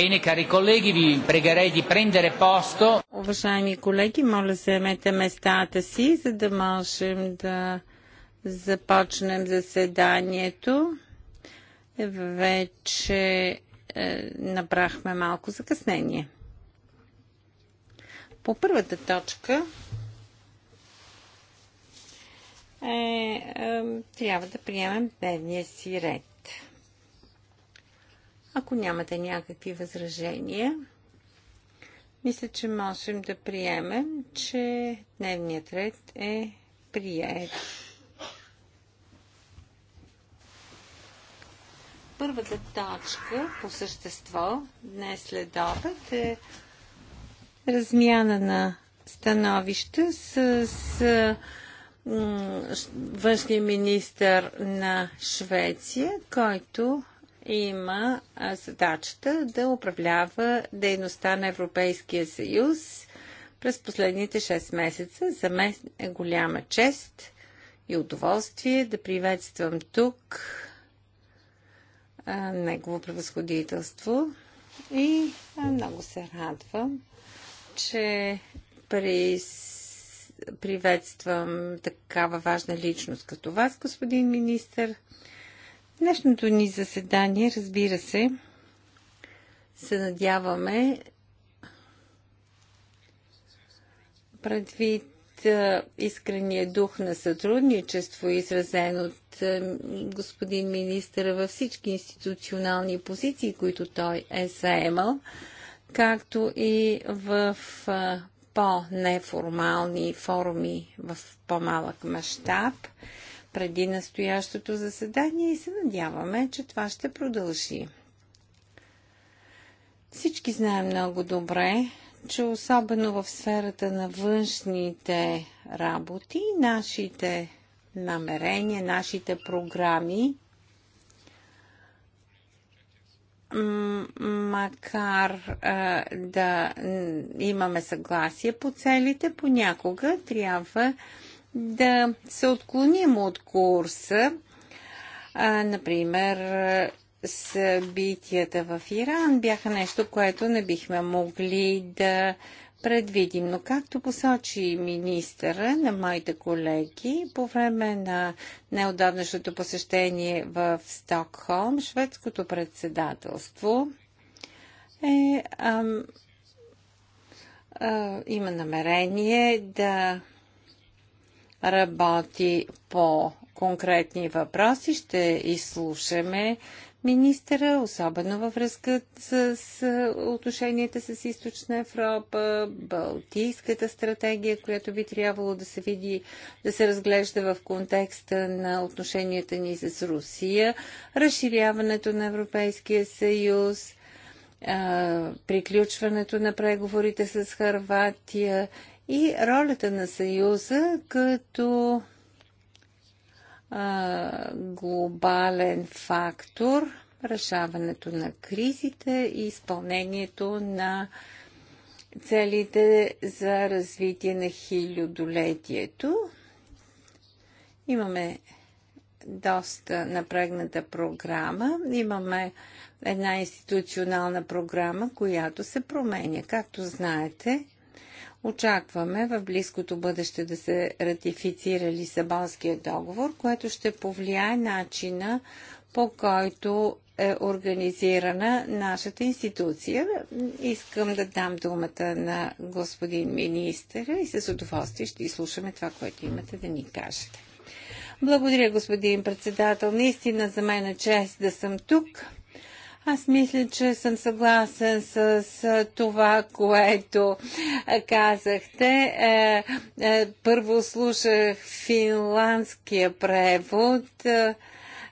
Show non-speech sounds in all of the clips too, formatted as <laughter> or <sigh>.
Bene, cari colleghi, vi pregherei di prendere posto. Уважаеми колеги, моля заемете местата си, за да можем да започнем заседанието. Вече е, набрахме малко закъснение. По първата точка е, е, трябва да приемем дневния си ред. Ако нямате някакви възражения, мисля, че можем да приемем, че дневният ред е прият. Първата точка по същество днес след обед е размяна на становища с, с външния министр на Швеция, който има задачата да управлява дейността на Европейския съюз през последните 6 месеца. За мен е голяма чест и удоволствие да приветствам тук негово превъзходителство и много се радвам, че при приветствам такава важна личност като вас, господин министър. Днешното ни заседание, разбира се, се надяваме предвид искрения дух на сътрудничество, изразен от господин министър във всички институционални позиции, които той е заемал, както и в по-неформални форуми в по-малък мащаб преди настоящото заседание и се надяваме, че това ще продължи. Всички знаем много добре, че особено в сферата на външните работи, нашите намерения, нашите програми, макар а, да имаме съгласие по целите, понякога трябва да се отклоним от курса. А, например, събитията в Иран бяха нещо, което не бихме могли да предвидим. Но както посочи министъра на моите колеги, по време на неодавнашното посещение в Стокхолм, шведското председателство е, ам, а, има намерение да работи по конкретни въпроси. Ще изслушаме министъра, особено във връзка с, отношенията с Източна Европа, Балтийската стратегия, която би трябвало да се види, да се разглежда в контекста на отношенията ни с Русия, разширяването на Европейския съюз, приключването на преговорите с Харватия и ролята на Съюза като а, глобален фактор, решаването на кризите и изпълнението на целите за развитие на хилядолетието. Имаме доста напрегната програма. Имаме една институционална програма, която се променя. Както знаете, Очакваме в близкото бъдеще да се ратифицира Лисабонския договор, което ще повлияе начина по който е организирана нашата институция. Искам да дам думата на господин министър, и с удоволствие ще изслушаме това, което имате да ни кажете. Благодаря, господин председател. Наистина за мен е чест да съм тук. Аз мисля, че съм съгласен с, това, което е, казахте. Е, е, първо слушах финландския превод.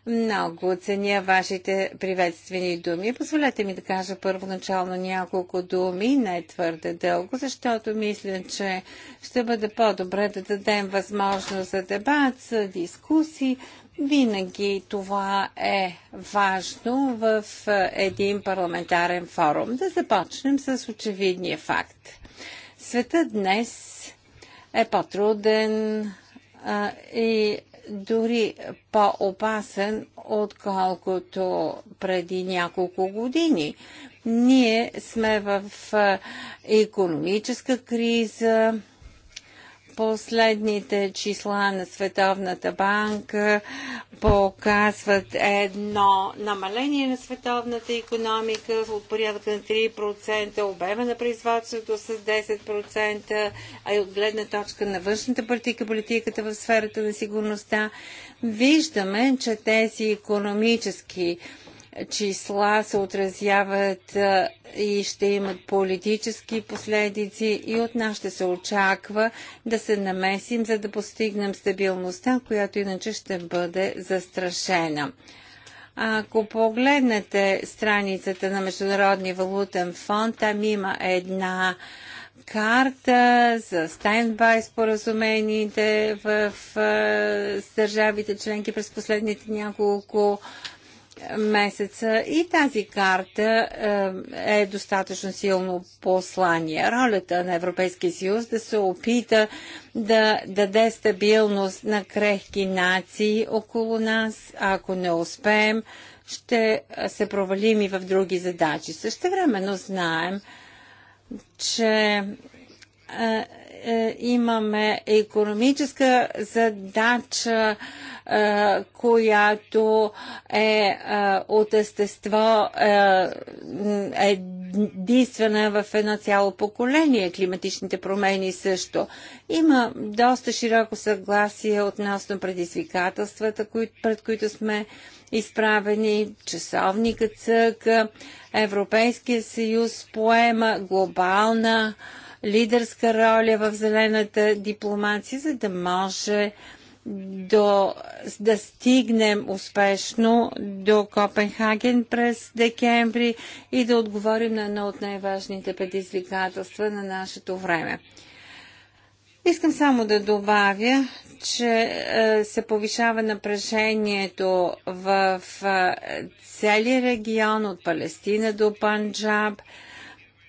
Много оценя вашите приветствени думи. Позволете ми да кажа първоначално няколко думи, не твърде дълго, защото мисля, че ще бъде по-добре да дадем възможност за дебат, за дискусии, винаги това е важно в е, един парламентарен форум. Да започнем с очевидния факт. Света днес е по-труден и дори по-опасен, отколкото преди няколко години. Ние сме в економическа криза, Последните числа на Световната банка показват едно намаление на световната економика от порядка на 3%, обема на производството с 10%, а и от гледна точка на външната политика, политиката в сферата на сигурността, виждаме, че тези економически числа се отразяват и ще имат политически последици и от нас ще се очаква да се намесим, за да постигнем стабилността, която иначе ще бъде застрашена. Ако погледнете страницата на Международния валутен фонд, там има една карта за стендбай споразумените в, в, в държавите членки през последните няколко години месеца и тази карта е, е достатъчно силно послание. Ролята на Европейския съюз да се опита да даде стабилност на крехки нации около нас. Ако не успеем, ще се провалим и в други задачи. Също времено знаем, че е, е, имаме економическа задача, е, която е, е, от естество е, единствена в едно цяло поколение. Климатичните промени също. Има доста широко съгласие относно предизвикателствата, пред които сме изправени, часовникът цъка, Европейския съюз поема глобална лидерска роля в зелената дипломация, за да може до, да стигнем успешно до Копенхаген през декември и да отговорим на едно от най-важните предизвикателства на нашето време. Искам само да добавя, че е, се повишава напрежението в е, целия регион от Палестина до Панджаб –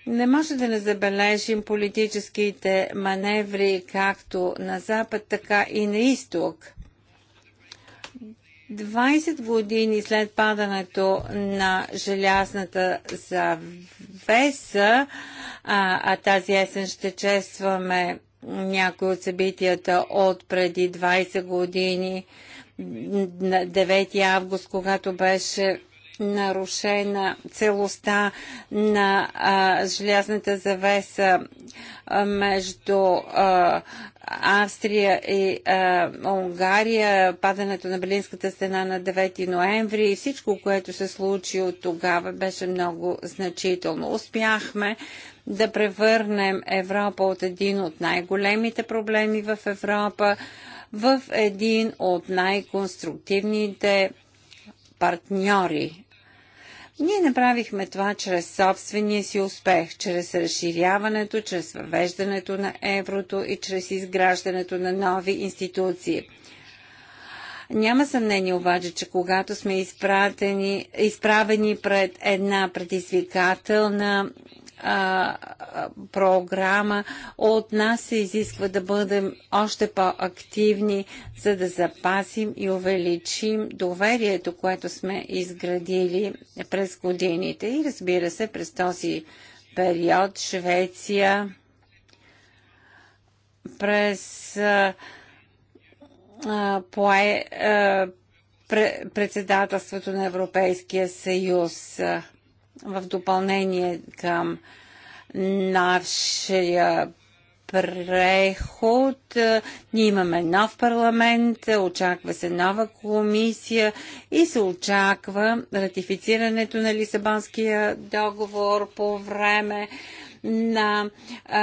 не може да не забележим политическите маневри както на Запад, така и на Изток. 20 години след падането на желязната завеса, а, а тази есен ще честваме някои от събитията от преди 20 години, на 9 август, когато беше нарушена целостта на а, желязната завеса а, между а, Австрия и а, Унгария, падането на Белинската стена на 9 ноември и всичко, което се случи от тогава, беше много значително. Успяхме да превърнем Европа от един от най-големите проблеми в Европа в един от най-конструктивните партньори ние направихме това чрез собствения си успех, чрез разширяването, чрез въвеждането на еврото и чрез изграждането на нови институции. Няма съмнение обаче, че когато сме изправени пред една предизвикателна а, програма от нас се изисква да бъдем още по-активни, за да запасим и увеличим доверието, което сме изградили през годините. И разбира се, през този период Швеция през пое, председателството на Европейския съюз в допълнение към нашия преход. Ние имаме нов парламент, очаква се нова комисия и се очаква ратифицирането на Лисабонския договор по време на, а,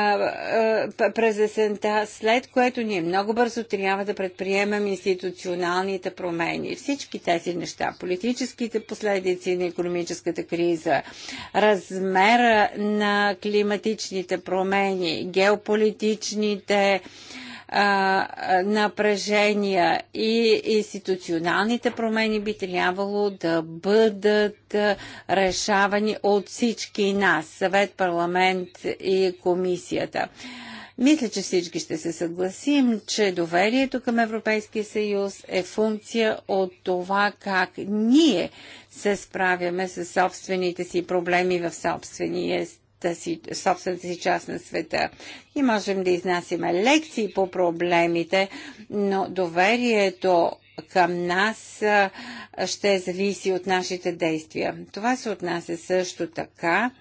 а, през есента, след което ние много бързо трябва да предприемем институционалните промени. Всички тези неща, политическите последици на економическата криза, размера на климатичните промени, геополитичните а, а, напрежения и институционалните промени би трябвало да бъдат решавани от всички нас, съвет, парламент и комисията. Мисля, че всички ще се съгласим, че доверието към Европейския съюз е функция от това как ние се справяме с собствените си проблеми в собствения частната си, собствената си част на света. И можем да изнасяме лекции по проблемите, но доверието към нас ще зависи от нашите действия. Това се отнася също така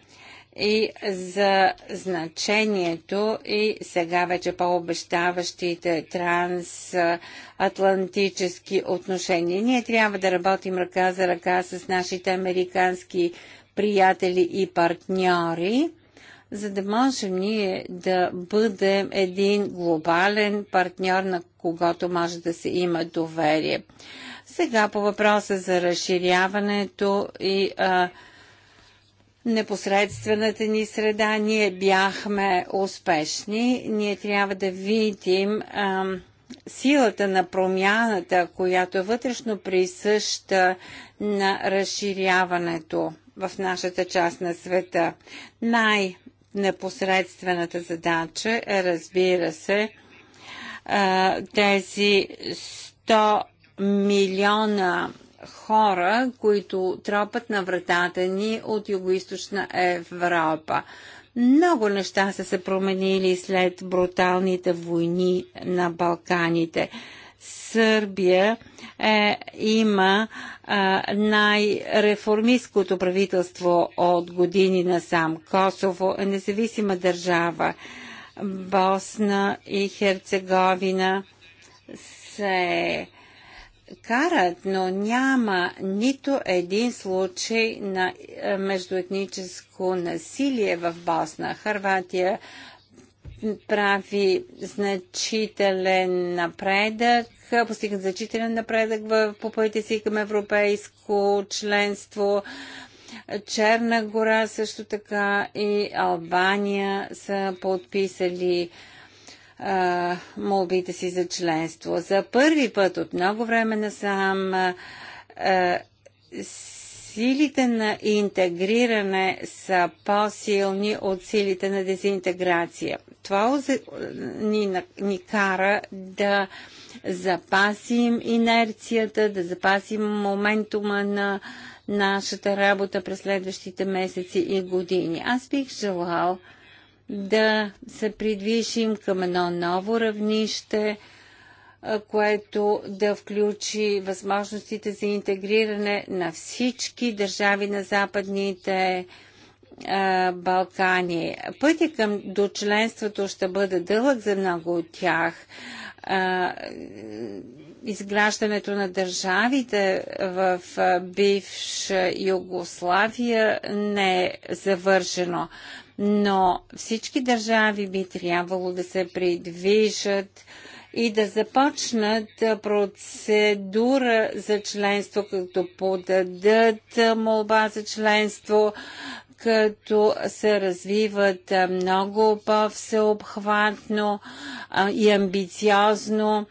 и за значението и сега вече по-обещаващите трансатлантически отношения. Ние трябва да работим ръка за ръка с нашите американски приятели и партньори, за да можем ние да бъдем един глобален партньор, на когото може да се има доверие. Сега по въпроса за разширяването и а, непосредствената ни среда, ние бяхме успешни. Ние трябва да видим а, силата на промяната, която е вътрешно присъща на разширяването в нашата част на света. Най-непосредствената задача е, разбира се, тези 100 милиона хора, които тропат на вратата ни от Юго-Источна Европа. Много неща са се променили след бруталните войни на Балканите. Сърбия е, има е, най-реформистското правителство от години насам. Косово е независима държава. Босна и Херцеговина се карат, но няма нито един случай на е, междуетническо насилие в Босна. Харватия прави значителен напредък, постигнат значителен напредък в, по пътя си към европейско членство. Черна гора също така и Албания са подписали молбите си за членство. За първи път от много време насам а, силите на интегриране са по-силни от силите на дезинтеграция. Това ни, ни кара да запасим инерцията, да запасим моментума на нашата работа през следващите месеци и години. Аз бих желал да се придвижим към едно ново равнище – което да включи възможностите за интегриране на всички държави на западните Балкани. Пътя към до членството ще бъде дълъг за много от тях. Изграждането на държавите в бивша Югославия не е завършено, но всички държави би трябвало да се придвижат и да започнат процедура за членство, като подадат молба за членство, като се развиват много по-всеобхватно и амбициозно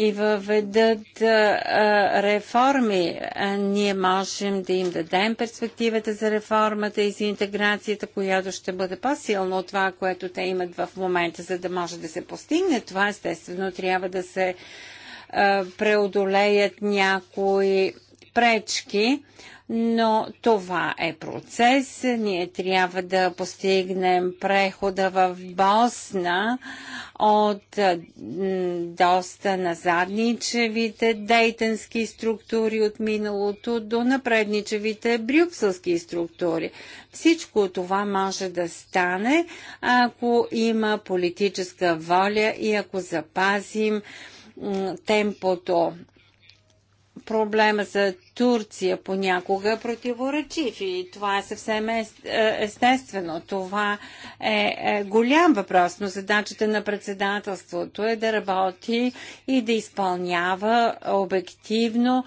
и въведат а, реформи. А, ние можем да им дадем перспективата за реформата и за интеграцията, която ще бъде по-силна от това, което те имат в момента, за да може да се постигне. Това естествено трябва да се а, преодолеят някои пречки но това е процес. Ние трябва да постигнем прехода в Босна от доста назадничевите дейтенски структури от миналото до напредничевите брюкселски структури. Всичко това може да стане, ако има политическа воля и ако запазим темпото проблема за Турция понякога е противоречив и това е съвсем е, е, естествено. Това е, е голям въпрос, но задачата на председателството е да работи и да изпълнява обективно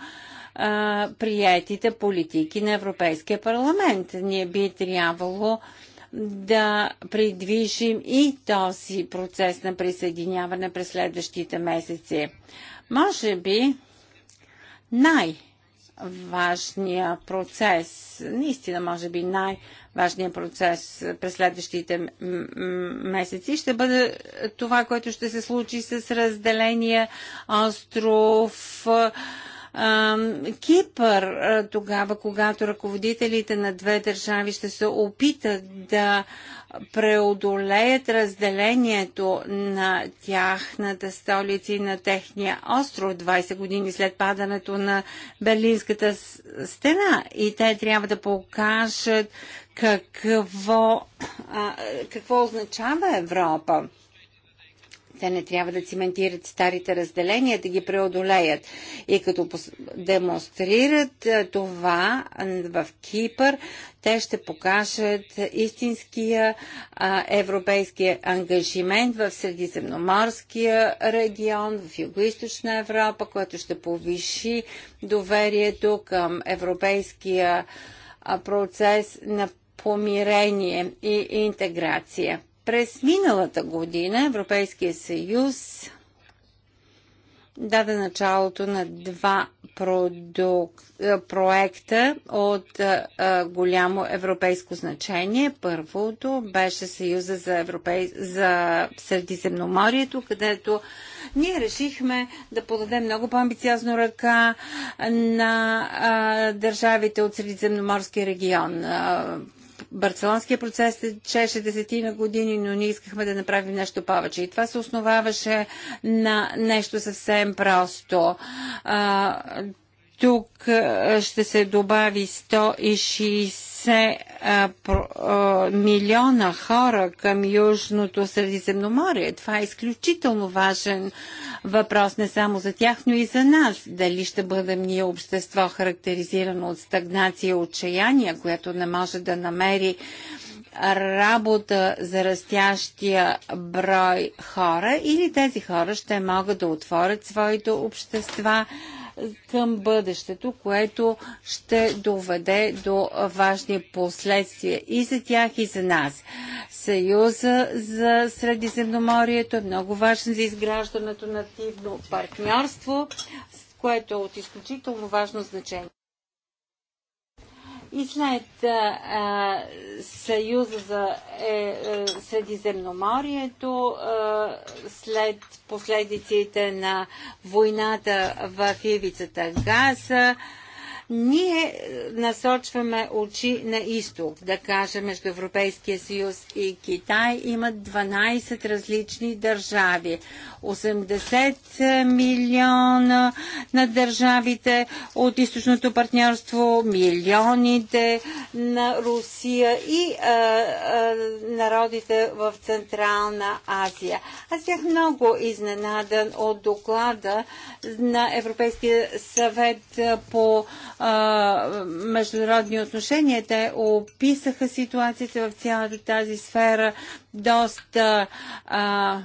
приятите политики на Европейския парламент. Ние би трябвало да придвижим и този процес на присъединяване през следващите месеци. Може би най- важния процес, наистина може би най-важният процес през следващите месеци ще бъде това, което ще се случи с разделение остров Кипър, тогава когато ръководителите на две държави ще се опитат да преодолеят разделението на тяхната столица и на техния остров 20 години след падането на Берлинската стена. И те трябва да покажат какво, а, какво означава Европа. Те не трябва да циментират старите разделения, да ги преодолеят. И като демонстрират това в Кипър, те ще покажат истинския а, европейски ангажимент в Средиземноморския регион, в Юго-Источна Европа, което ще повиши доверието към европейския процес на помирение и интеграция. През миналата година Европейския съюз даде началото на два продук... проекта от а, голямо европейско значение. Първото беше Съюза за, европей... за Средиземноморието, където ние решихме да подадем много по-амбициозно ръка на а, държавите от Средиземноморския регион. А, Барселонския процес чеше десетина години, но ние искахме да направим нещо повече. И това се основаваше на нещо съвсем просто. А, тук ще се добави 160 милиона хора към Южното Средиземноморие. Това е изключително важен въпрос не само за тях, но и за нас. Дали ще бъдем ние общество характеризирано от стагнация и отчаяние, което не може да намери работа за растящия брой хора или тези хора ще могат да отворят своите общества към бъдещето, което ще доведе до важни последствия и за тях, и за нас. Съюза за Средиземноморието е много важен за изграждането на активно партньорство, което е от изключително важно значение. И а, Съюза за е, е, Средиземноморието е, след последиците на войната в Ивицата Газа ние е, насочваме очи на изток, да кажем, между Европейския съюз и Китай имат 12 различни държави. 80 е, милиона на държавите от източното партньорство, милионите на Русия и а, е, а, народите в Централна Азия. Аз бях много изненадан от доклада на Европейския съвет по а, международни отношения. Те описаха ситуацията в цялата тази сфера доста, а,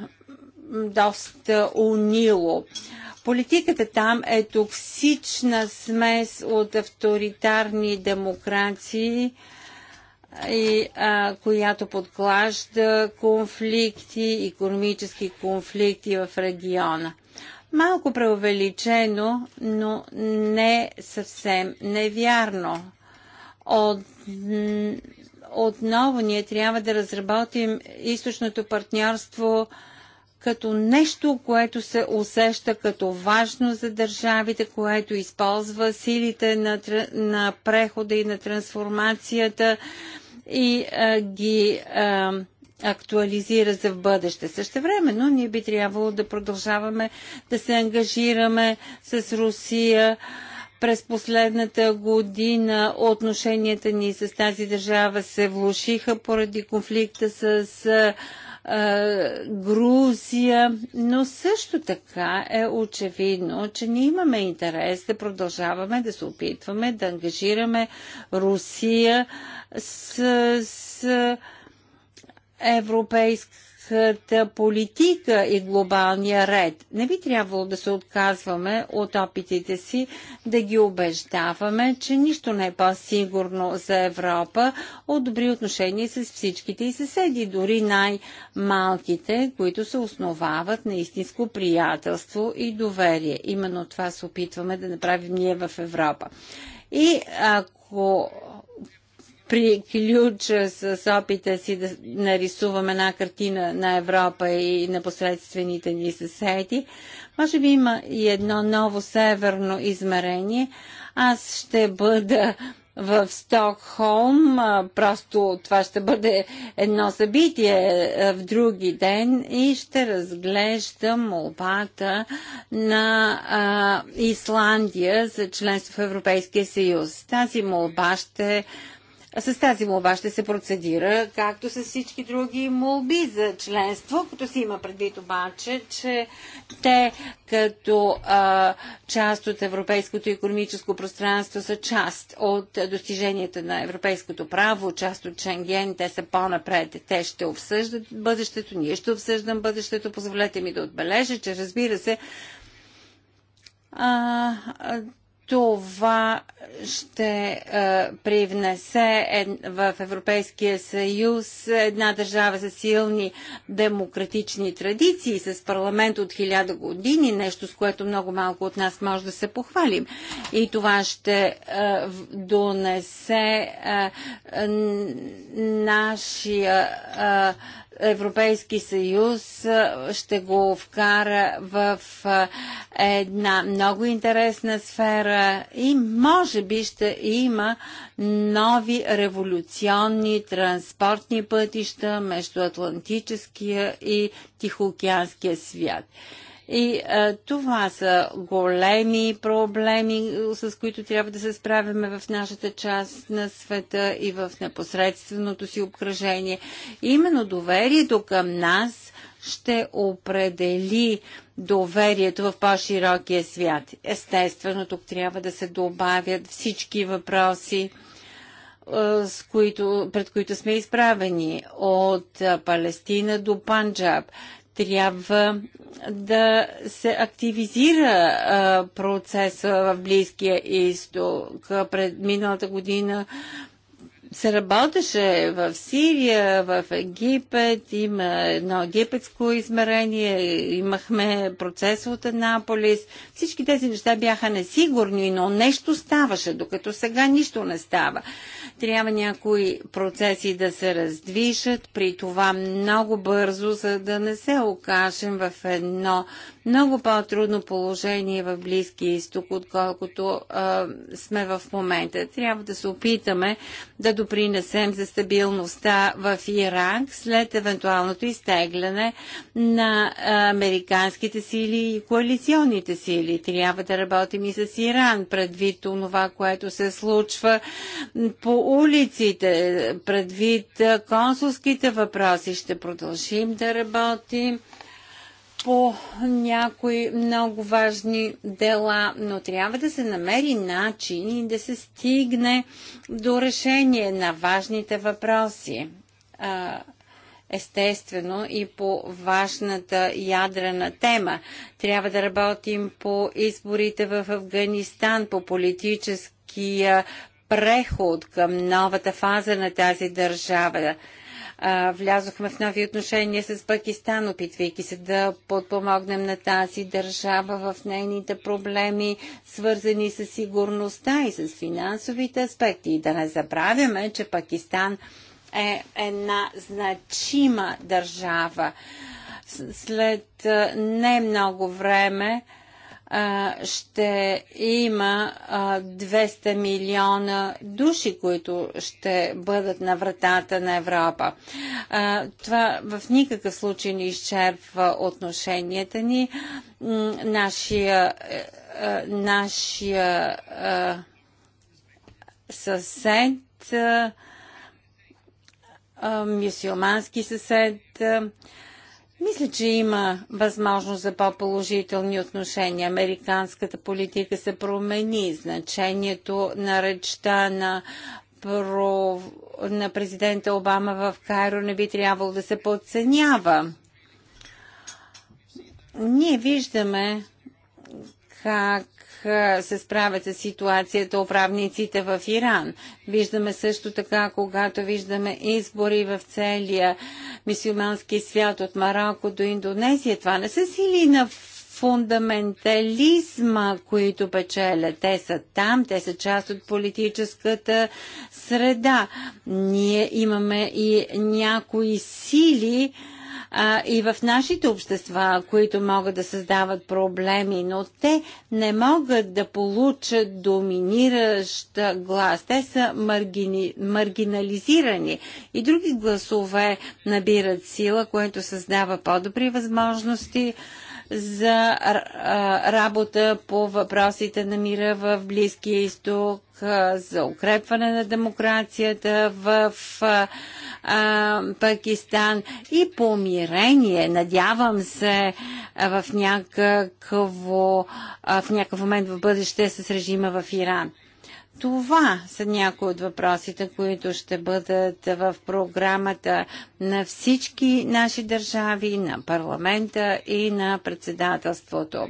доста унило. Политиката там е токсична смес от авторитарни демокрации, и, а, която подклажда конфликти, економически конфликти в региона малко преувеличено, но не съвсем невярно. От, отново ние трябва да разработим източното партньорство като нещо, което се усеща като важно за държавите, което използва силите на, на прехода и на трансформацията и а, ги а, актуализира за в бъдеще. Също време, но ние би трябвало да продължаваме да се ангажираме с Русия. През последната година отношенията ни с тази държава се влушиха поради конфликта с Грузия, но също така е очевидно, че ние имаме интерес да продължаваме да се опитваме да ангажираме Русия с, с европейската политика и глобалния ред. Не би трябвало да се отказваме от опитите си да ги убеждаваме, че нищо не е по-сигурно за Европа от добри отношения с всичките и съседи, дори най-малките, които се основават на истинско приятелство и доверие. Именно това се опитваме да направим ние в Европа. И ако приключа с опита си да нарисувам една картина на Европа и непосредствените ни съседи. Може би има и едно ново северно измерение. Аз ще бъда в Стокхолм. Просто това ще бъде едно събитие в други ден и ще разглеждам молбата на а, Исландия за членство в Европейския съюз. Тази молба ще с тази молба ще се процедира, както с всички други молби за членство, като се има предвид обаче, че те като а, част от европейското економическо пространство са част от достиженията на европейското право, част от Шенген, те са по-напред, те ще обсъждат бъдещето, ние ще обсъждам бъдещето. Позволете ми да отбележа, че разбира се, а, това ще е, привнесе ед, в Европейския съюз една държава с силни демократични традиции, с парламент от хиляда години, нещо с което много малко от нас може да се похвалим. И това ще е, донесе е, нашия е, Европейски съюз ще го вкара в една много интересна сфера и може би ще има нови революционни транспортни пътища между Атлантическия и Тихоокеанския свят. И а, това са големи проблеми, с които трябва да се справяме в нашата част на света и в непосредственото си обкръжение. Именно доверието към нас ще определи доверието в по-широкия свят. Естествено, тук трябва да се добавят всички въпроси с които, пред които сме изправени от Палестина до Панджаб трябва да се активизира процеса в Близкия изток. Пред миналата година се работеше в Сирия, в Египет, има едно египетско измерение, имахме процес от Анаполис. Всички тези неща бяха несигурни, но нещо ставаше, докато сега нищо не става. Трябва някои процеси да се раздвижат, при това много бързо, за да не се окажем в едно много по-трудно положение в Близкия изток, отколкото а, сме в момента. Трябва да се опитаме да допринесем за стабилността в Ирак след евентуалното изтегляне на американските сили и коалиционните сили. Трябва да работим и с Иран, предвид това, което се случва по улиците, предвид консулските въпроси. Ще продължим да работим по някои много важни дела, но трябва да се намери начин и да се стигне до решение на важните въпроси. Естествено и по важната ядрена тема. Трябва да работим по изборите в Афганистан, по политическия преход към новата фаза на тази държава а, влязохме в нови отношения с Пакистан, опитвайки се да подпомогнем на тази държава в нейните проблеми, свързани с сигурността и с финансовите аспекти. И да не забравяме, че Пакистан е една значима държава. След не много време, ще има 200 милиона души, които ще бъдат на вратата на Европа. Това в никакъв случай не изчерпва отношенията ни. Нашия, е, е, нашия е, съсед, мюсюлмански съсед, мисля, че има възможност за по-положителни отношения. Американската политика се промени. Значението на речта на про... на президента Обама в Кайро не би трябвало да се подценява. Ние виждаме как се справят с ситуацията управниците в Иран. Виждаме също така, когато виждаме избори в целия мисюлмански свят от Марокко до Индонезия. Това не са сили на фундаментализма, които печелят. Те са там, те са част от политическата среда. Ние имаме и някои сили, а, и в нашите общества, които могат да създават проблеми, но те не могат да получат доминиращ глас. Те са маргини, маргинализирани и други гласове набират сила, което създава по-добри възможности за работа по въпросите на мира в Близкия изток, за укрепване на демокрацията в а, Пакистан и помирение. Надявам се в, някакво, а, в някакъв момент в бъдеще с режима в Иран. Това са някои от въпросите, които ще бъдат в програмата на всички наши държави, на парламента и на председателството.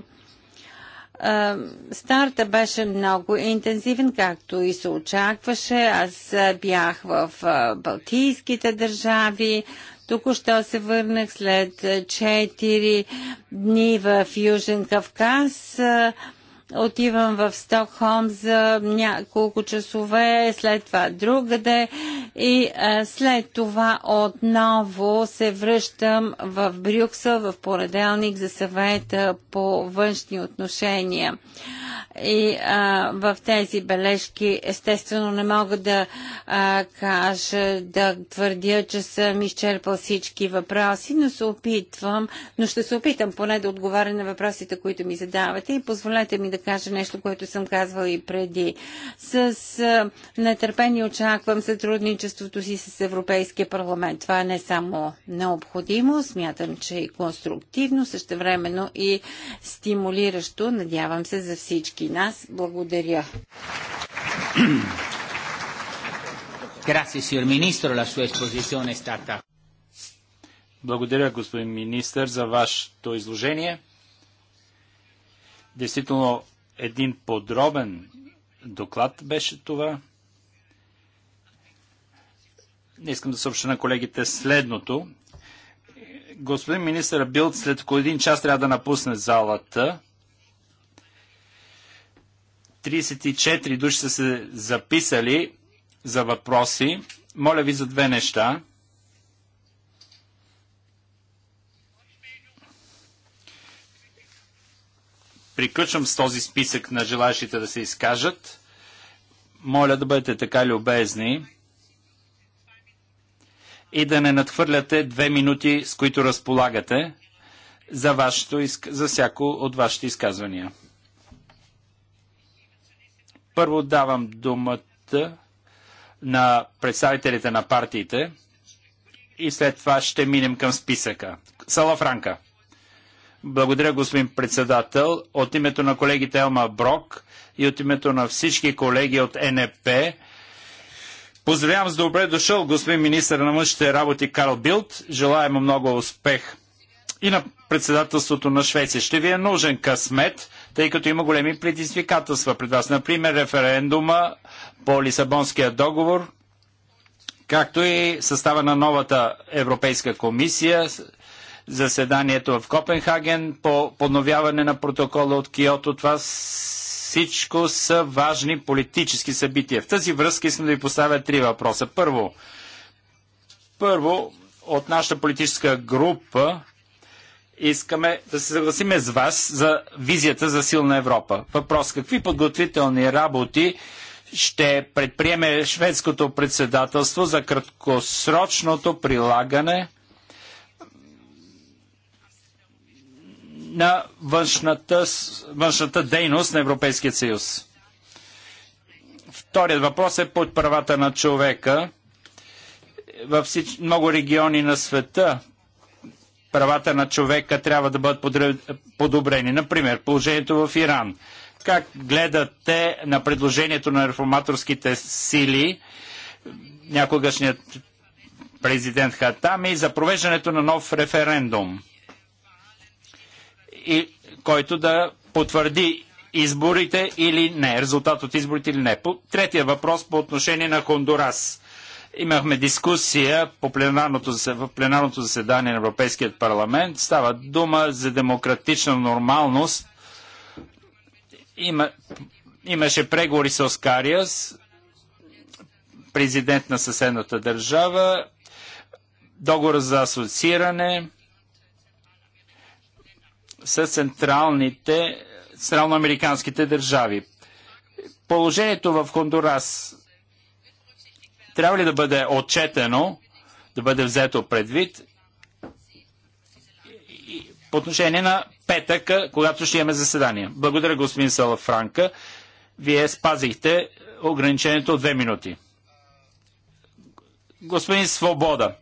Старта беше много интензивен, както и се очакваше. Аз бях в Балтийските държави. Току-що се върнах след 4 дни в Южен Кавказ отивам в Стокхолм за няколко часове, след това другаде и а, след това отново се връщам в Брюксел в понеделник за съвета по външни отношения. И а, в тези бележки, естествено, не мога да а, кажа, да твърдя, че съм изчерпал всички въпроси, но се опитвам, но ще се опитам поне да отговаря на въпросите, които ми задавате и позволете ми да кажа нещо, което съм казвал и преди. С а, нетърпение очаквам сътрудничеството си с Европейския парламент. Това е не е само необходимо, смятам, че и конструктивно, същевременно и стимулиращо, надявам се, за всички всички нас. Благодаря. Благодаря, господин министр, за вашето изложение. Действително, един подробен доклад беше това. Не искам да съобща на колегите следното. Господин министър Билт, след около един час трябва да напусне залата. 34 души са се записали за въпроси. Моля ви за две неща. Приключвам с този списък на желащите да се изкажат. Моля да бъдете така любезни и да не надхвърляте две минути, с които разполагате за, вашето, за всяко от вашите изказвания. Първо давам думата на представителите на партиите и след това ще минем към списъка. Сала Франка. Благодаря, господин председател. От името на колегите Елма Брок и от името на всички колеги от НП, поздравявам с добре дошъл господин министър на външните работи Карл Билт. Желая му много успех и на председателството на Швеция. Ще ви е нужен късмет, тъй като има големи предизвикателства пред вас. Например, референдума по Лисабонския договор, както и състава на новата Европейска комисия, заседанието в Копенхаген по подновяване на протокола от Киото. Това всичко са важни политически събития. В тази връзка искам да ви поставя три въпроса. Първо, първо от нашата политическа група искаме да се съгласиме с вас за визията за силна Европа. Въпрос, какви подготвителни работи ще предприеме шведското председателство за краткосрочното прилагане на външната, външната дейност на Европейския съюз. Вторият въпрос е под правата на човека. Във всич... много региони на света правата на човека трябва да бъдат подобрени. Например, положението в Иран. Как гледате на предложението на реформаторските сили, някогашният президент Хатами, за провеждането на нов референдум, и, който да потвърди изборите или не, резултат от изборите или не. По, третия въпрос по отношение на Хондурас. Имахме дискусия по пленарното, в пленарното заседание на Европейският парламент. Става дума за демократична нормалност. Има, имаше преговори с Оскариас, президент на съседната държава, договор за асоцииране с централните, централноамериканските държави. Положението в Хондурас трябва ли да бъде отчетено, да бъде взето предвид по отношение на петък, когато ще имаме заседание. Благодаря, господин Салафранка. Вие спазихте ограничението от две минути. Господин Свобода,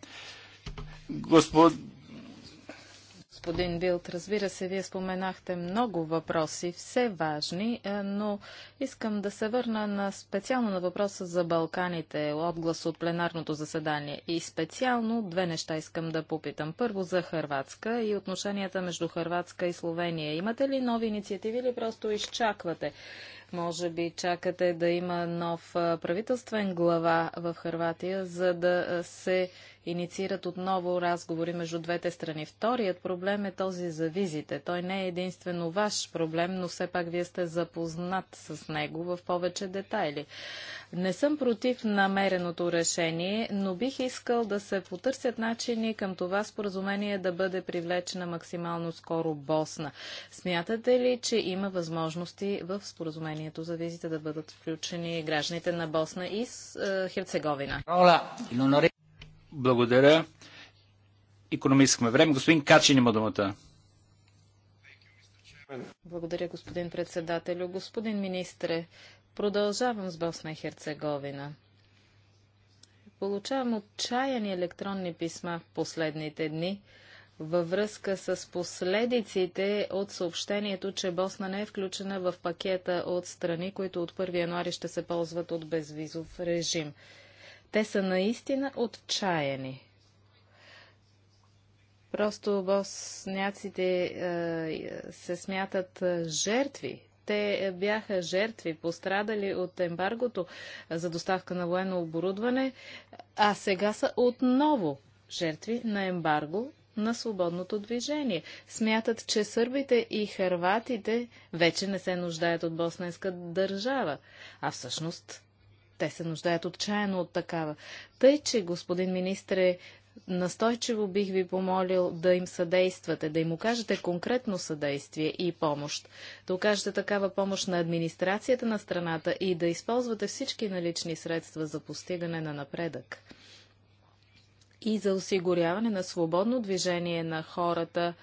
Господ господин Билт. Разбира се, вие споменахте много въпроси, все важни, е, но искам да се върна на специално на въпроса за Балканите, отглас от пленарното заседание. И специално две неща искам да попитам. Първо за Харватска и отношенията между Харватска и Словения. Имате ли нови инициативи или просто изчаквате? Може би чакате да има нов е, правителствен глава в Харватия, за да е, се инициират отново разговори между двете страни. Вторият проблем е този за визите. Той не е единствено ваш проблем, но все пак вие сте запознат с него в повече детайли. Не съм против намереното решение, но бих искал да се потърсят начини към това споразумение да бъде привлечена максимално скоро Босна. Смятате ли, че има възможности в споразумението за визите да бъдат включени гражданите на Босна и е, Херцеговина? Благодаря. Икономискаме време. Господин Качин има думата. Благодаря, господин председателю. Господин министре, продължавам с Босна и Херцеговина. Получавам отчаяни електронни писма в последните дни във връзка с последиците от съобщението, че Босна не е включена в пакета от страни, които от 1 януари ще се ползват от безвизов режим. Те са наистина отчаяни. Просто босняците е, се смятат е, жертви. Те е, бяха жертви, пострадали от ембаргото за доставка на военно оборудване, а сега са отново жертви на ембарго на свободното движение. Смятат, че сърбите и харватите вече не се нуждаят от босненска държава. А всъщност те се нуждаят отчаяно от такава. Тъй, че, господин министре, настойчиво бих ви помолил да им съдействате, да им окажете конкретно съдействие и помощ, да окажете такава помощ на администрацията на страната и да използвате всички налични средства за постигане на напредък и за осигуряване на свободно движение на хората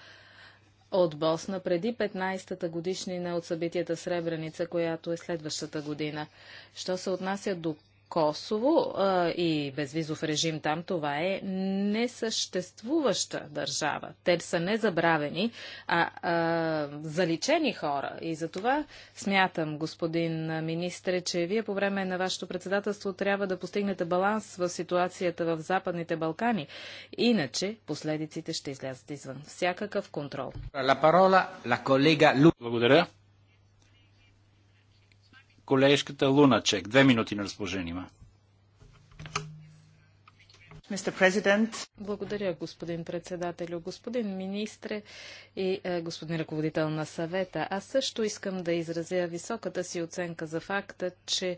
от Босна преди 15-та годишнина от събитията Сребреница, която е следващата година. Що се отнася до Косово а, и безвизов режим там, това е несъществуваща държава. Те са незабравени, а, а заличени хора. И за това смятам, господин министре, че вие по време на вашето председателство трябва да постигнете баланс в ситуацията в Западните Балкани. Иначе последиците ще излязат извън всякакъв контрол. Благодаря колежката Луначек. Две минути на разположение има. Благодаря, господин председателю. Господин министре и е, господин ръководител на съвета, аз също искам да изразя високата си оценка за факта, че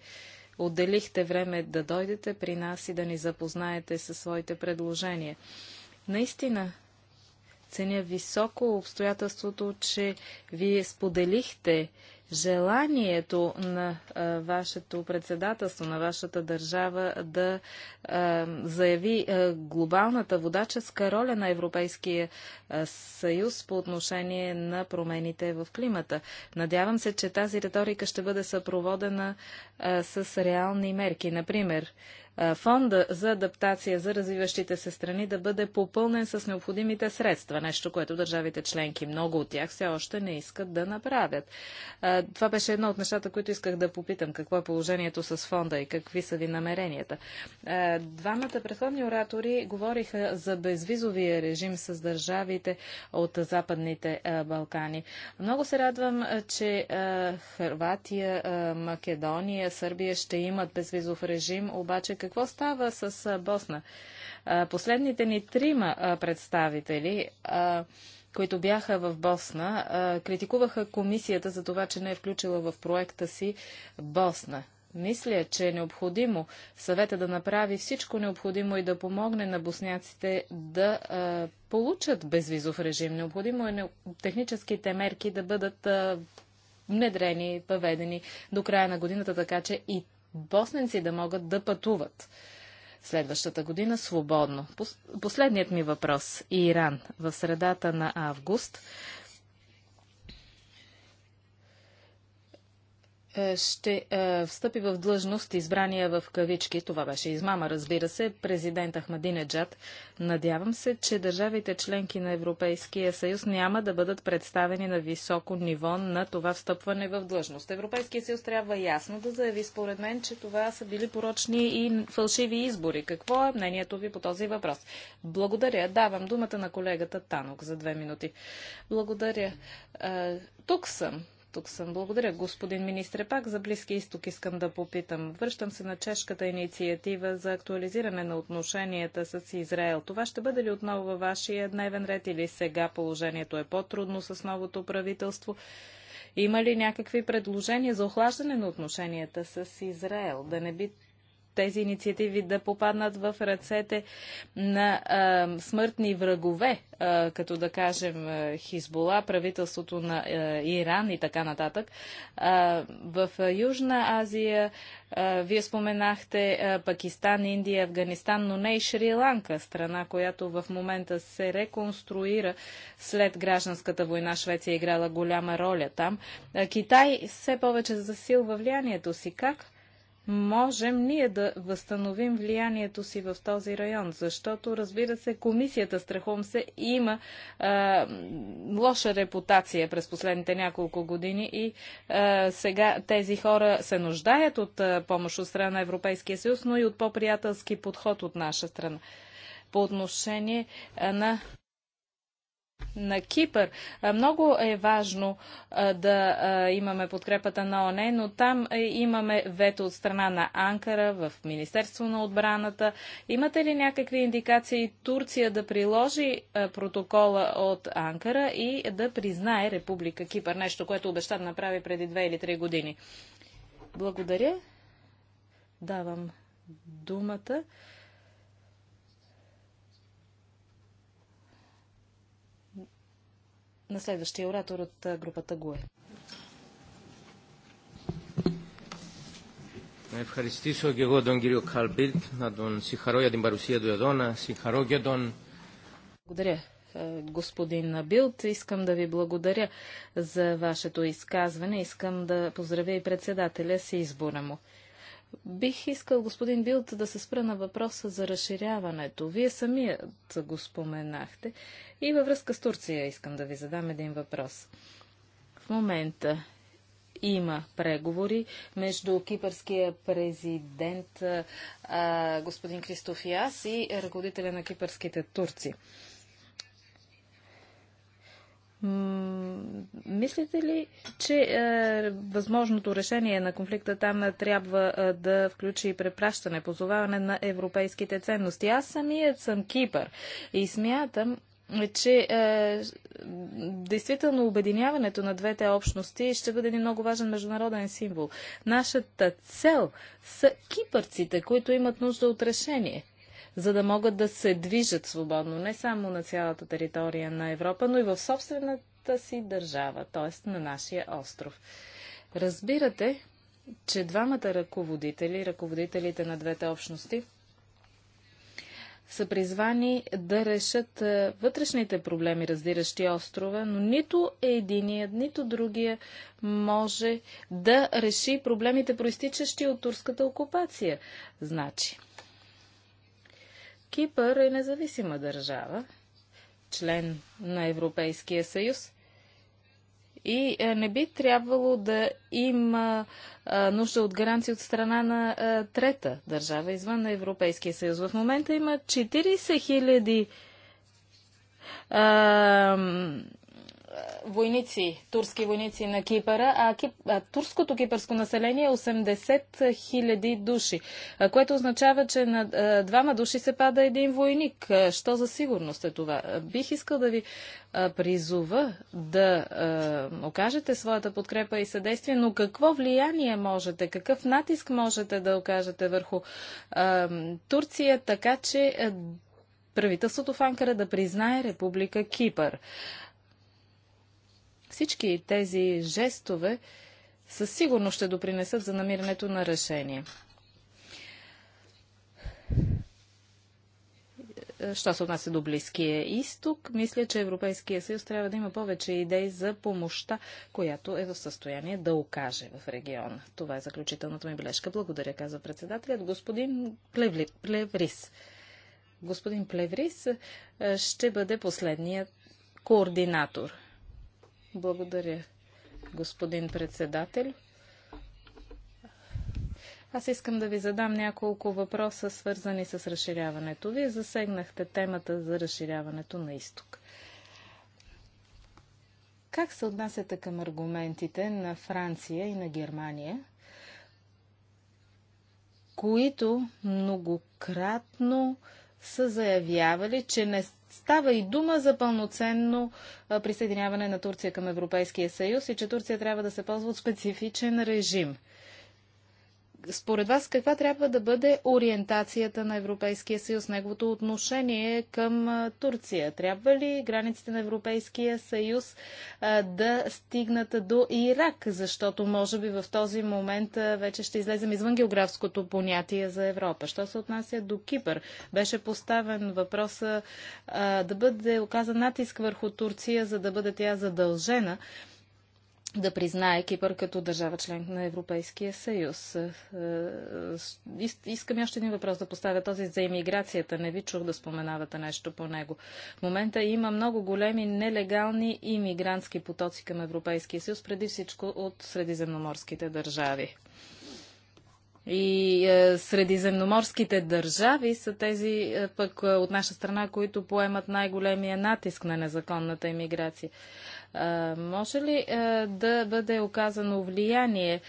отделихте време да дойдете при нас и да ни запознаете със своите предложения. Наистина, ценя високо обстоятелството, че вие споделихте желанието на а, вашето председателство, на вашата държава да а, заяви а, глобалната водаческа роля на Европейския съюз по отношение на промените в климата. Надявам се, че тази риторика ще бъде съпроводена с реални мерки. Например, фонда за адаптация за развиващите се страни да бъде попълнен с необходимите средства, нещо, което държавите членки, много от тях все още не искат да направят. Това беше едно от нещата, които исках да попитам. Какво е положението с фонда и какви са ви намеренията? Двамата предходни оратори говориха за безвизовия режим с държавите от Западните Балкани. Много се радвам, че Хрватия, Македония, Сърбия ще имат безвизов режим, обаче какво става с Босна? Последните ни трима представители, които бяха в Босна, критикуваха комисията за това, че не е включила в проекта си Босна. Мисля, че е необходимо съвета да направи всичко необходимо и да помогне на босняците да а, получат безвизов режим. Необходимо е не... техническите мерки да бъдат а, внедрени, поведени до края на годината, така че и босненци да могат да пътуват следващата година свободно. Последният ми въпрос – Иран. В средата на август Е, ще е, встъпи в длъжност избрания в кавички. Това беше измама, разбира се, президент Ахмадинеджад. Надявам се, че държавите членки на Европейския съюз няма да бъдат представени на високо ниво на това встъпване в длъжност. Европейския съюз трябва ясно да заяви според мен, че това са били порочни и фалшиви избори. Какво е мнението ви по този въпрос? Благодаря. Давам думата на колегата Танок за две минути. Благодаря. Е, тук съм. Тук съм. Благодаря, господин министре. Пак за Близки изток искам да попитам. Връщам се на чешката инициатива за актуализиране на отношенията с Израел. Това ще бъде ли отново във вашия дневен ред или сега положението е по-трудно с новото правителство? Има ли някакви предложения за охлаждане на отношенията с Израел? Да не би тези инициативи да попаднат в ръцете на а, смъртни врагове, а, като да кажем Хизбола, правителството на а, Иран и така нататък. А, в Южна Азия а, вие споменахте а, Пакистан, Индия, Афганистан, но не и Шри-Ланка, страна, която в момента се реконструира след гражданската война. Швеция е играла голяма роля там. А, Китай все повече засилва влиянието си. Как можем ние да възстановим влиянието си в този район, защото, разбира се, комисията, страхом се, има а, лоша репутация през последните няколко години и а, сега тези хора се нуждаят от а, помощ от страна на Европейския съюз, но и от по-приятелски подход от наша страна. По отношение а, на на Кипър. Много е важно да имаме подкрепата на ОНЕ, но там имаме вето от страна на Анкара в Министерство на отбраната. Имате ли някакви индикации Турция да приложи протокола от Анкара и да признае Република Кипър? Нещо, което обеща да направи преди 2 или 3 години. Благодаря. Давам думата на следващия оратор от групата ГУЕ. Να ευχαριστήσω και εγώ τον κύριο Καλμπίλτ, να τον συγχαρώ για την παρουσία του εδώ, να συγχαρώ και τον... Благодаря, господин Билт. Искам да ви благодаря за вашето изказване. Искам да поздравя и председателя с избора му. Бих искал, господин Билт, да се спра на въпроса за разширяването. Вие самият го споменахте. И във връзка с Турция искам да ви задам един въпрос. В момента има преговори между кипърския президент а, господин Кристофиас и и ръководителя на кипърските турци. Мислите ли, че е, възможното решение на конфликта там трябва е, да включи препращане, позоваване на европейските ценности? Аз самият съм Кипър и смятам, че е, действително обединяването на двете общности ще бъде един много важен международен символ. Нашата цел са кипърците, които имат нужда от решение за да могат да се движат свободно не само на цялата територия на Европа, но и в собствената си държава, т.е. на нашия остров. Разбирате, че двамата ръководители, ръководителите на двете общности, са призвани да решат е, вътрешните проблеми, раздиращи острова, но нито единият, нито другия може да реши проблемите, проистичащи от турската окупация. Значи, Кипър е независима държава, член на Европейския съюз и е, не би трябвало да има нужда от гаранции от страна на трета държава извън на Европейския съюз. В момента има 40 хиляди 000 войници, турски войници на Кипъра, а, кип, а турското кипърско население е 80 000 души, а, което означава, че на а, двама души се пада един войник. А, що за сигурност е това? А, бих искал да ви а, призова да а, окажете своята подкрепа и съдействие, но какво влияние можете, какъв натиск можете да окажете върху а, Турция, така че а, правителството в Анкара да признае Република Кипър. Всички тези жестове със сигурност ще допринесат за намирането на решение. Що се отнася до Близкия изток, мисля, че Европейския съюз трябва да има повече идеи за помощта, която е в състояние да окаже в региона. Това е заключителната ми бележка. Благодаря, каза председателят. Господин Плевли... Плеврис. Господин Плеврис ще бъде последният координатор. Благодаря, господин председател. Аз искам да ви задам няколко въпроса, свързани с разширяването. Вие засегнахте темата за разширяването на изток. Как се отнасяте към аргументите на Франция и на Германия, които многократно са заявявали, че не става и дума за пълноценно присъединяване на Турция към Европейския съюз и че Турция трябва да се ползва от специфичен режим – според вас каква трябва да бъде ориентацията на Европейския съюз, неговото отношение към Турция? Трябва ли границите на Европейския съюз да стигнат до Ирак? Защото може би в този момент вече ще излезем извън географското понятие за Европа. Що се отнася до Кипър? Беше поставен въпроса да бъде оказан натиск върху Турция, за да бъде тя задължена да признае Кипър като държава член на Европейския съюз. Е, е, искам още един въпрос да поставя този за иммиграцията. Не ви чух да споменавате нещо по него. В момента има много големи нелегални иммигрантски потоци към Европейския съюз, преди всичко от средиземноморските държави. И е, средиземноморските държави са тези пък от наша страна, които поемат най-големия натиск на незаконната иммиграция. Може ли да бъде оказано влияние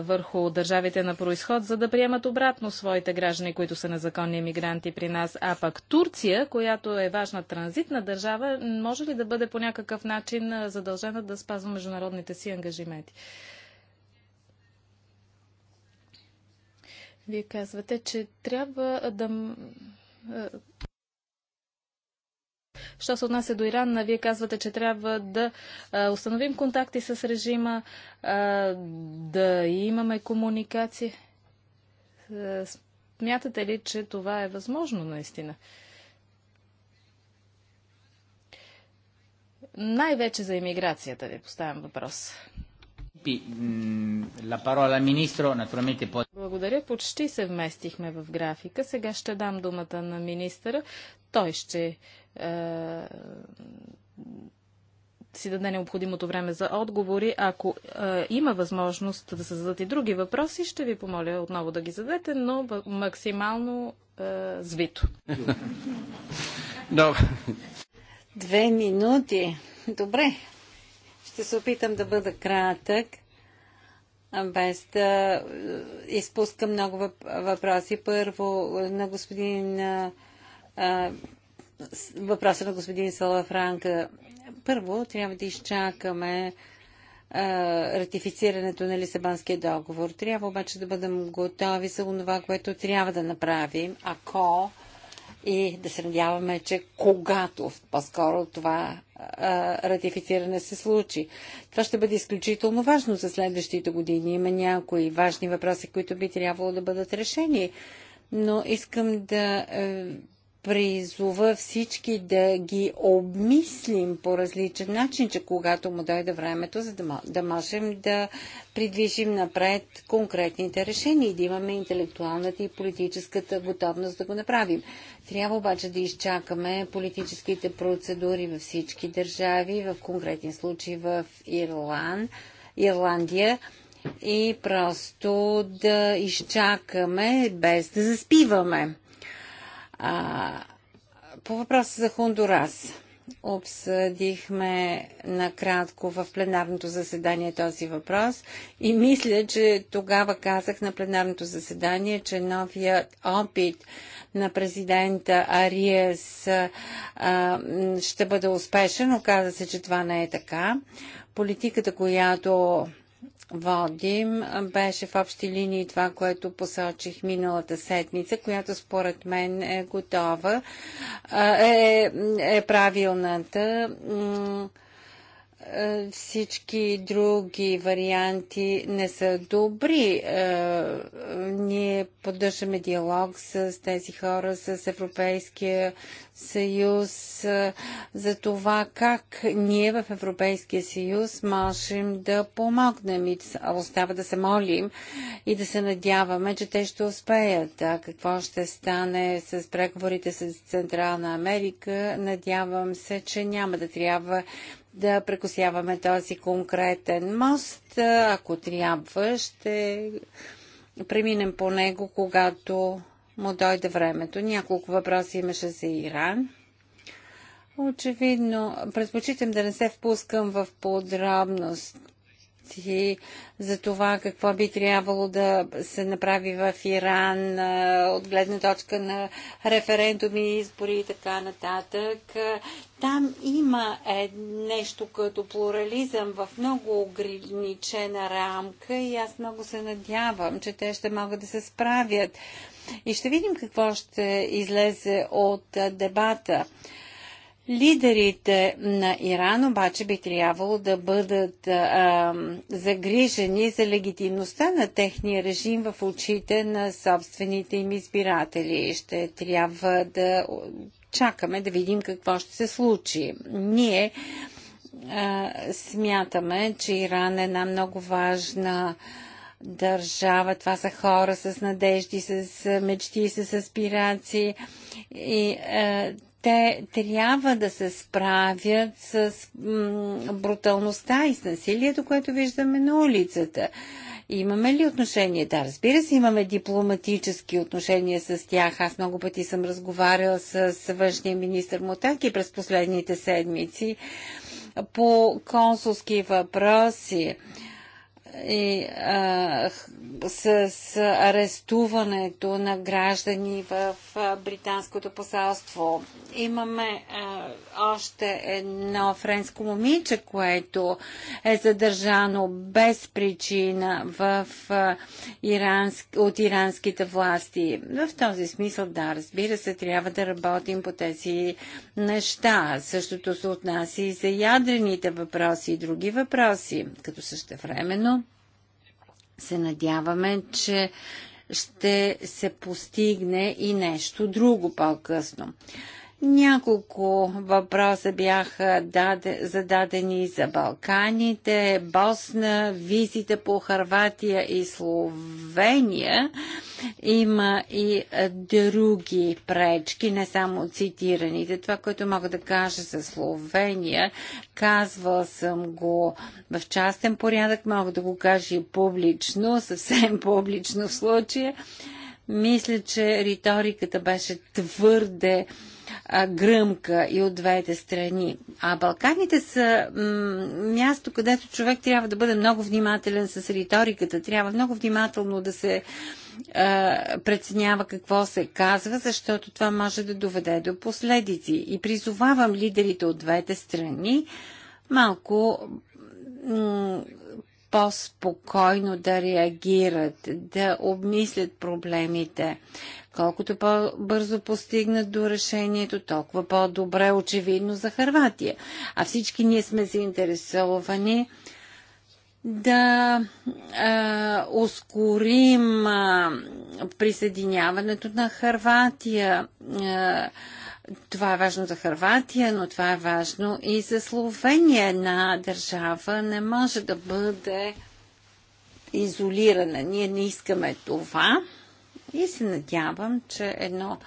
върху държавите на происход, за да приемат обратно своите граждани, които са незаконни емигранти при нас? А пък Турция, която е важна транзитна държава, може ли да бъде по някакъв начин задължена да спазва международните си ангажименти? Вие казвате, че трябва да Що се отнася до Иран, вие казвате, че трябва да установим контакти с режима, да имаме комуникации. Смятате ли, че това е възможно наистина? Най-вече за иммиграцията ви поставям въпрос. Благодаря, почти се вместихме в графика. Сега ще дам думата на министъра. Той ще е, си даде необходимото време за отговори. Ако е, има възможност да се зададат и други въпроси, ще ви помоля отново да ги зададете, но максимално е, звито. Две минути. Добре. Ще се опитам да бъда кратък, без да е, изпускам много въпроси. Първо на господин въпроса на господин Салафранка. Първо, трябва да изчакаме ратифицирането на Лисабонския договор. Трябва обаче да бъдем готови за това, което трябва да направим, ако и да се надяваме, че когато по-скоро това ратифициране се случи. Това ще бъде изключително важно за следващите години. Има някои важни въпроси, които би трябвало да бъдат решени. Но искам да е, призова всички да ги обмислим по различен начин, че когато му дойде времето, за да, да можем да придвижим напред конкретните решения и да имаме интелектуалната и политическата готовност да го направим. Трябва обаче да изчакаме политическите процедури във всички държави, в конкретни случаи в Ирланд, Ирландия и просто да изчакаме без да заспиваме. А, по въпроса за Хондурас обсъдихме накратко в пленарното заседание този въпрос и мисля, че тогава казах на пленарното заседание, че новият опит на президента Ариес а, ще бъде успешен. Оказа се, че това не е така. Политиката, която водим, беше в общи линии това, което посочих миналата седмица, която според мен е готова, е, е правилната е, всички други варианти не са добри. Е, е, ние поддържаме диалог с тези хора, с Европейския съюз, за това как ние в Европейския съюз можем да помогнем и остава да се молим и да се надяваме, че те ще успеят. А какво ще стане с преговорите с Централна Америка, надявам се, че няма да трябва да прекусяваме този конкретен мост. Ако трябва, ще преминем по него, когато му дойде времето. Няколко въпроси имаше за Иран. Очевидно, предпочитам да не се впускам в подробност, дебати за това какво би трябвало да се направи в Иран от гледна точка на референдуми, избори и така нататък. Там има е нещо като плурализъм в много ограничена рамка и аз много се надявам, че те ще могат да се справят. И ще видим какво ще излезе от дебата. Лидерите на Иран обаче би трябвало да бъдат а, загрижени за легитимността на техния режим в очите на собствените им избиратели. Ще трябва да чакаме да видим какво ще се случи. Ние а, смятаме, че Иран е една много важна държава. Това са хора с надежди, с мечти, с аспирации. И те трябва да се справят с бруталността и с насилието, което виждаме на улицата. Имаме ли отношения? Да, разбира се, имаме дипломатически отношения с тях. Аз много пъти съм разговаряла с външния министр Мотаки през последните седмици по консулски въпроси и а, с, арестуването на граждани в а, британското посалство. Имаме а, още едно френско момиче, което е задържано без причина в, а, иранск, от иранските власти. В този смисъл, да, разбира се, трябва да работим по тези неща. Същото се отнася и за ядрените въпроси и други въпроси, като същевременно се надяваме, че ще се постигне и нещо друго по-късно. Няколко въпроса бяха даде, зададени за Балканите, Босна, визите по Харватия и Словения. Има и други пречки, не само цитираните. Това, което мога да кажа за Словения, казвал съм го в частен порядък, мога да го кажа и публично, съвсем публично в случая. Мисля, че риториката беше твърде гръмка и от двете страни. А Балканите са място, където човек трябва да бъде много внимателен с риториката, трябва много внимателно да се а, преценява какво се казва, защото това може да доведе до последици. И призовавам лидерите от двете страни малко по-спокойно да реагират, да обмислят проблемите колкото по-бързо постигнат до решението, толкова по-добре очевидно за Харватия. А всички ние сме заинтересовани да а, ускорим а, присъединяването на Харватия. А, това е важно за Харватия, но това е важно и за Словения. Една държава не може да бъде изолирана. Ние не искаме това. И се надявам, че едно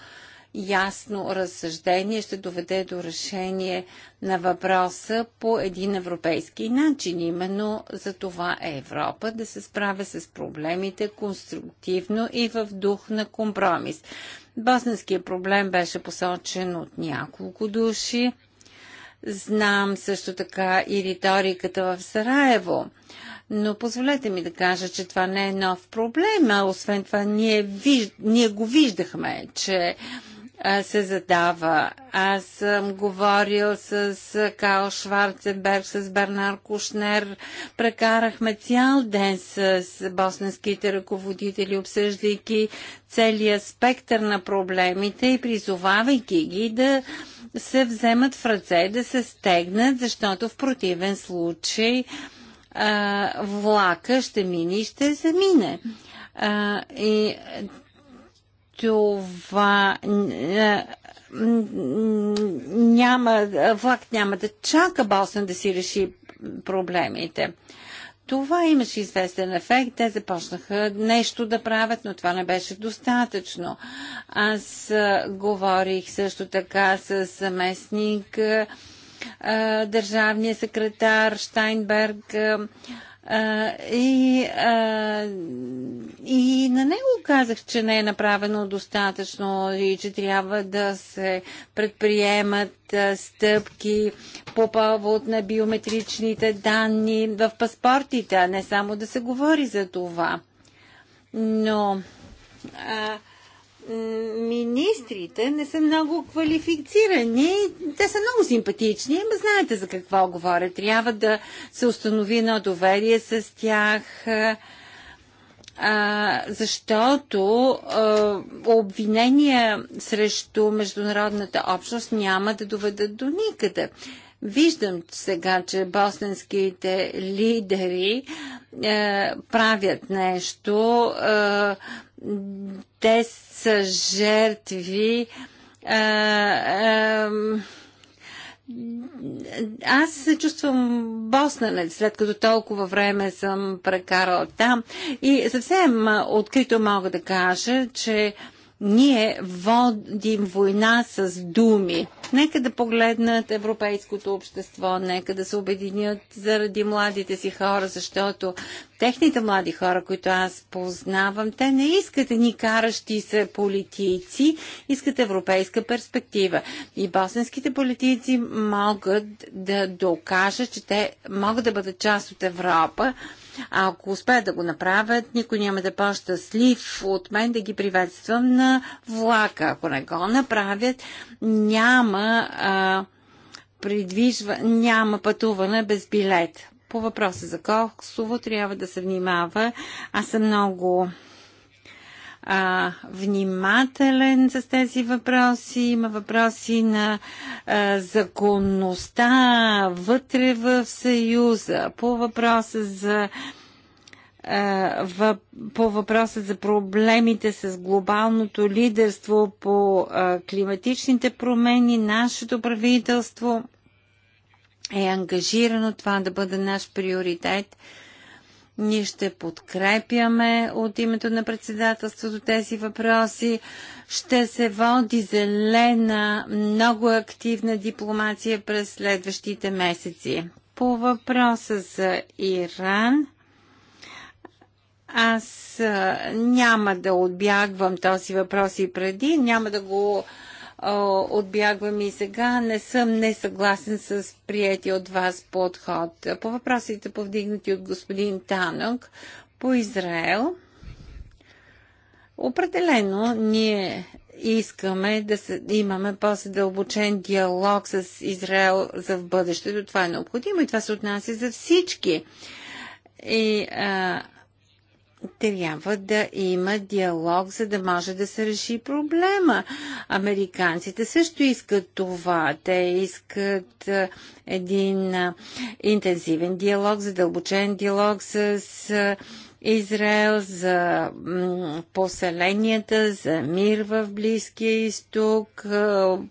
ясно разсъждение ще доведе до решение на въпроса по един европейски начин. Именно за това е Европа да се справя с проблемите конструктивно и в дух на компромис. Босненският проблем беше посочен от няколко души. Знам също така и риториката в Сараево. Но позволете ми да кажа, че това не е нов проблем, а освен това ние, виж... ние го виждахме, че се задава. Аз съм говорил с Карл Шварценберг, с Бернар Кушнер. Прекарахме цял ден с босненските ръководители, обсъждайки целият спектър на проблемите и призовавайки ги да се вземат в ръце, да се стегнат, защото в противен случай а, влака ще мине и ще замине. А, и това няма, влак няма да чака Балсън да си реши проблемите. Това имаше известен ефект. Те започнаха нещо да правят, но това не беше достатъчно. Аз говорих също така с заместник държавния секретар Штайнберг и, и на него казах, че не е направено достатъчно и че трябва да се предприемат стъпки по повод на биометричните данни в паспортите, а не само да се говори за това. Но а, министрите не са много квалифицирани. Те са много симпатични, ама знаете за какво говоря. Трябва да се установи на доверие с тях, а, защото а, обвинения срещу международната общност няма да доведат до никъде. Виждам сега, че босненските лидери е, правят нещо. Е, те са жертви. Е, е, аз се чувствам босненец, след като толкова време съм прекарал там. И съвсем открито мога да кажа, че ние водим война с думи. Нека да погледнат европейското общество, нека да се обединят заради младите си хора, защото техните млади хора, които аз познавам, те не искат ни каращи се политици, искат европейска перспектива. И босненските политици могат да докажат, че те могат да бъдат част от Европа, ако успеят да го направят, никой няма да е по-щастлив от мен да ги приветствам на влака. Ако не го направят, няма, а, придвижва, няма пътуване без билет. По въпроса за колко трябва да се внимава. Аз съм много а, внимателен с тези въпроси. Има въпроси на а, законността вътре в Съюза, по въпроса за по въпроса за проблемите с глобалното лидерство по климатичните промени, нашето правителство е ангажирано това да бъде наш приоритет ние ще подкрепяме от името на председателството тези въпроси. Ще се води зелена, много активна дипломация през следващите месеци. По въпроса за Иран, аз няма да отбягвам този въпрос и преди, няма да го отбягвам и сега. Не съм несъгласен с прияти от вас подход. По въпросите повдигнати от господин Танок по Израел, определено ние искаме да имаме по съдълбочен диалог с Израел за в бъдещето. Това е необходимо и това се отнася за всички. И а, трябва да има диалог, за да може да се реши проблема. Американците също искат това. Те искат един интензивен диалог, задълбочен диалог с Израел, за поселенията, за мир в Близкия изток,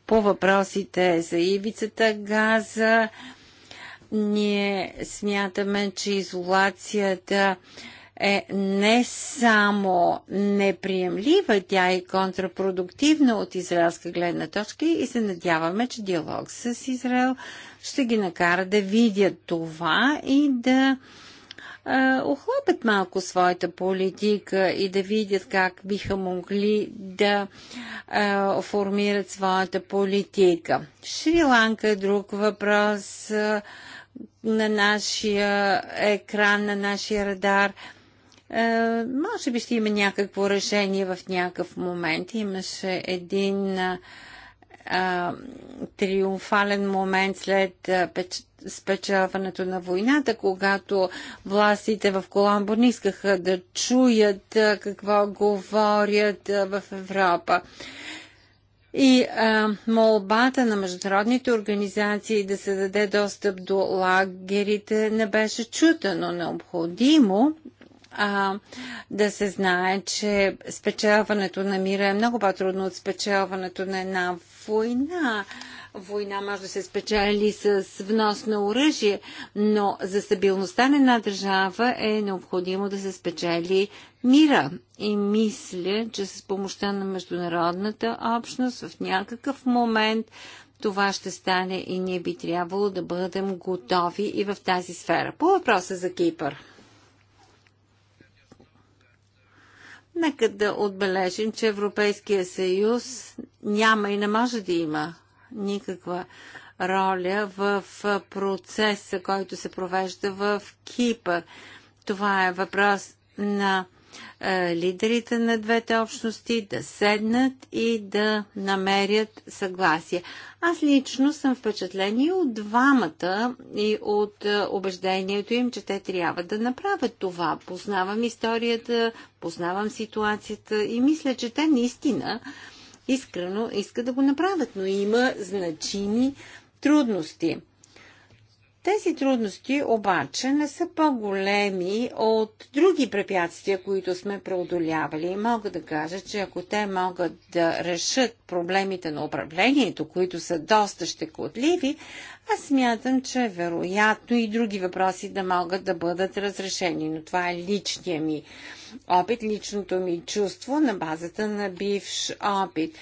по въпросите за ивицата Газа. Ние смятаме, че изолацията е не само неприемлива, тя е контрапродуктивна от израелска гледна точка и се надяваме, че диалог с Израел ще ги накара да видят това и да охлопят малко своята политика и да видят как биха могли да е, формират своята политика. Шри-Ланка е друг въпрос на нашия екран, на нашия радар. Е, може би ще има някакво решение в някакъв момент. Имаше един а, е, е, триумфален момент след печ... спечаването на войната, когато властите в Коламбо не искаха да чуят а, какво говорят а, в Европа. И а, молбата на международните организации да се даде достъп до лагерите не беше чута, но необходимо а, да се знае, че спечелването на мира е много по-трудно от спечелването на една война. Война може да се спечели с внос на оръжие, но за стабилността на една държава е необходимо да се спечели мира. И мисля, че с помощта на международната общност в някакъв момент това ще стане и ние би трябвало да бъдем готови и в тази сфера. По въпроса за Кипър. Нека да отбележим, че Европейския съюз няма и не може да има никаква роля в процеса, който се провежда в Кипър. Това е въпрос на е, лидерите на двете общности да седнат и да намерят съгласие. Аз лично съм впечатление от двамата и от е, убеждението им, че те трябва да направят това. Познавам историята, познавам ситуацията и мисля, че те наистина искрено искат да го направят, но има значими трудности. Тези трудности обаче не са по-големи от други препятствия, които сме преодолявали. И мога да кажа, че ако те могат да решат проблемите на управлението, които са доста щекотливи, аз смятам, че е вероятно и други въпроси да могат да бъдат разрешени. Но това е личния ми опит, личното ми чувство на базата на бивш опит.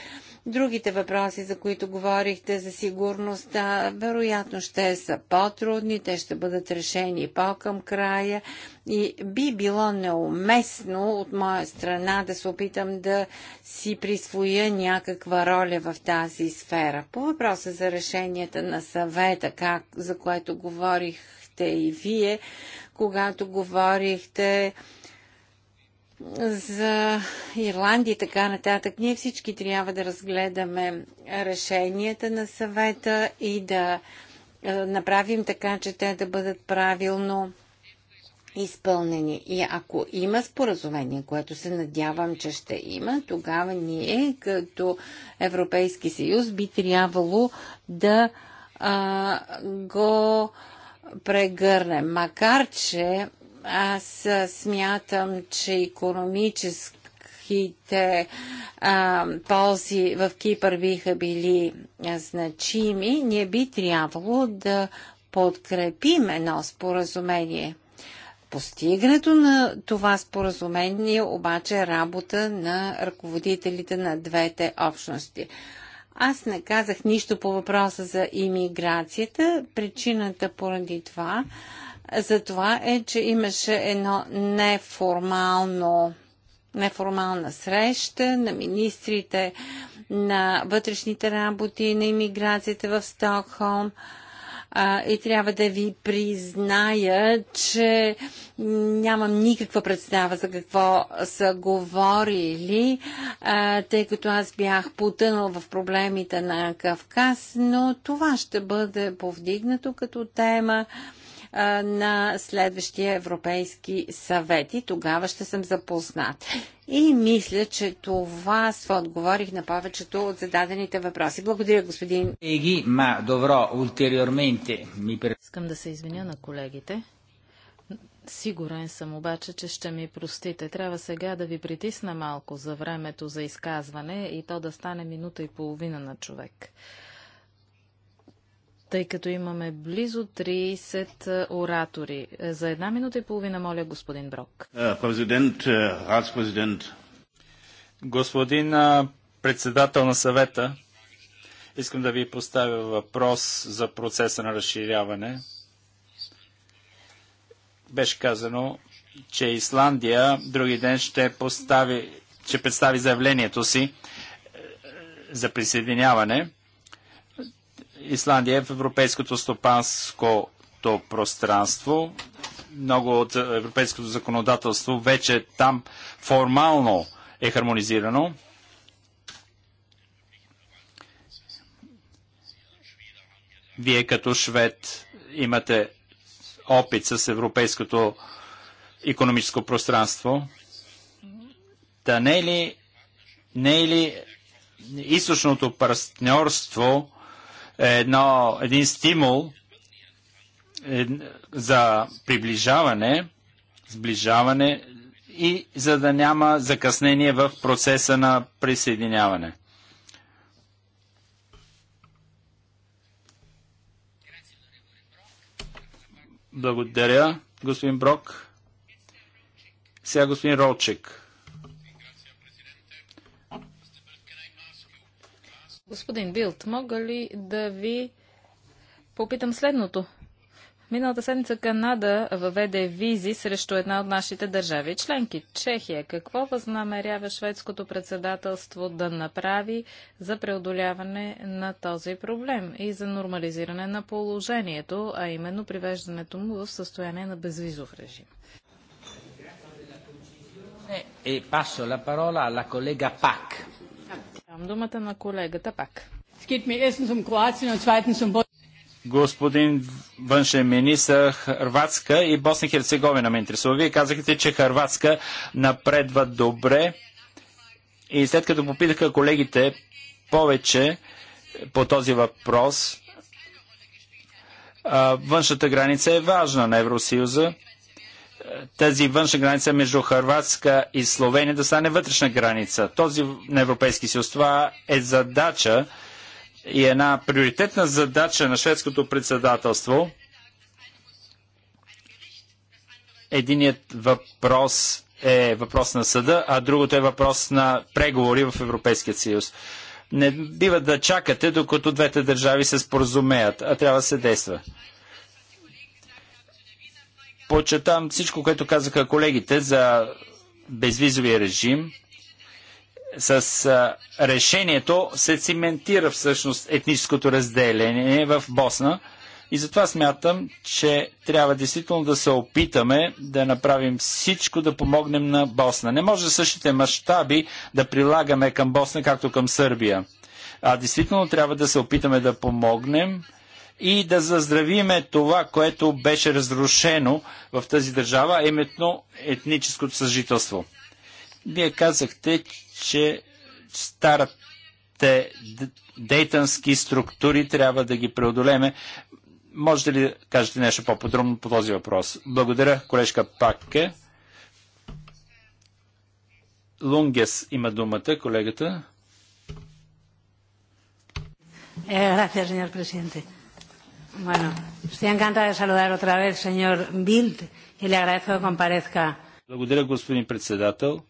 Другите въпроси, за които говорихте за сигурността, вероятно ще са по-трудни, те ще бъдат решени по-към края и би било неуместно от моя страна да се опитам да си присвоя някаква роля в тази сфера. По въпроса за решенията на съвета, как, за което говорихте и вие, когато говорихте за Ирландия и така нататък, ние всички трябва да разгледаме решенията на съвета и да е, направим така, че те да бъдат правилно изпълнени. И ако има споразумение, което се надявам, че ще има, тогава ние като Европейски съюз би трябвало да а, го прегърнем. Макар, че аз смятам, че економическите а, ползи в Кипър биха били значими. Ние би трябвало да подкрепим едно споразумение. Постигането на това споразумение обаче е работа на ръководителите на двете общности. Аз не казах нищо по въпроса за имиграцията. Причината поради това за това е, че имаше едно неформално неформална среща на министрите на вътрешните работи, на иммиграцията в Стокхолм. А, и трябва да ви призная, че нямам никаква представа за какво са говорили, а, тъй като аз бях потънал в проблемите на Кавказ, но това ще бъде повдигнато като тема. А, на следващия Европейски съвет и тогава ще съм запознат. И мисля, че това се отговорих на повечето от зададените въпроси. Благодаря, господин. Еги, ма, добро, ултериорменте. Ми... Искам да се извиня на колегите. Сигурен съм обаче, че ще ми простите. Трябва сега да ви притисна малко за времето за изказване и то да стане минута и половина на човек тъй като имаме близо 30 оратори. Е, за една минута и половина моля господин Брок. Е, президент, е, президент. Господин председател на съвета, искам да ви поставя въпрос за процеса на разширяване. Беше казано, че Исландия други ден ще постави, ще представи заявлението си за присъединяване – Исландия е в европейското стопанското пространство. Много от европейското законодателство вече там формално е хармонизирано. Вие като швед имате опит с европейското економическо пространство. Та не е ли, не е ли източното партньорство едно, един стимул за приближаване, сближаване и за да няма закъснение в процеса на присъединяване. Благодаря, господин Брок. Сега господин Ролчек. Господин Билт, мога ли да ви попитам следното? Миналата седмица Канада въведе визи срещу една от нашите държави членки – Чехия. Какво възнамерява шведското председателство да направи за преодоляване на този проблем и за нормализиране на положението, а именно привеждането му в състояние на безвизов режим? И, е, е, пасо ла парола колега Пак думата на колегата пак. Господин външен министр, Хрватска и Босна и Херцеговина ме интересува. Вие казахте, че Хрватска напредва добре и след като попитаха колегите повече по този въпрос, външната граница е важна на Евросъюза тази външна граница между Харватска и Словения да стане вътрешна граница. Този на Европейски съюз това е задача и една приоритетна задача на шведското председателство. Единият въпрос е въпрос на съда, а другото е въпрос на преговори в Европейския съюз. Не бива да чакате, докато двете държави се споразумеят, а трябва да се действа подчертавам всичко, което казаха колегите за безвизовия режим. С а, решението се циментира всъщност етническото разделение в Босна. И затова смятам, че трябва действително да се опитаме да направим всичко да помогнем на Босна. Не може същите мащаби да прилагаме към Босна, както към Сърбия. А действително трябва да се опитаме да помогнем и да заздравиме това, което беше разрушено в тази държава, именно етническото съжителство. Вие казахте, че старите дейтански структури трябва да ги преодолеме. Можете ли да кажете нещо по-подробно по този въпрос? Благодаря, колежка Пакке. Лунгес има думата, колегата. Благодаря, е, señor Bueno, estoy encantada de saludar otra vez, señor Bild, y le agradezco que comparezca. Благодаря, господин председател.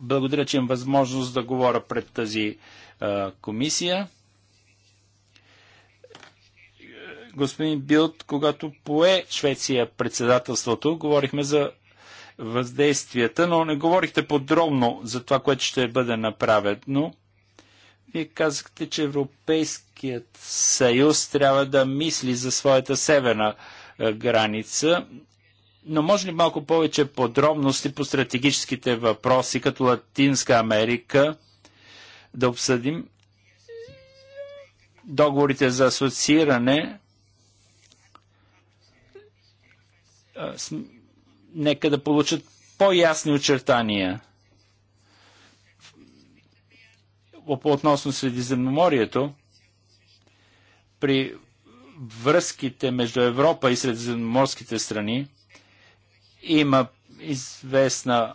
Благодаря, че имам възможност да говоря пред тази а, комисия. Господин Билд, когато пое Швеция председателството, говорихме за въздействията, но не говорихте подробно за това, което ще бъде направено вие казахте, че Европейският съюз трябва да мисли за своята северна е, граница, но може ли малко повече подробности по стратегическите въпроси, като Латинска Америка, да обсъдим договорите за асоцииране? Е, нека да получат по-ясни очертания. относно Средиземноморието, при връзките между Европа и средиземноморските страни има известна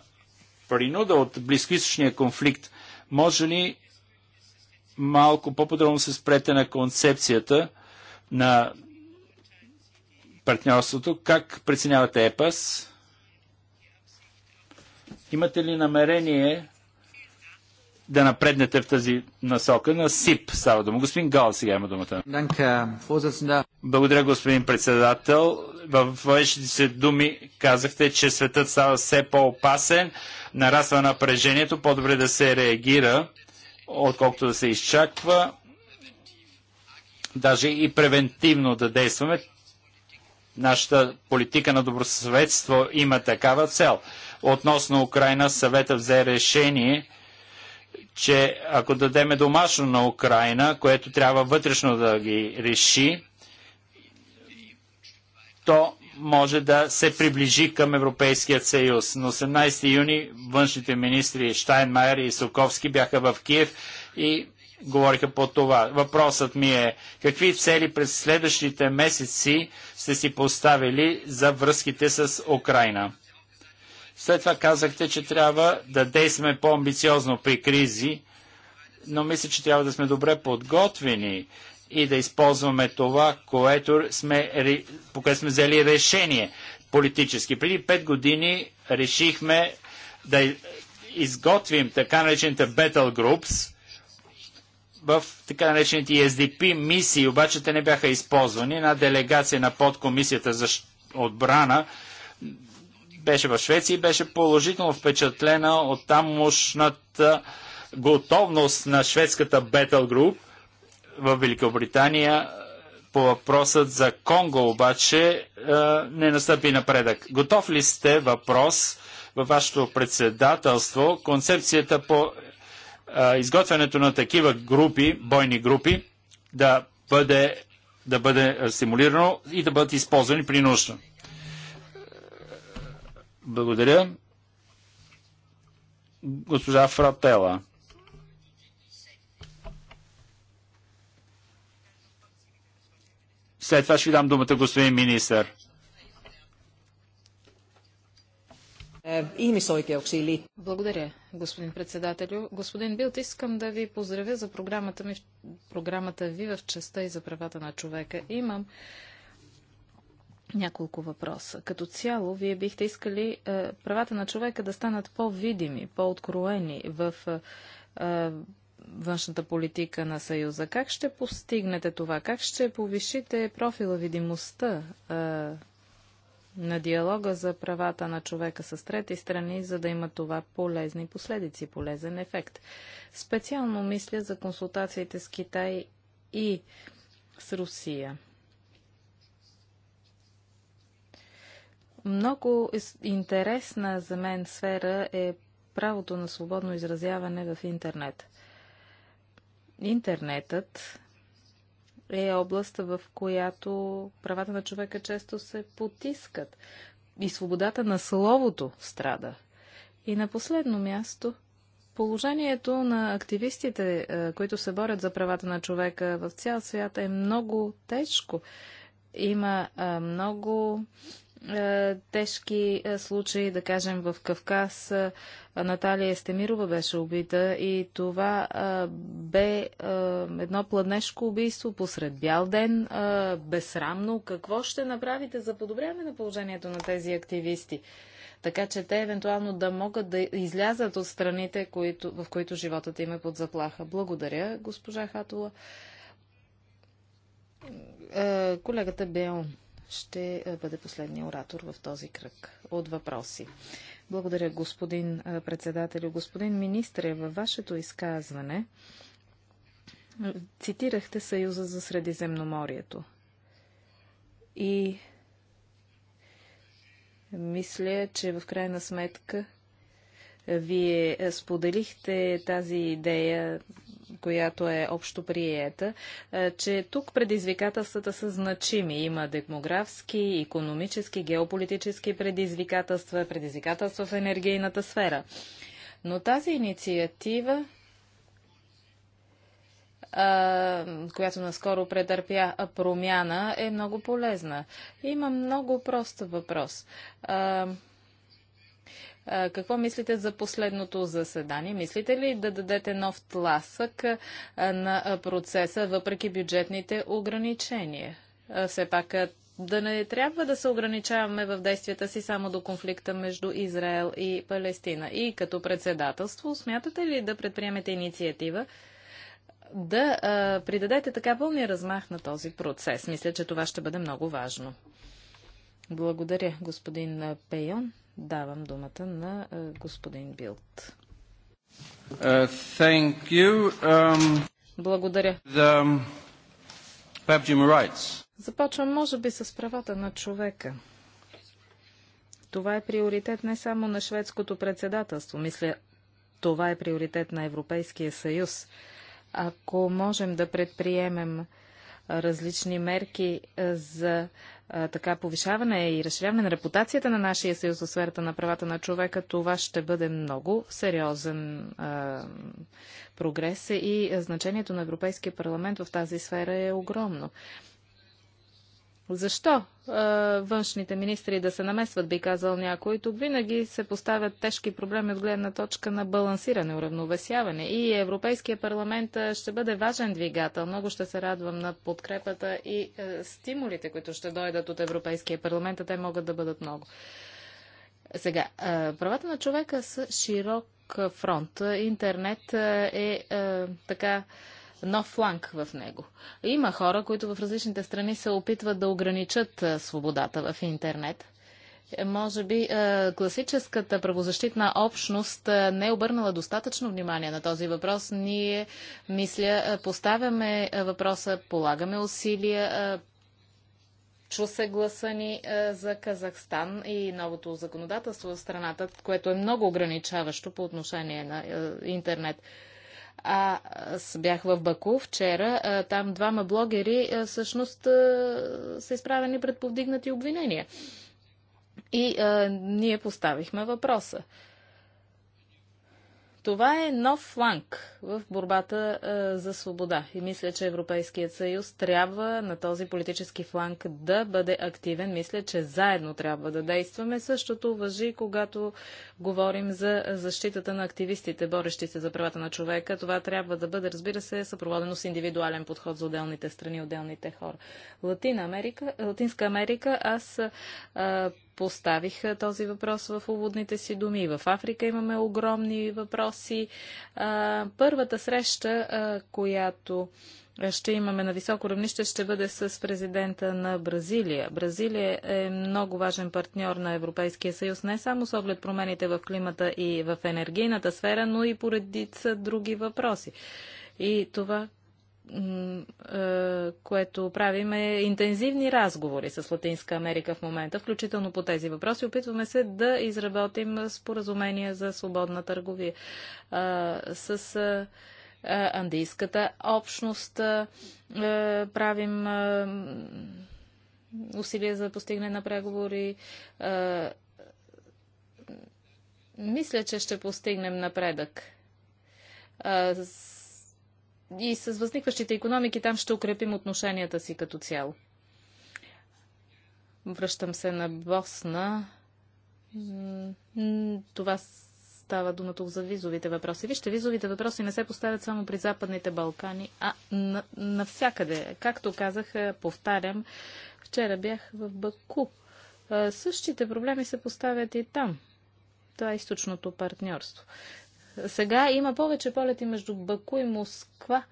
принуда от близкоисточния конфликт. Може ли малко по-подробно се спрете на концепцията на партньорството? Как преценявате ЕПАС? Имате ли намерение да напреднете в тази насока на СИП става дума. Господин Гал сега има думата. Благодаря, господин председател. В външните се думи казахте, че светът става все по-опасен, нараства напрежението, по-добре да се реагира, отколкото да се изчаква. Даже и превентивно да действаме. Нашата политика на добросъветство има такава цел. Относно Украина, съвета взе решение – че ако дадеме домашно на Украина, което трябва вътрешно да ги реши, то може да се приближи към Европейският съюз. На 18 юни външните министри Штайнмайер и Соковски бяха в Киев и говориха по това. Въпросът ми е, какви цели през следващите месеци сте си поставили за връзките с Украина? След това казахте, че трябва да действаме по-амбициозно при кризи, но мисля, че трябва да сме добре подготвени и да използваме това, което сме, по което сме взели решение политически. Преди 5 години решихме да изготвим така наречените Battle Groups в така наречените SDP е мисии, обаче те не бяха използвани. Една делегация на подкомисията за отбрана беше в Швеция и беше положително впечатлена от тамошната готовност на шведската Battle Group в Великобритания по въпросът за Конго обаче е, не настъпи напредък. Готов ли сте въпрос във вашето председателство, концепцията по е, изготвянето на такива групи, бойни групи, да бъде, да бъде е, стимулирано и да бъдат използвани при нужда? Благодаря. Госпожа Фратела. След това ще ви дам думата, господин министър. Е, Благодаря, господин председателю. Господин Билт, искам да ви поздравя за програмата, ми, програмата ви в частта и за правата на човека. Имам няколко въпроса. Като цяло, вие бихте искали е, правата на човека да станат по-видими, по-откроени в е, е, външната политика на Съюза. Как ще постигнете това? Как ще повишите профила видимостта е, на диалога за правата на човека с трети страни, за да има това полезни последици, полезен ефект? Специално мисля за консултациите с Китай и с Русия. Много интересна за мен сфера е правото на свободно изразяване в интернет. Интернетът е област, в която правата на човека често се потискат и свободата на словото страда. И на последно място, положението на активистите, е, които се борят за правата на човека в цял свят е много тежко. Има е, много е, тежки е, случаи, да кажем в Кавказ. Е, Наталия Естемирова беше убита и това бе едно пладнешко убийство посред бял ден, безсрамно. Какво ще направите за подобряване на положението на тези активисти? така че те евентуално да могат да излязат от страните, които, в които животът им е под заплаха. Благодаря, госпожа Хатула. колегата Беон ще е, бъде последния оратор в този кръг от въпроси. Благодаря, господин е, председател. Господин министре, във вашето изказване е, цитирахте Съюза за Средиземноморието. И мисля, че в крайна сметка вие споделихте тази идея която е общо приета, че тук предизвикателствата са значими. Има демографски, економически, геополитически предизвикателства, предизвикателства в енергийната сфера. Но тази инициатива която наскоро претърпя промяна, е много полезна. Има много прост въпрос. Какво мислите за последното заседание? Мислите ли да дадете нов тласък на процеса, въпреки бюджетните ограничения? Все пак да не трябва да се ограничаваме в действията си само до конфликта между Израел и Палестина. И като председателство, смятате ли да предприемете инициатива да а, придадете така пълния размах на този процес? Мисля, че това ще бъде много важно. Благодаря, господин Пейон. Давам думата на е, господин Билт. Uh, um, Благодаря. The, um, Започвам, може би, с правата на човека. Това е приоритет не само на шведското председателство. Мисля, това е приоритет на Европейския съюз. Ако можем да предприемем различни мерки за така повишаване и разширяване на репутацията на нашия съюз в сферата на правата на човека, това ще бъде много сериозен а, прогрес и значението на Европейския парламент в тази сфера е огромно. Защо а, външните министри да се намесват, би казал някой. Тук винаги се поставят тежки проблеми от гледна точка на балансиране, уравновесяване. И Европейския парламент ще бъде важен двигател. Много ще се радвам на подкрепата и стимулите, които ще дойдат от Европейския парламент, а те могат да бъдат много. Сега, а, правата на човека са широк фронт. Интернет е, е така нов фланг в него. Има хора, които в различните страни се опитват да ограничат е, свободата в интернет. Е, може би е, класическата правозащитна общност не е обърнала достатъчно внимание на този въпрос. Ние, мисля, поставяме въпроса, полагаме усилия, чу се гласа ни за Казахстан и новото законодателство в страната, което е много ограничаващо по отношение на интернет. А, аз бях в Баку вчера. А, там двама блогери а, всъщност а, са изправени пред повдигнати обвинения. И а, ние поставихме въпроса. А, това е нов фланг в борбата а, за свобода и мисля, че Европейският съюз трябва на този политически фланг да бъде активен. Мисля, че заедно трябва да действаме. Същото въжи, когато говорим за защитата на активистите, борещи се за правата на човека. Това трябва да бъде, разбира се, съпроводено с индивидуален подход за отделните страни, отделните хора. Латина Америка, Латинска Америка, аз а, Поставих този въпрос в уводните си думи. В Африка имаме огромни въпроси. Първата среща, която ще имаме на високо равнище, ще бъде с президента на Бразилия. Бразилия е много важен партньор на Европейския съюз, не само с оглед промените в климата и в енергийната сфера, но и поредица други въпроси. И това, е, което правим е интензивни разговори с Латинска Америка в момента, включително по тези въпроси. Опитваме се да изработим споразумение за свободна търговия е, с е, андийската общност. Правим усилия за постигане на преговори. Мисля, че ще постигнем напредък и с възникващите економики там ще укрепим отношенията си като цяло. Връщам се на Босна. Това става дума тук за визовите въпроси. Вижте, визовите въпроси не се поставят само при Западните Балкани, а навсякъде. Както казах, е, повтарям, вчера бях в Баку. Е, същите проблеми се поставят и там. Това е източното партньорство. Сега има повече полети между Баку и Москва,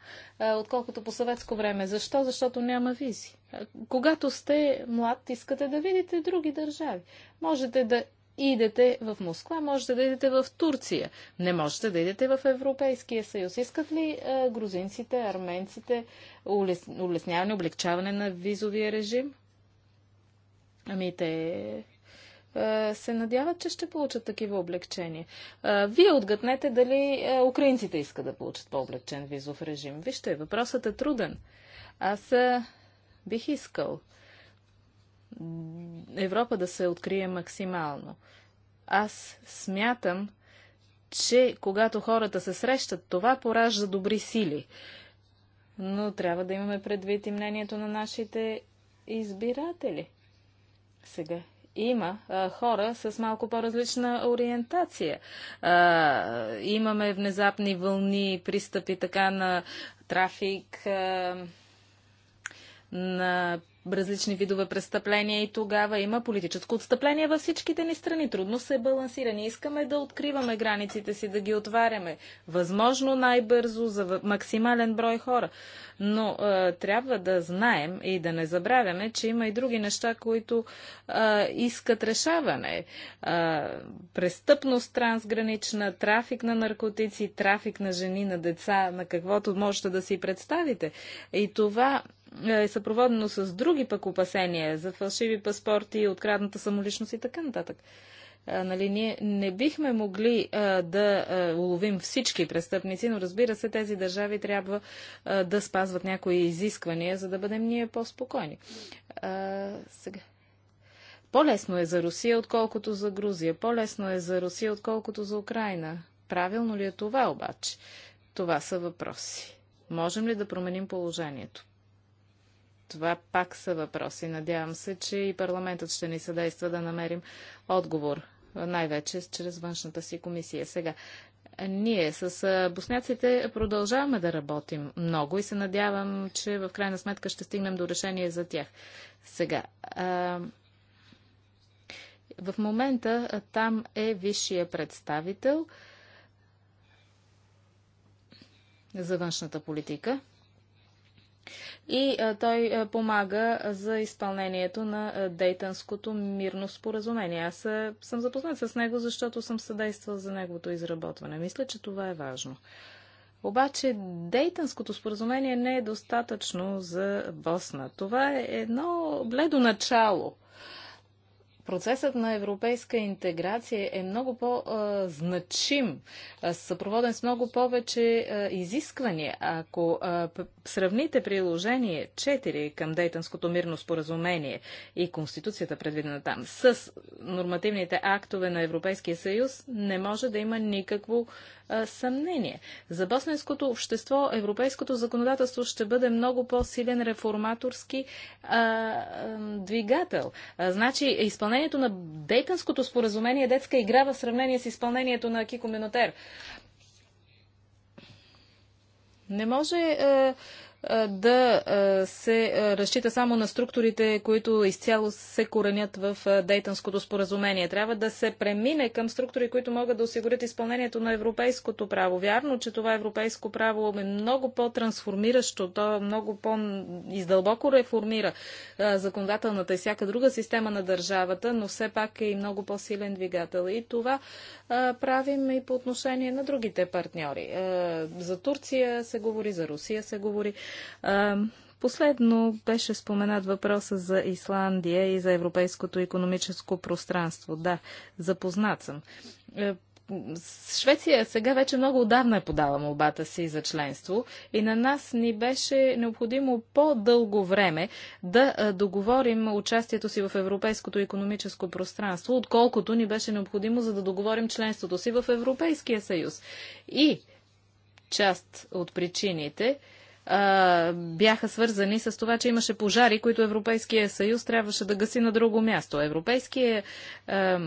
отколкото по съветско време. Защо? Защото няма визи. Когато сте млад, искате да видите други държави. Можете да идете в Москва, можете да идете в Турция, не можете да идете в Европейския съюз. Искат ли грузинците, арменците улесняване, облегчаване на визовия режим? Ами те е, се надяват, че ще получат такива облегчения. Е, вие отгътнете дали е, украинците искат да получат по-облегчен визов режим. Вижте, въпросът е труден. Аз бих искал Европа да се открие максимално. Аз смятам, че когато хората се срещат, това поражда добри сили. Но трябва да имаме предвид и мнението на нашите избиратели. Сега има а, хора с малко по-различна ориентация. А, имаме внезапни вълни, пристъпи така на трафик, а, на различни видове престъпления и тогава има политическо отстъпление във всичките ни страни. Трудно се балансира. Ние искаме да откриваме границите си, да ги отваряме. Възможно най-бързо за максимален брой хора. Но е, трябва да знаем и да не забравяме, че има и други неща, които е, искат решаване. Е, престъпност трансгранична, трафик на наркотици, трафик на жени, на деца, на каквото можете да си представите. И това е, е съпроводено с други пък опасения за фалшиви паспорти, открадната самоличност и така нататък. А, нали, ние не бихме могли а, да а, уловим всички престъпници, но разбира се, тези държави трябва а, да спазват някои изисквания, за да бъдем ние по-спокойни. сега. По-лесно е за Русия, отколкото за Грузия. По-лесно е за Русия, отколкото за Украина. Правилно ли е това обаче? Това са въпроси. Можем ли да променим положението? Това пак са въпроси. Надявам се, че и парламентът ще ни съдейства да намерим отговор, най-вече чрез външната си комисия. Сега, ние с босняците продължаваме да работим много и се надявам, че в крайна сметка ще стигнем до решение за тях. Сега, в момента там е висшия представител за външната политика – и а, той а, помага за изпълнението на а, Дейтанското мирно споразумение. Аз съм запознат с него, защото съм съдействал за неговото изработване. Мисля, че това е важно. Обаче дейтанското споразумение не е достатъчно за Босна. Това е едно бледо начало процесът на европейска интеграция е много по-значим, съпроводен с много повече изисквания. Ако сравните приложение 4 към Дейтанското мирно споразумение и Конституцията, предвидена там, с нормативните актове на Европейския съюз, не може да има никакво съмнение. За босненското общество европейското законодателство ще бъде много по-силен реформаторски а, двигател. А, значи, изпълнението на Дейтънското споразумение е детска игра в сравнение с изпълнението на Кико Минотер. Не може А, е, да се разчита само на структурите, които изцяло се коренят в Дейтанското споразумение. Трябва да се премине към структури, които могат да осигурят изпълнението на европейското право. Вярно, че това европейско право е много по-трансформиращо, то е много по-издълбоко реформира законодателната и всяка друга система на държавата, но все пак е и много по-силен двигател. И това правим и по отношение на другите партньори. за Турция се говори, за Русия се говори. Последно беше споменат въпроса за Исландия и за европейското економическо пространство. Да, запознат съм. Е, Швеция сега вече много отдавна е подала молбата си за членство и на нас ни беше необходимо по-дълго време да е, договорим участието си в Европейското економическо пространство, отколкото ни беше необходимо за да договорим членството си в Европейския съюз. И част от причините – а, бяха свързани с това, че имаше пожари, които Европейския съюз трябваше да гаси на друго място. Европейския а,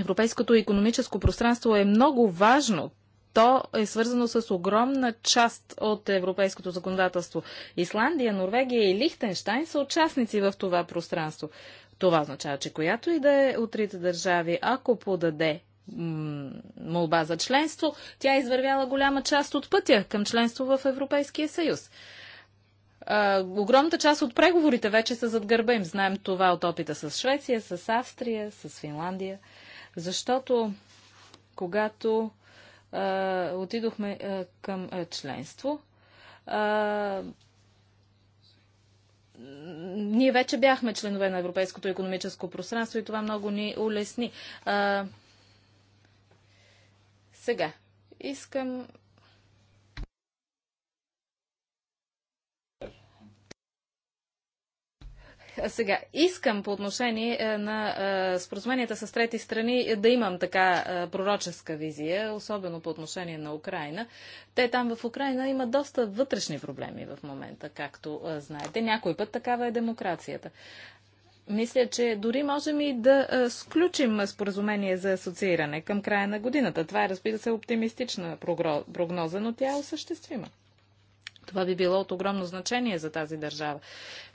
Европейското економическо пространство е много важно. То е свързано с огромна част от европейското законодателство. Исландия, Норвегия и Лихтенштайн са участници в това пространство. Това означава, че която и да е от трите държави, ако подаде молба за членство, тя е извървяла голяма част от пътя към членство в Европейския съюз. А, огромната част от преговорите вече са зад гърба им. Знаем това от опита с Швеция, с Австрия, с Финландия. Защото когато а, отидохме а, към а, членство, а, ние вече бяхме членове на Европейското економическо пространство и това много ни улесни. А, сега, искам Сега, искам по отношение е, на е, споразуменията с трети страни да имам така е, пророческа визия, особено по отношение на Украина. Те там в Украина имат доста вътрешни проблеми в момента, както знаете. Някой път такава е демокрацията мисля, че дори можем и да сключим споразумение за асоцииране към края на годината. Това е, разбира се, оптимистична прогноза, но тя е осъществима. Това би било от огромно значение за тази държава.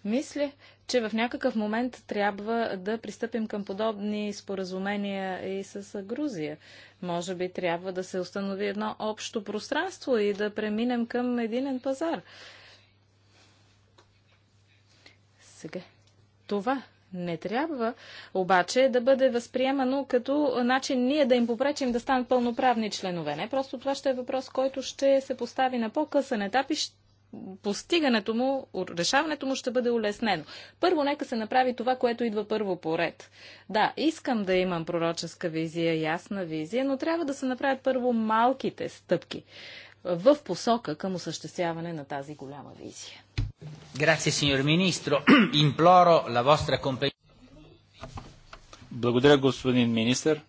Мисля, че в някакъв момент трябва да пристъпим към подобни споразумения и с Грузия. Може би трябва да се установи едно общо пространство и да преминем към единен пазар. Сега. Това, не трябва обаче да бъде възприемано като начин ние да им попречим да станат пълноправни членове. Не, просто това ще е въпрос, който ще се постави на по-късен етап и ще постигането му, решаването му ще бъде улеснено. Първо, нека се направи това, което идва първо по ред. Да, искам да имам пророческа визия, ясна визия, но трябва да се направят първо малките стъпки в посока към осъществяване на тази голяма визия. Grazie, signor <clears throat> Imploro la vostra Благодаря, господин министр.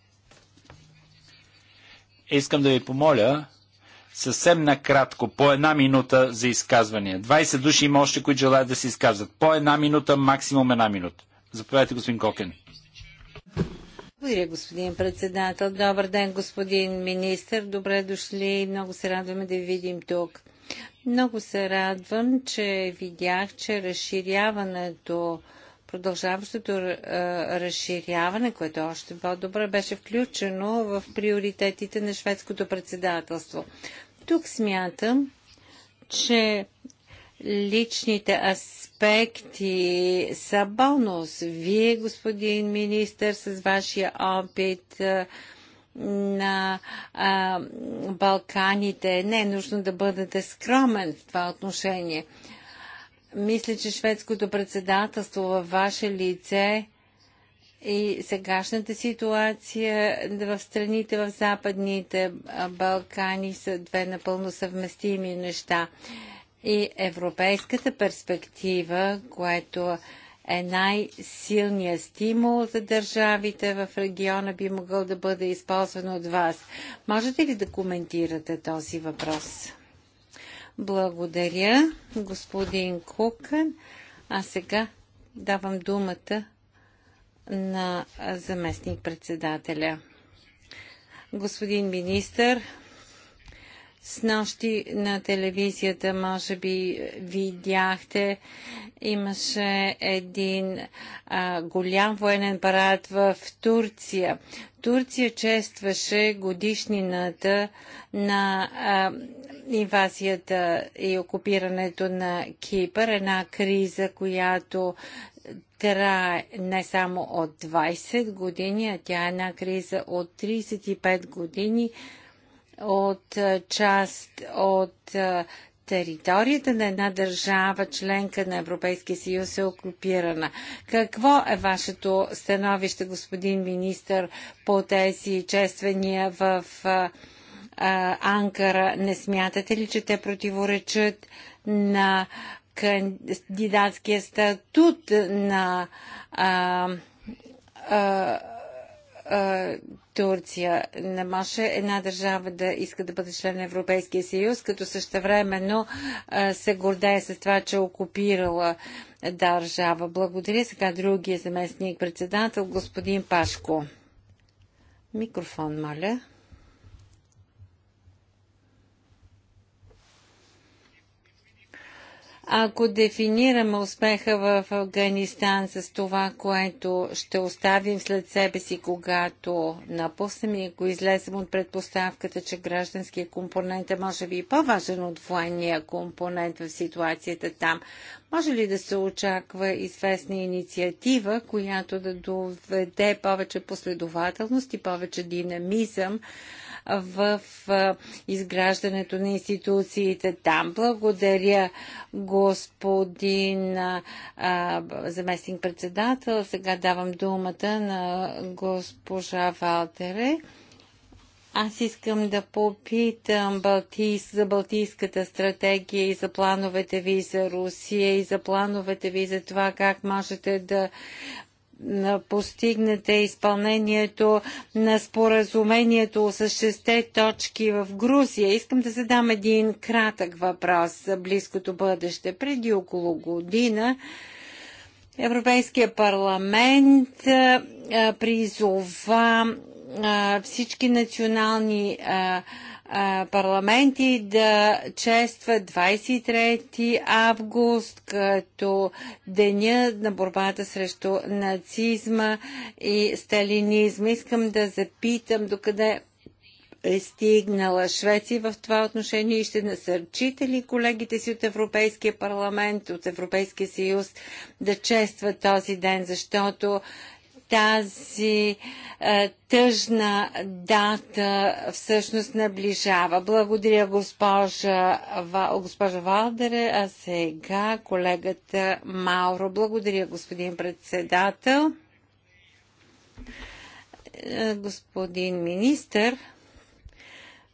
Искам да ви помоля съвсем накратко, по една минута за изказвания. 20 души има още, които желаят да се изказват. По една минута, максимум една минута. Заповядайте, господин Кокен. Благодаря, господин председател. Добър ден, господин министр. Добре дошли. Много се радваме да ви видим тук. Много се радвам, че видях, че разширяването, продължаващото е, разширяване, което е още по-добре беше включено в приоритетите на шведското председателство. Тук смятам, че личните аспекти са бонус. Вие, господин министр, с вашия опит е, на а, Балканите. Не е нужно да бъдете скромен в това отношение. Мисля, че шведското председателство във ваше лице и сегашната ситуация в страните в Западните Балкани са две напълно съвместими неща. И европейската перспектива, което е най-силният стимул за държавите в региона, би могъл да бъде използван от вас. Можете ли да коментирате този въпрос? Благодаря, господин Кукън. А сега давам думата на заместник-председателя. Господин министър, с нощи на телевизията, може би, видяхте, имаше един а, голям военен парад в Турция. Турция честваше годишнината на а, инвазията и окупирането на Кипър, една криза, която трае не само от 20 години, а тя е една криза от 35 години, от част от територията на една държава, членка на Европейския съюз е окупирана. Какво е вашето становище, господин министр, по тези чествания в а, Анкара? Не смятате ли, че те противоречат на кандидатския статут на а, а, Турция. Не може една държава да иска да бъде член на Европейския съюз, като същевременно се гордее с това, че е окупирала държава. Благодаря. Сега другия заместник председател, господин Пашко. Микрофон, моля. Ако дефинираме успеха в Афганистан с това, което ще оставим след себе си, когато напуснем и ако излезем от предпоставката, че гражданския компонент е може би и по-важен от военния компонент в ситуацията там, може ли да се очаква известна инициатива, която да доведе повече последователност и повече динамизъм в изграждането на институциите там. Благодаря господин заместник-председател. Сега давам думата на госпожа Валтере. Аз искам да попитам Балтийс, за Балтийската стратегия и за плановете ви за Русия и за плановете ви за това как можете да постигнете изпълнението на споразумението с шесте точки в Грузия. Искам да задам един кратък въпрос за близкото бъдеще. Преди около година Европейския парламент призова всички национални а, парламенти да чества 23 август като деня на борбата срещу нацизма и сталинизма. Искам да запитам докъде е стигнала Швеция в това отношение и ще насърчите ли колегите си от Европейския парламент, от Европейския съюз да честват този ден, защото тази е, тъжна дата всъщност наближава. Благодаря госпожа, госпожа Валдере, а сега колегата Мауро. Благодаря господин председател. Е, господин министър,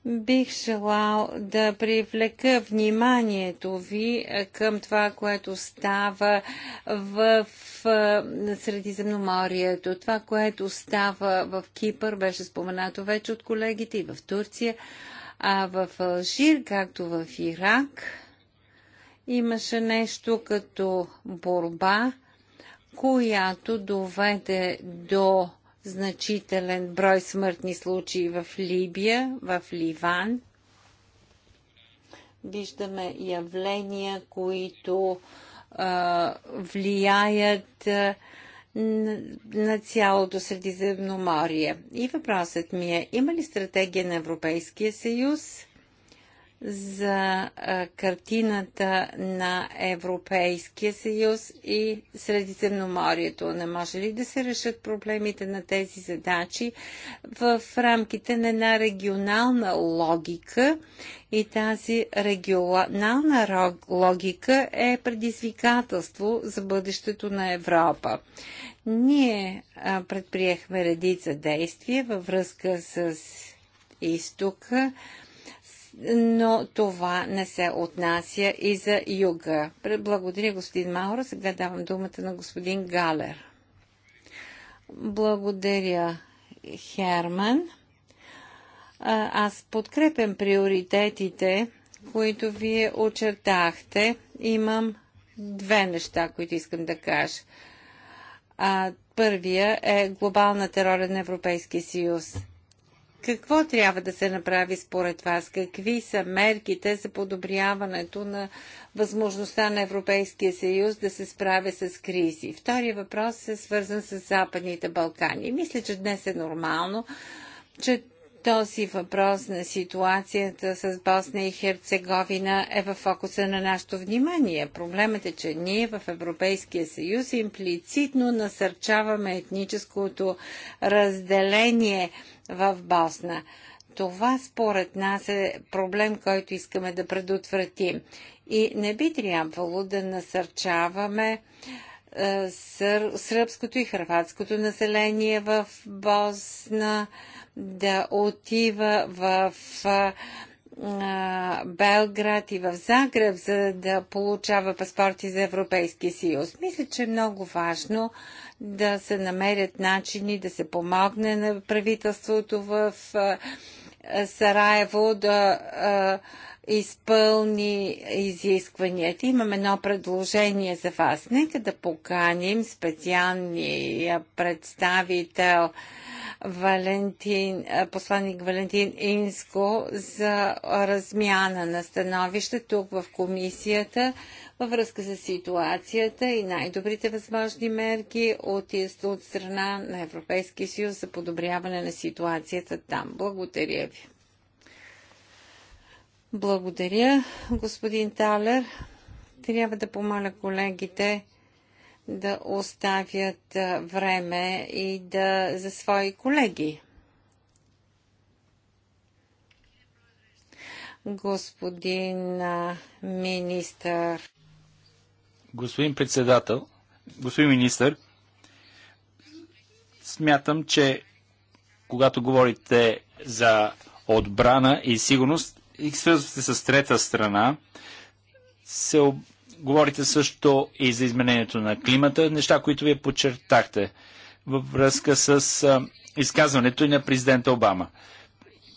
Бих желал да привлека вниманието ви е, към това, което става в е, Средиземноморието. Това, което става в Кипър, беше споменато вече от колегите и в Турция, а в Алжир, както в Ирак, имаше нещо като борба, която доведе до значителен брой смъртни случаи в Либия, в Ливан. Виждаме явления, които а, влияят а, на цялото Средиземноморие. И въпросът ми е, има ли стратегия на Европейския съюз за картината на Европейския съюз и Средиземноморието. Не може ли да се решат проблемите на тези задачи в рамките на една регионална логика и тази регионална логика е предизвикателство за бъдещето на Европа. Ние предприехме редица действия във връзка с изтока, но това не се отнася и за юга. Благодаря, господин Маура. Сега давам думата на господин Галер. Благодаря, Херман. Аз подкрепям приоритетите, които вие очертахте. Имам две неща, които искам да кажа. първия е глобалната роля на Европейския съюз. Какво трябва да се направи според вас? Какви са мерките за подобряването на възможността на Европейския съюз да се справи с кризи? Втория въпрос е свързан с Западните Балкани. Мисля, че днес е нормално, че този въпрос на ситуацията с Босна и Херцеговина е в фокуса на нашето внимание. Проблемът е, че ние в Европейския съюз имплицитно насърчаваме етническото разделение в Босна. Това според нас е проблем, който искаме да предотвратим. И не би трябвало да насърчаваме е, сръбското и хрватското население в Босна да отива в е, е, Белград и в Загреб, за да получава паспорти за Европейския съюз. Мисля, че е много важно да се намерят начини да се помогне на правителството в Сараево да изпълни изискванията. Имам едно предложение за вас. Нека да поканим специалния представител Валентин, посланник Валентин Инско за размяна на становище тук в комисията във връзка с ситуацията и най-добрите възможни мерки от, от страна на Европейския съюз за подобряване на ситуацията там. Благодаря ви. Благодаря, господин Талер. Трябва да помоля колегите да оставят време и да за свои колеги. Господин министър, Господин председател, господин министър, смятам, че когато говорите за отбрана и сигурност и свързвате с трета страна, се об... говорите също и за изменението на климата, неща, които вие подчертахте във връзка с а, изказването и на президента Обама.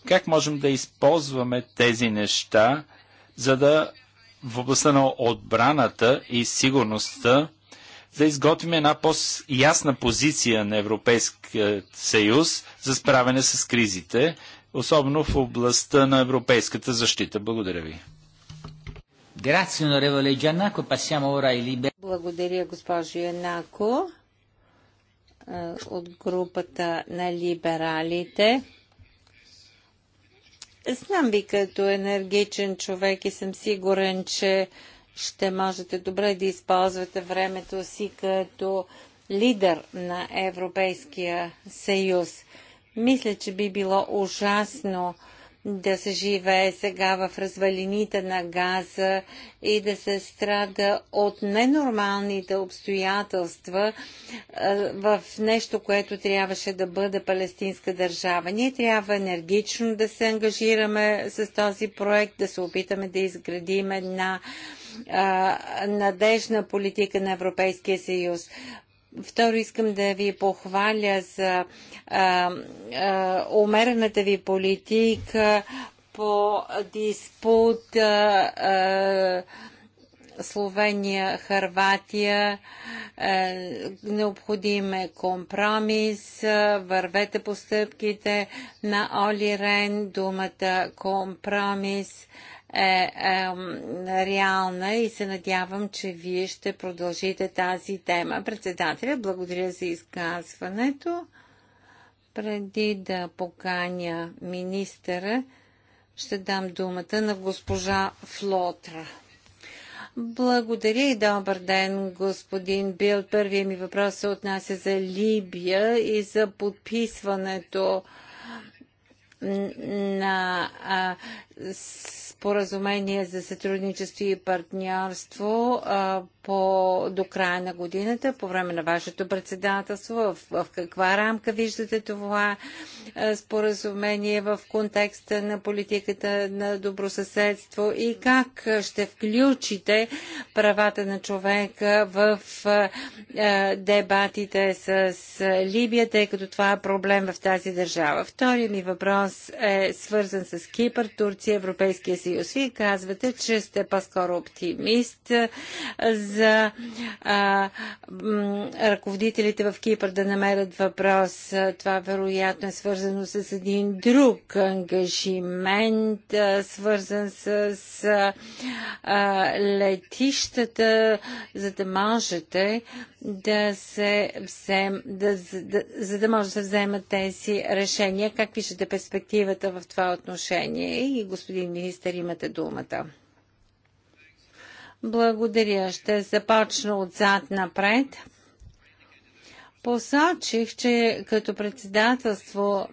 Как можем да използваме тези неща, за да в областта на отбраната и сигурността да изготвим една по-ясна позиция на Европейския съюз за справяне с кризите, особено в областта на европейската защита. Благодаря ви. Благодаря, госпожо Янако от групата на либералите. Знам ви като енергичен човек и съм сигурен, че ще можете добре да използвате времето си като лидер на Европейския съюз. Мисля, че би било ужасно да се живее сега в развалините на газа и да се страда от ненормалните обстоятелства е, в нещо, което трябваше да бъде палестинска държава. Ние трябва енергично да се ангажираме с този проект, да се опитаме да изградим една е, надежна политика на Европейския съюз. Второ, искам да ви похваля за а, а, умерената ви политика по диспут а, а, Словения, Харватия. А, е, необходим е компромис. Вървете постъпките на Оли Рен. Думата компромис е, е реална и се надявам, че вие ще продължите тази тема. Председателя, благодаря за изказването. Преди да поканя министъра, ще дам думата на госпожа Флотра. Благодаря и добър ден, господин Бил. Първият ми въпрос се отнася за Либия и за подписването на а, споразумение за сътрудничество и партньорство а, по, до края на годината, по време на вашето председателство? В, в каква рамка виждате това а, споразумение в контекста на политиката на добросъседство и как ще включите правата на човека в а, дебатите с Либия, тъй като това е проблем в тази държава? Втория ми въпрос е свързан с Кипър, Турция институция Европейския съюз. Вие казвате, че сте по-скоро оптимист за а, ръководителите в Кипър да намерят въпрос. Това вероятно е свързано с един друг ангажимент, свързан с а, летищата, за да можете да се взем, да, да, за да може да се вземат тези решения. Как виждате перспективата в това отношение? И Господин министър, имате думата. Благодаря. Ще започна отзад напред. Посочих, че като председателство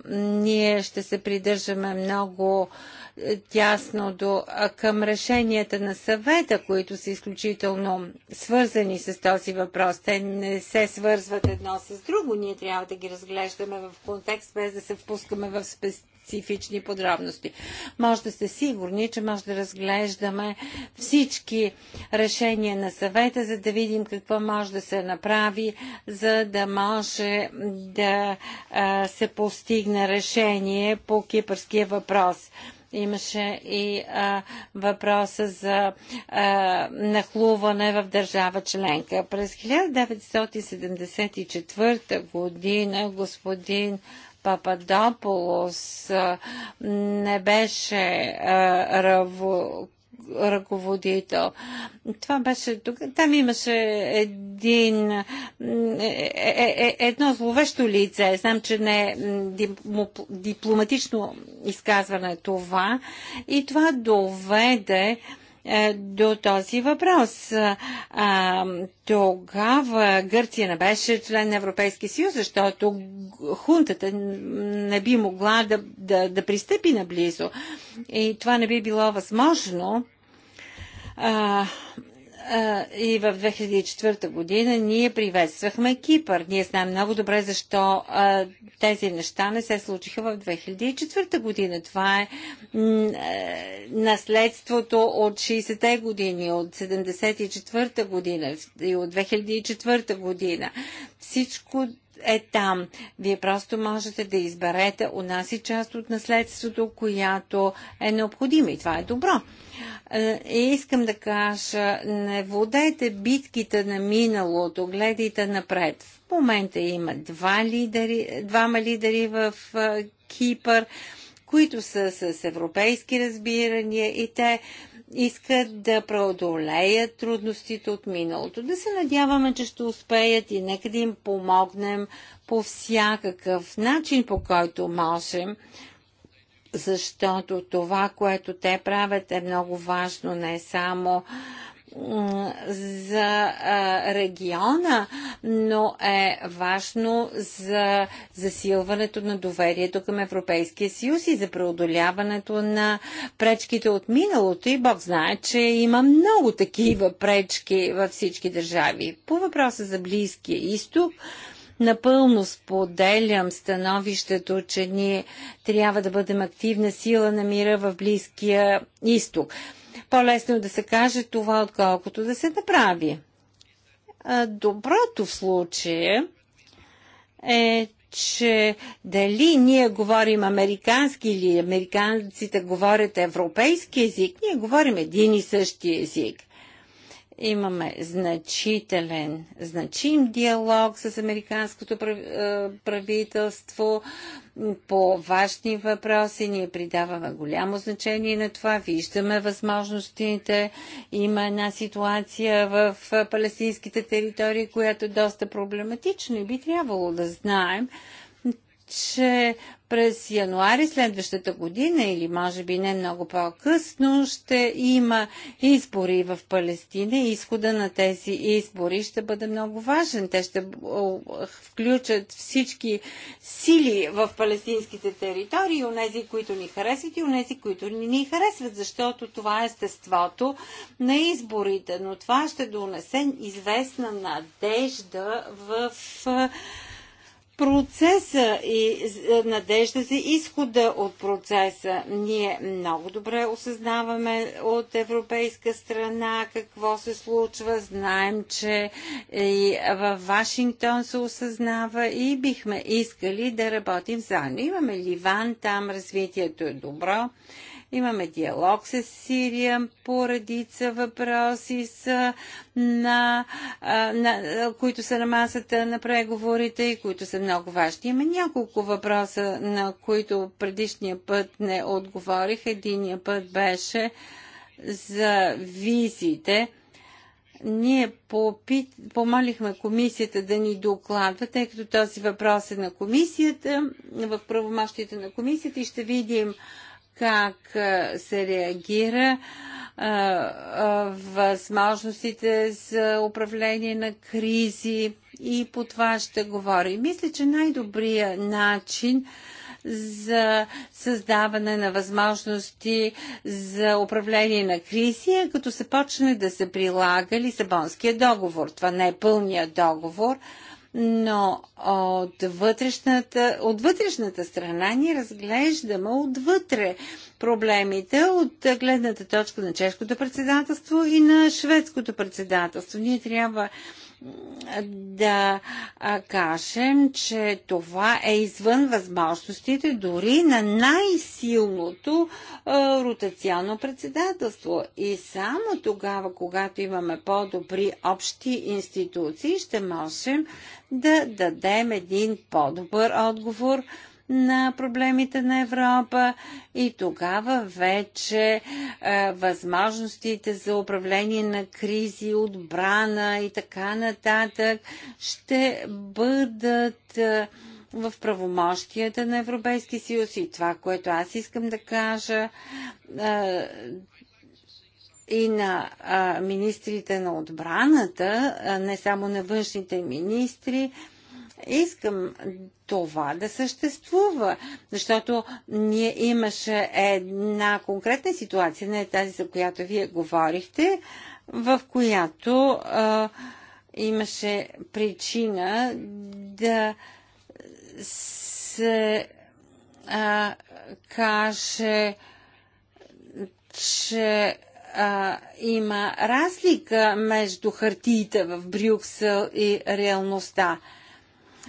ние ще се придържаме много е, тясно до, към решенията на съвета, които са изключително свързани с този въпрос. Те не се свързват едно с друго. Ние трябва да ги разглеждаме в контекст, без да се впускаме в спец специфични подробности. Може да сте сигурни, че може да разглеждаме всички решения на съвета, за да видим какво може да се направи, за да може да се постигне решение по кипърския въпрос имаше и а, въпроса за а, нахлуване в държава членка. През 1974 година господин Пападополос не беше ръководител. Това беше тук. Там имаше един, е, е, е, едно зловещо лице. Знам, че не е дипломатично изказване това. И това доведе е, до този въпрос. Е, тогава Гърция не беше член на Европейския съюз, защото хунтата не би могла да, да, да пристъпи наблизо. И това не би било възможно и в 2004 година ние приветствахме Кипър. Ние знаем много добре защо а, тези неща не се случиха в 2004 година. Това е, е наследството от 60-те години, от 74-та година и от 2004 година. Всичко е там. Вие просто можете да изберете у нас и част от наследството, която е необходима и това е добро. Е, и искам да кажа, не водете битките на миналото, гледайте напред. В момента има два лидери, двама лидери в е, Кипър, които са с европейски разбирания и те искат да преодолеят трудностите от миналото. Да се надяваме, че ще успеят и нека да им помогнем по всякакъв начин, по който можем, защото това, което те правят е много важно не само за региона, но е важно за засилването на доверието към Европейския съюз и за преодоляването на пречките от миналото. И Бог знае, че има много такива пречки във всички държави. По въпроса за Близкия изток, Напълно споделям становището, че ние трябва да бъдем активна сила на мира в Близкия изток. По-лесно да се каже това, отколкото да се направи. Доброто в случая е, че дали ние говорим американски или американците говорят европейски език, ние говорим един и същи език. Имаме значителен, значим диалог с американското е, правителство по важни въпроси. Ние придаваме голямо значение на това. Виждаме възможностите. Има една ситуация в палестинските територии, която е доста проблематична и би трябвало да знаем, че през януари следващата година или може би не много по-късно ще има избори в Палестина и изхода на тези избори ще бъде много важен. Те ще включат всички сили в палестинските територии, онези, които ни харесват и онези, които не ни харесват, защото това е естеството на изборите. Но това ще донесе известна надежда в процеса и е, надежда за изхода от процеса. Ние много добре осъзнаваме от европейска страна какво се случва. Знаем, че и в Вашингтон се осъзнава и бихме искали да работим заедно. Имаме Ливан, там развитието е добро. Имаме диалог с Сирия по редица въпроси са на, на, на, които са на масата на преговорите и които са много важни. Има няколко въпроса, на които предишния път не отговорих. Единия път беше за визите ние попит, помолихме комисията да ни докладва, тъй като този въпрос е на комисията, в правомощите на комисията и ще видим как се реагира, възможностите за управление на кризи и по това ще говори. Мисля, че най-добрият начин за създаване на възможности за управление на кризи, е като се почне да се прилага Лисабонския договор. Това не е пълният договор, но от вътрешната, от вътрешната страна ние разглеждаме отвътре проблемите от гледната точка на чешкото председателство и на шведското председателство. Ние трябва да кажем, че това е извън възможностите дори на най-силното ротационно председателство. И само тогава, когато имаме по-добри общи институции, ще можем да дадем един по-добър отговор на проблемите на Европа и тогава вече е, възможностите за управление на кризи, отбрана и така нататък ще бъдат е, в правомощията на Европейски съюз и това, което аз искам да кажа е, и на а, министрите на отбраната, а не само на външните министри, Искам това да съществува, защото ние имаше една конкретна ситуация, не е тази, за която вие говорихте, в която а, имаше причина да се а, каже, че а, има разлика между хартиите в Брюксел и реалността.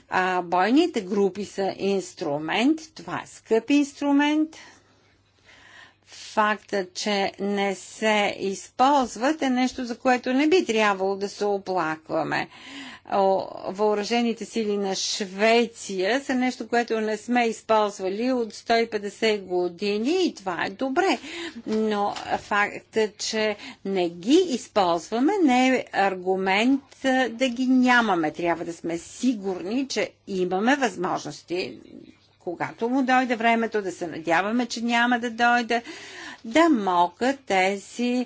А, бойните групи са инструмент, това е скъп инструмент. Факта, че не се използват е нещо, за което не би трябвало да се оплакваме въоръжените сили на Швеция са нещо, което не сме използвали от 150 години и това е добре. Но фактът, че не ги използваме, не е аргумент да ги нямаме. Трябва да сме сигурни, че имаме възможности когато му дойде времето, да се надяваме, че няма да дойде, да могат тези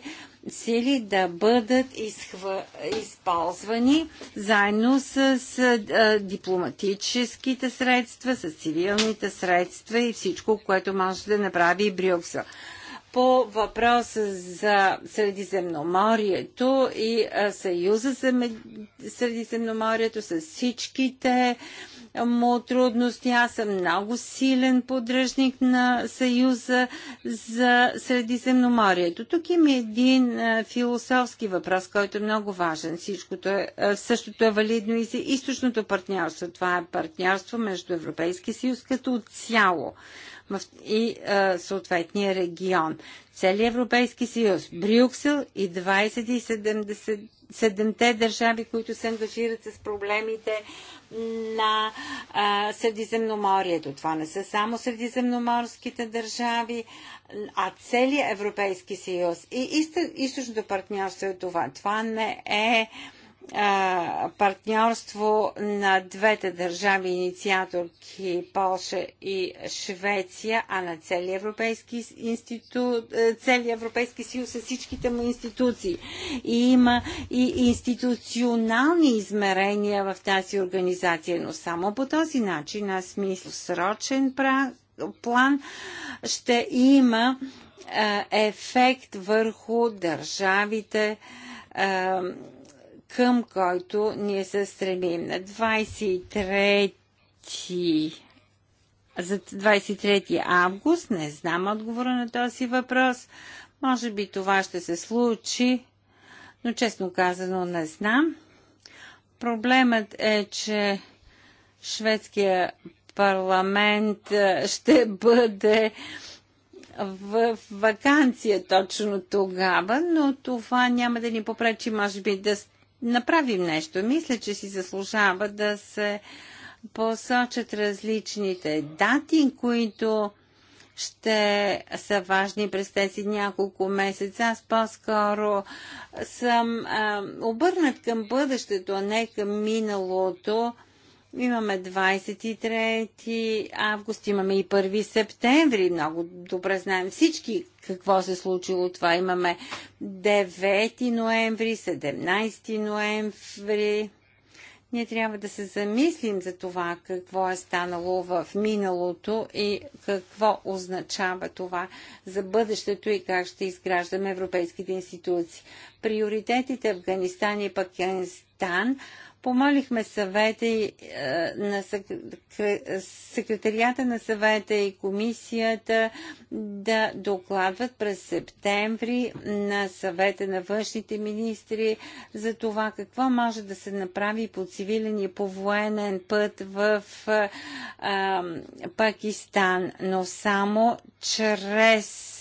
сили да бъдат изхва, използвани заедно с, а, дипломатическите средства, с цивилните средства и всичко, което може да направи Брюксел по въпроса за Средиземноморието и Съюза за Средиземноморието с всичките му трудности. Аз съм много силен поддръжник на Съюза за Средиземноморието. Тук има един философски въпрос, който е много важен. Всичкото е, същото е валидно и за източното партньорство. Това е партньорство между Европейския съюз като цяло и а, съответния регион. Целият Европейски съюз, Брюксел и 27-те държави, които се ангажират с проблемите на Средиземноморието. Това не са само средиземноморските държави, а целият Европейски съюз и източното партньорство е това. Това не е м- а, партньорство на двете държави инициаторки Полша и Швеция, а на целия Европейски, институт, Европейски съюз с всичките му институции. И има и институционални измерения в тази организация, но само по този начин аз смисъл срочен план ще има а, ефект върху държавите а, към който ние се стремим. На 23 за 23 август не знам отговора на този въпрос. Може би това ще се случи, но честно казано не знам. Проблемът е, че шведския парламент е, ще бъде в вакансия точно тогава, но това няма да ни попречи, може би, да направим нещо. Мисля, че си заслужава да се посочат различните дати, които ще са важни през тези няколко месеца. Аз по-скоро съм а, обърнат към бъдещето, а не към миналото. Имаме 23 август, имаме и 1 септември. Много добре знаем всички какво се случило това. Имаме 9 ноември, 17 ноември. Ние трябва да се замислим за това какво е станало в миналото и какво означава това за бъдещето и как ще изграждаме европейските институции. Приоритетите Афганистан и Пакистан – Помолихме съвета и, е, на секретарията на съвета и комисията да докладват през септември на съвета на външните министри за това какво може да се направи по цивилен и по военен път в а, е, е, Пакистан, но само чрез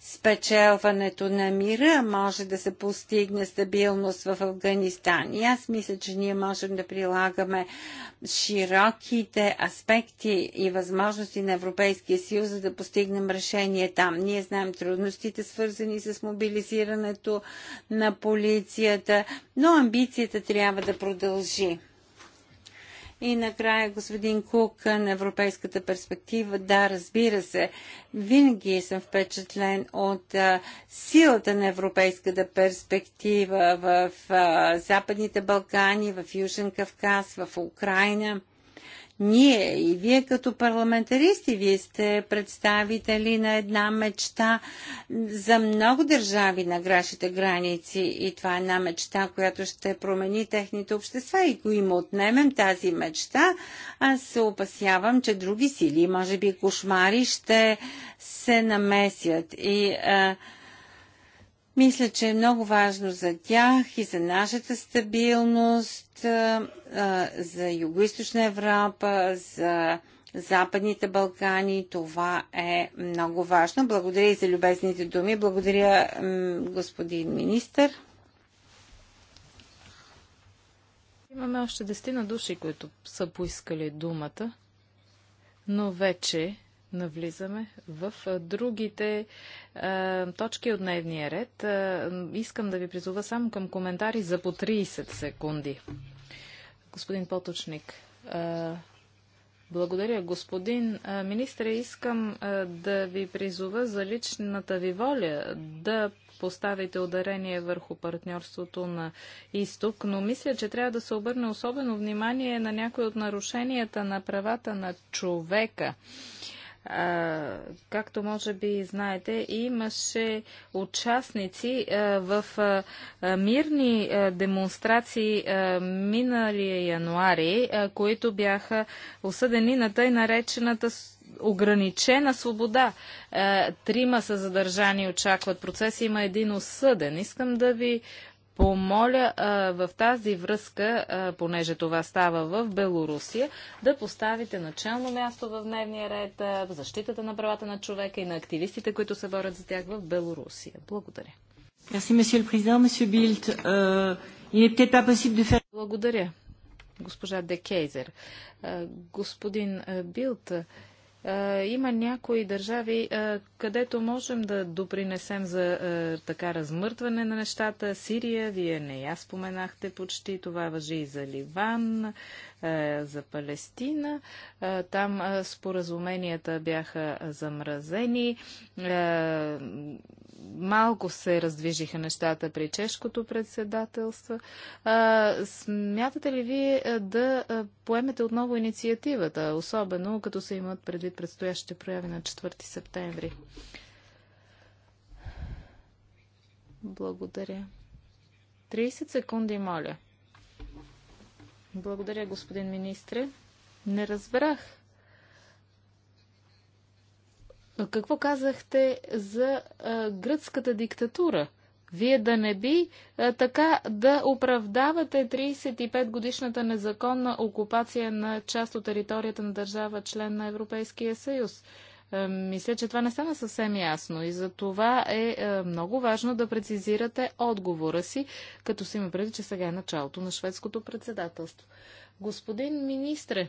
спечелването на мира може да се постигне стабилност в Афганистан. И аз мисля, че ние ние можем да прилагаме широките аспекти и възможности на Европейския съюз, за да постигнем решение там. Ние знаем трудностите, свързани с мобилизирането на полицията, но амбицията трябва да продължи. И накрая господин Кук на европейската перспектива. Да, разбира се, винаги съм впечатлен от а, силата на европейската перспектива в а, Западните Балкани, в Южен Кавказ, в Украина ние и вие като парламентаристи, вие сте представители на една мечта за много държави на грашите граници и това е една мечта, която ще промени техните общества и ако им отнемем тази мечта, аз се опасявам, че други сили, може би кошмари, ще се намесят и а, мисля, че е много важно за тях и за нашата стабилност, за Юго-Источна Европа, за Западните Балкани. Това е много важно. Благодаря и за любезните думи. Благодаря, господин министр. Имаме още на души, които са поискали думата, но вече навлизаме в другите е, точки от дневния ред. Е, искам да ви призова само към коментари за по 30 секунди. Господин Поточник, е, благодаря. Господин министре, искам да ви призова за личната ви воля да поставите ударение върху партньорството на изток, но мисля, че трябва да се обърне особено внимание на някои от нарушенията на правата на човека както може би знаете, имаше участници в мирни демонстрации миналия януари, които бяха осъдени на тъй наречената ограничена свобода. Трима са задържани, очакват процес, има един осъден. Искам да ви помоля в тази връзка, понеже това става в Белорусия, да поставите начално място в дневния ред в защитата на правата на човека и на активистите, които се борят за тях в Белорусия. Благодаря. Euh, Благодаря, госпожа Декейзер. Господин Билт, е, има някои държави, е, където можем да допринесем за е, така размъртване на нещата. Сирия, вие не я споменахте почти, това въжи и за Ливан, за Палестина. Там споразуменията бяха замразени малко се раздвижиха нещата при чешкото председателство. смятате ли вие да поемете отново инициативата, особено като се имат предвид предстоящите прояви на 4 септември? Благодаря. 30 секунди, моля. Благодаря, господин министре. Не разбрах какво казахте за а, гръцката диктатура? Вие да не би а, така да оправдавате 35-годишната незаконна окупация на част от територията на държава, член на Европейския съюз. А, мисля, че това не стана съвсем ясно и за това е а, много важно да прецизирате отговора си, като си има преди, че сега е началото на шведското председателство. Господин министре,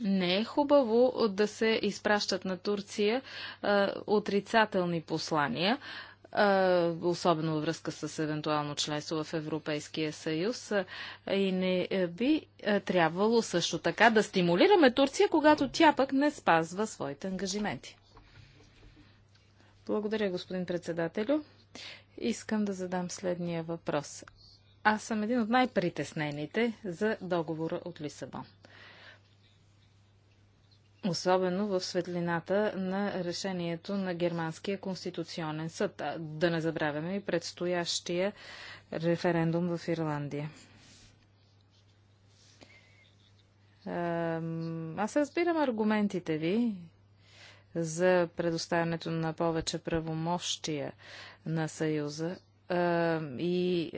не е хубаво да се изпращат на Турция а, отрицателни послания, а, особено във връзка с евентуално членство в Европейския съюз. А, и не би трябвало също така да стимулираме Турция, когато тя пък не спазва своите ангажименти. Благодаря, господин председателю. Искам да задам следния въпрос. Аз съм един от най-притеснените за договора от Лисабон особено в светлината на решението на Германския конституционен съд. да не забравяме и предстоящия референдум в Ирландия. Аз разбирам аргументите ви за предоставянето на повече правомощия на Съюза и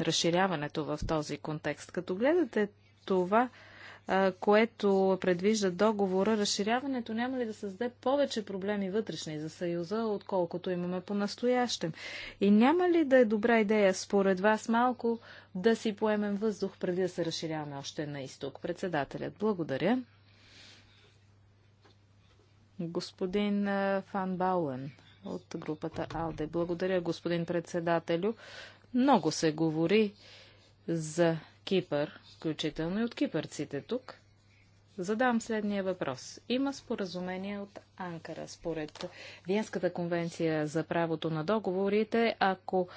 разширяването в този контекст. Като гледате това, което предвижда договора, разширяването няма ли да създаде повече проблеми вътрешни за Съюза, отколкото имаме по-настоящем? И няма ли да е добра идея, според вас, малко да си поемем въздух преди да се разширяваме още на изток? Председателят, благодаря. Господин Фан Бауен от групата АЛДЕ. Благодаря, господин председателю. Много се говори за Кипър, включително и от кипърците тук, задам следния въпрос. Има споразумение от Анкара според Виенската конвенция за правото на договорите. Ако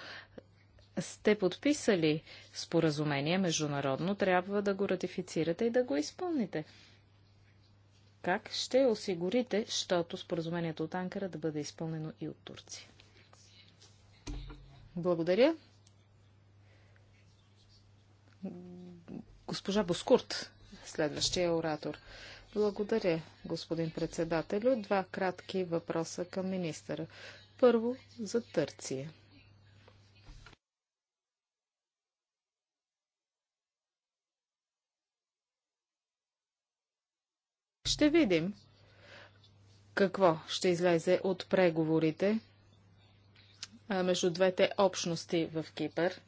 сте подписали споразумение международно, трябва да го ратифицирате и да го изпълните. Как ще осигурите, защото споразумението от Анкара да бъде изпълнено и от Турция? Благодаря. Госпожа Боскурт, следващия оратор. Благодаря, господин председателю. Два кратки въпроса към министъра. Първо за Търция. Ще видим какво ще излезе от преговорите между двете общности в Кипър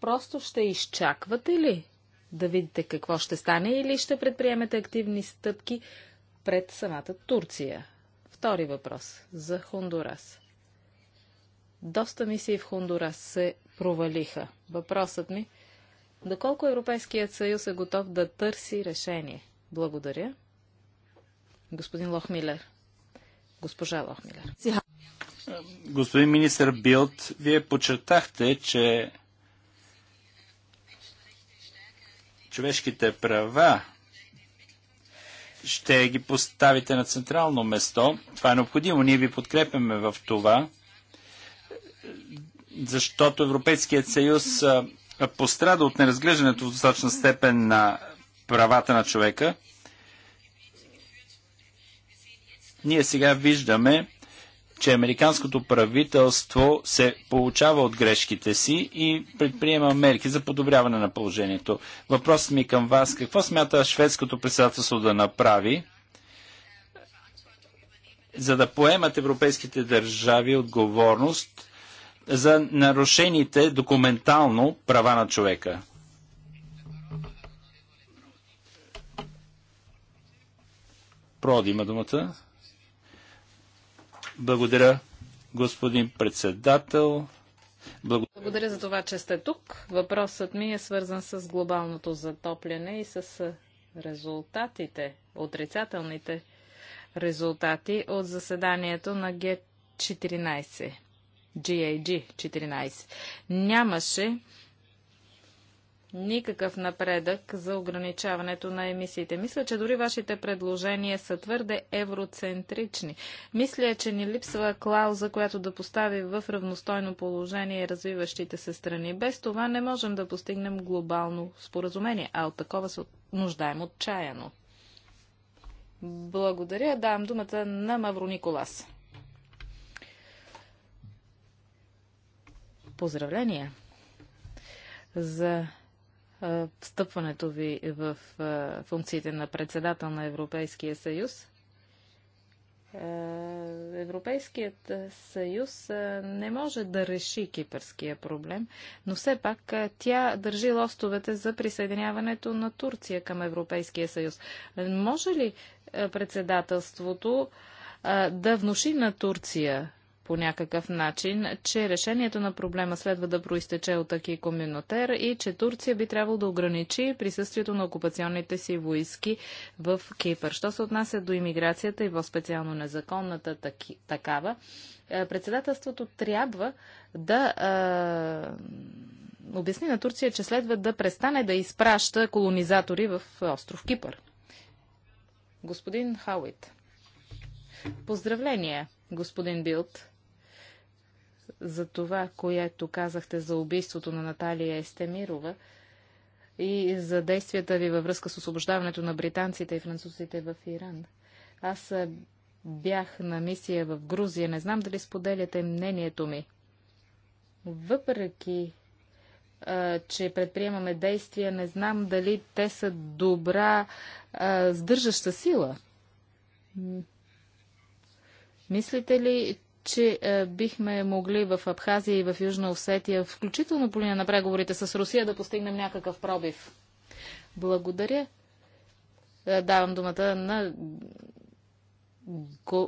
Просто ще изчаквате ли да видите какво ще стане или ще предприемете активни стъпки пред самата Турция? Втори въпрос за Хондурас. Доста мисии в Хондурас се провалиха. Въпросът ми доколко Европейският съюз е готов да търси решение? Благодаря. Господин Лохмилер. Госпожа Лохмилер. Господин министр Билт, вие подчертахте, че човешките права ще ги поставите на централно место. Това е необходимо. Ние ви подкрепяме в това, защото Европейският съюз пострада от неразглеждането в достатъчна степен на правата на човека. Ние сега виждаме, че американското правителство се получава от грешките си и предприема мерки за подобряване на положението. Въпросът ми към вас, какво смята шведското председателство да направи, за да поемат европейските държави отговорност за нарушените документално права на човека? Проди има думата. Благодаря, господин председател. Благодаря. Благодаря за това, че сте тук. Въпросът ми е свързан с глобалното затопляне и с резултатите, отрицателните резултати от заседанието на Г14. GAG 14. Нямаше никакъв напредък за ограничаването на емисиите. Мисля, че дори вашите предложения са твърде евроцентрични. Мисля, че ни липсва клауза, която да постави в равностойно положение развиващите се страни. Без това не можем да постигнем глобално споразумение, а от такова се нуждаем отчаяно. Благодаря. Давам думата на Мавро Николас. Поздравления за встъпването ви в функциите на председател на Европейския съюз. Европейският съюз не може да реши кипърския проблем, но все пак тя държи лостовете за присъединяването на Турция към Европейския съюз. Може ли председателството да внуши на Турция по някакъв начин, че решението на проблема следва да проистече от Аки Коминотер и че Турция би трябвало да ограничи присъствието на окупационните си войски в Кипър. Що се отнася до иммиграцията и по-специално незаконната таки, такава, е, председателството трябва да а, е, обясни на Турция, че следва да престане да изпраща колонизатори в остров Кипър. Господин Хауит. Поздравление, господин Билт за това, което казахте за убийството на Наталия Естемирова и за действията ви във връзка с освобождаването на британците и французите в Иран. Аз бях на мисия в Грузия. Не знам дали споделяте мнението ми. Въпреки, а, че предприемаме действия, не знам дали те са добра а, сдържаща сила. Мислите ли, че е, бихме могли в Абхазия и в Южна Осетия, включително по линия на преговорите с Русия, да постигнем някакъв пробив. Благодаря. Е, давам думата на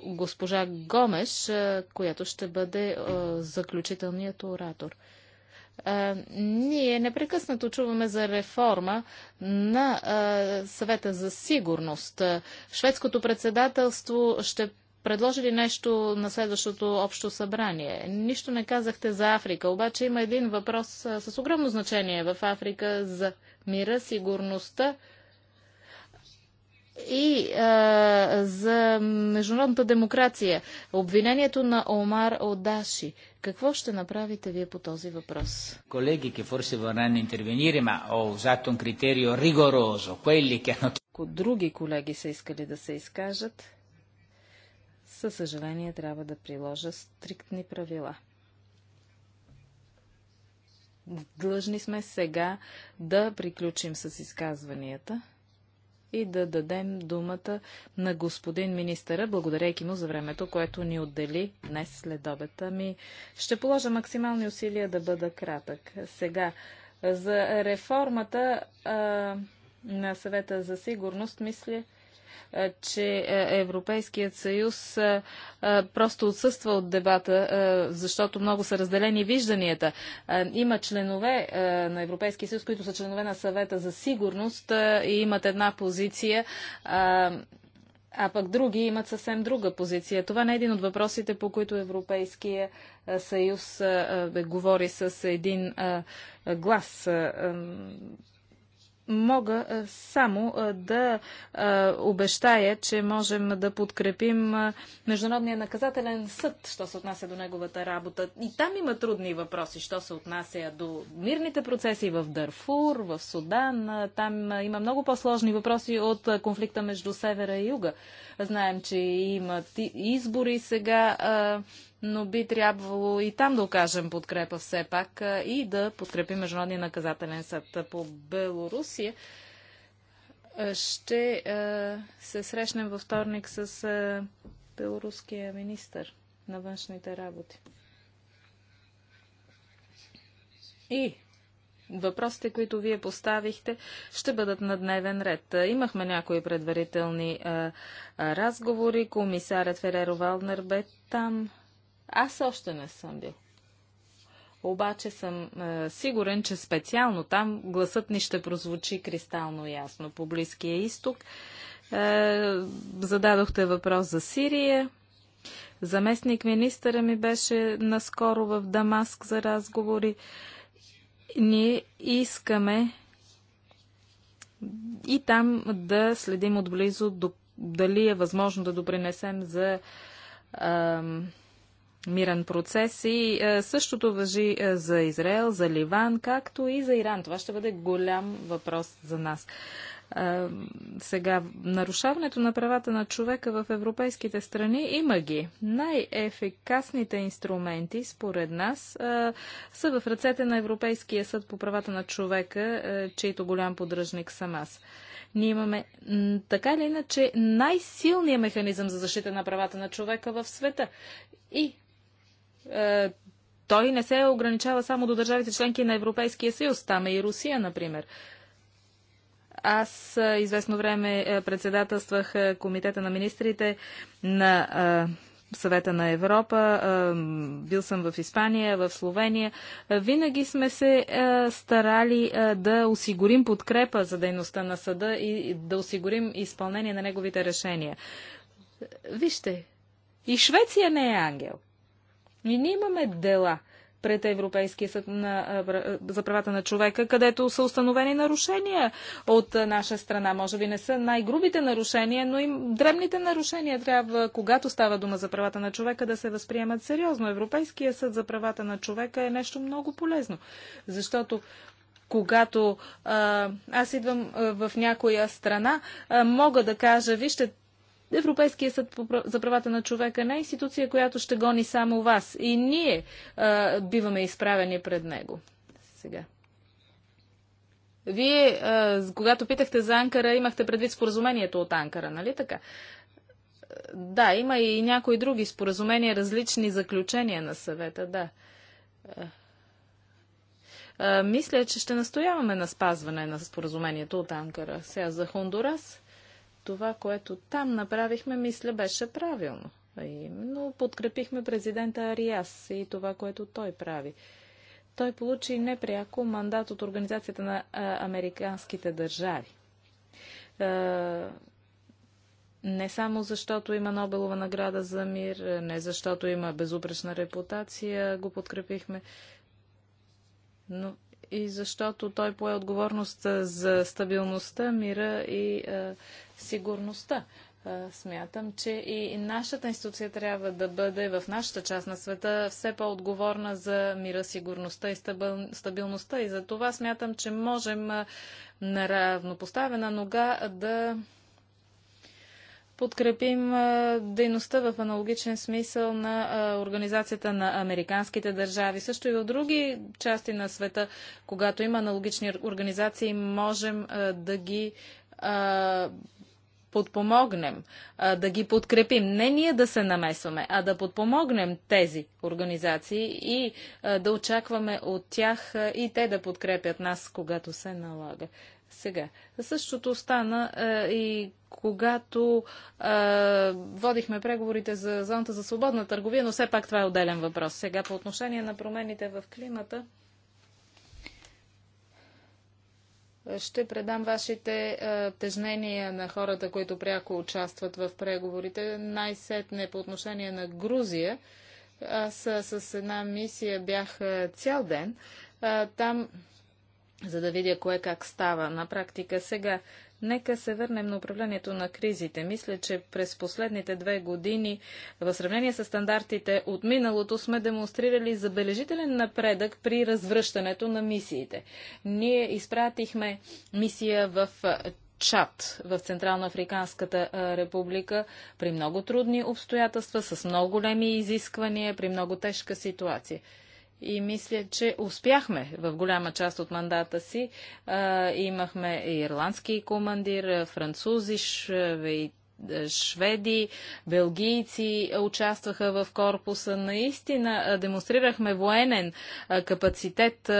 госпожа Гомеш, е, която ще бъде заключителният оратор. ние непрекъснато чуваме за реформа на съвета за сигурност. Шведското председателство ще предложили нещо на следващото общо събрание. Нищо не казахте за Африка, обаче има един въпрос с огромно значение в Африка за мира, сигурността и а, за международната демокрация. Обвинението на Омар Одаши. Какво ще направите вие по този въпрос? Колеги, ке forse vorranno intervenire, ma о usato критерио Ригорозо, rigoroso, quelli che hanno... Други колеги са искали да се изкажат. Със съжаление трябва да приложа стриктни правила. Длъжни сме сега да приключим с изказванията и да дадем думата на господин министъра, благодарейки му за времето, което ни отдели днес след обета ми. ще положа максимални усилия да бъда кратък. Сега, за реформата а, на съвета за сигурност, мисля, че Европейският съюз просто отсъства от дебата, защото много са разделени вижданията. Има членове на Европейския съюз, които са членове на съвета за сигурност и имат една позиция а пък други имат съвсем друга позиция. Това не е един от въпросите, по които Европейския съюз говори с един глас мога само да обещая, че можем да подкрепим Международния наказателен съд, що се отнася до неговата работа. И там има трудни въпроси, що се отнася до мирните процеси в Дарфур, в Судан. Там има много по-сложни въпроси от конфликта между севера и юга. Знаем, че имат избори сега но би трябвало и там да окажем подкрепа все пак и да подкрепим Международния наказателен съд по Белорусия. Ще се срещнем във вторник с белоруския министр на външните работи. И въпросите, които вие поставихте, ще бъдат на дневен ред. Имахме някои предварителни разговори. Комисарят Фереро Валнер бе там. Аз още не съм бил. Обаче съм е, сигурен, че специално там гласът ни ще прозвучи кристално ясно. По Близкия изток е, зададохте въпрос за Сирия. Заместник министъра ми беше наскоро в Дамаск за разговори. Ние искаме и там да следим отблизо до, дали е възможно да допринесем за мирен процес и е, същото въжи е, за Израел, за Ливан, както и за Иран. Това ще бъде голям въпрос за нас. Е, сега, нарушаването на правата на човека в европейските страни има ги. Най-ефикасните инструменти, според нас, са в ръцете на Европейския съд по правата на човека, чието голям поддръжник съм аз ние имаме така или иначе най-силният механизъм за защита на правата на човека в света. И е, той не се ограничава само до държавите членки на Европейския съюз. Там е и Русия, например. Аз е, известно време е, председателствах Комитета на министрите на съвета на Европа, бил съм в Испания, в Словения. Винаги сме се старали да осигурим подкрепа за дейността на съда и да осигурим изпълнение на неговите решения. Вижте, и Швеция не е ангел. И ние имаме дела пред Европейския съд на, за правата на човека, където са установени нарушения от наша страна. Може би не са най-грубите нарушения, но и дребните нарушения трябва, когато става дума за правата на човека, да се възприемат сериозно. Европейския съд за правата на човека е нещо много полезно, защото когато а, аз идвам а, в някоя страна, а, мога да кажа, вижте, Европейския съд за правата на човека не е институция, която ще гони само вас. И ние а, биваме изправени пред него. Сега. Вие, а, когато питахте за Анкара, имахте предвид споразумението от Анкара, нали така? Да, има и някои други споразумения, различни заключения на съвета, да. А, мисля, че ще настояваме на спазване на споразумението от Анкара. Сега за Хондурас това, което там направихме, мисля, беше правилно. Именно подкрепихме президента Ариас и това, което той прави. Той получи непряко мандат от Организацията на а, американските държави. А, не само защото има Нобелова награда за мир, не защото има безупречна репутация, го подкрепихме, но и защото той пое отговорност за стабилността, мира и а, сигурността. А, смятам, че и нашата институция трябва да бъде в нашата част на света все по-отговорна за мира, сигурността и стабил... стабилността. И за това смятам, че можем на равнопоставена нога да подкрепим дейността в аналогичен смисъл на Организацията на Американските държави. Също и в други части на света, когато има аналогични организации, можем да ги подпомогнем, да ги подкрепим. Не ние да се намесваме, а да подпомогнем тези организации и да очакваме от тях и те да подкрепят нас, когато се налага. Сега, същото стана а, е, и когато а, е, водихме преговорите за зоната за свободна търговия, но все пак това е отделен въпрос. Сега по отношение на промените в климата, ще предам вашите а, е, тежнения на хората, които пряко участват в преговорите. Най-сетне по отношение на Грузия. Аз с една мисия бях а, цял ден. А, там за да видя кое как става на практика сега. Нека се върнем на управлението на кризите. Мисля, че през последните две години, в сравнение с стандартите от миналото, сме демонстрирали забележителен напредък при развръщането на мисиите. Ние изпратихме мисия в ЧАТ, в Централно Африканската република при много трудни обстоятелства, с много големи изисквания, при много тежка ситуация и мисля, че успяхме в голяма част от мандата си. А, имахме ирландски командир, французи, шведи, белгийци участваха в корпуса. Наистина демонстрирахме военен капацитет,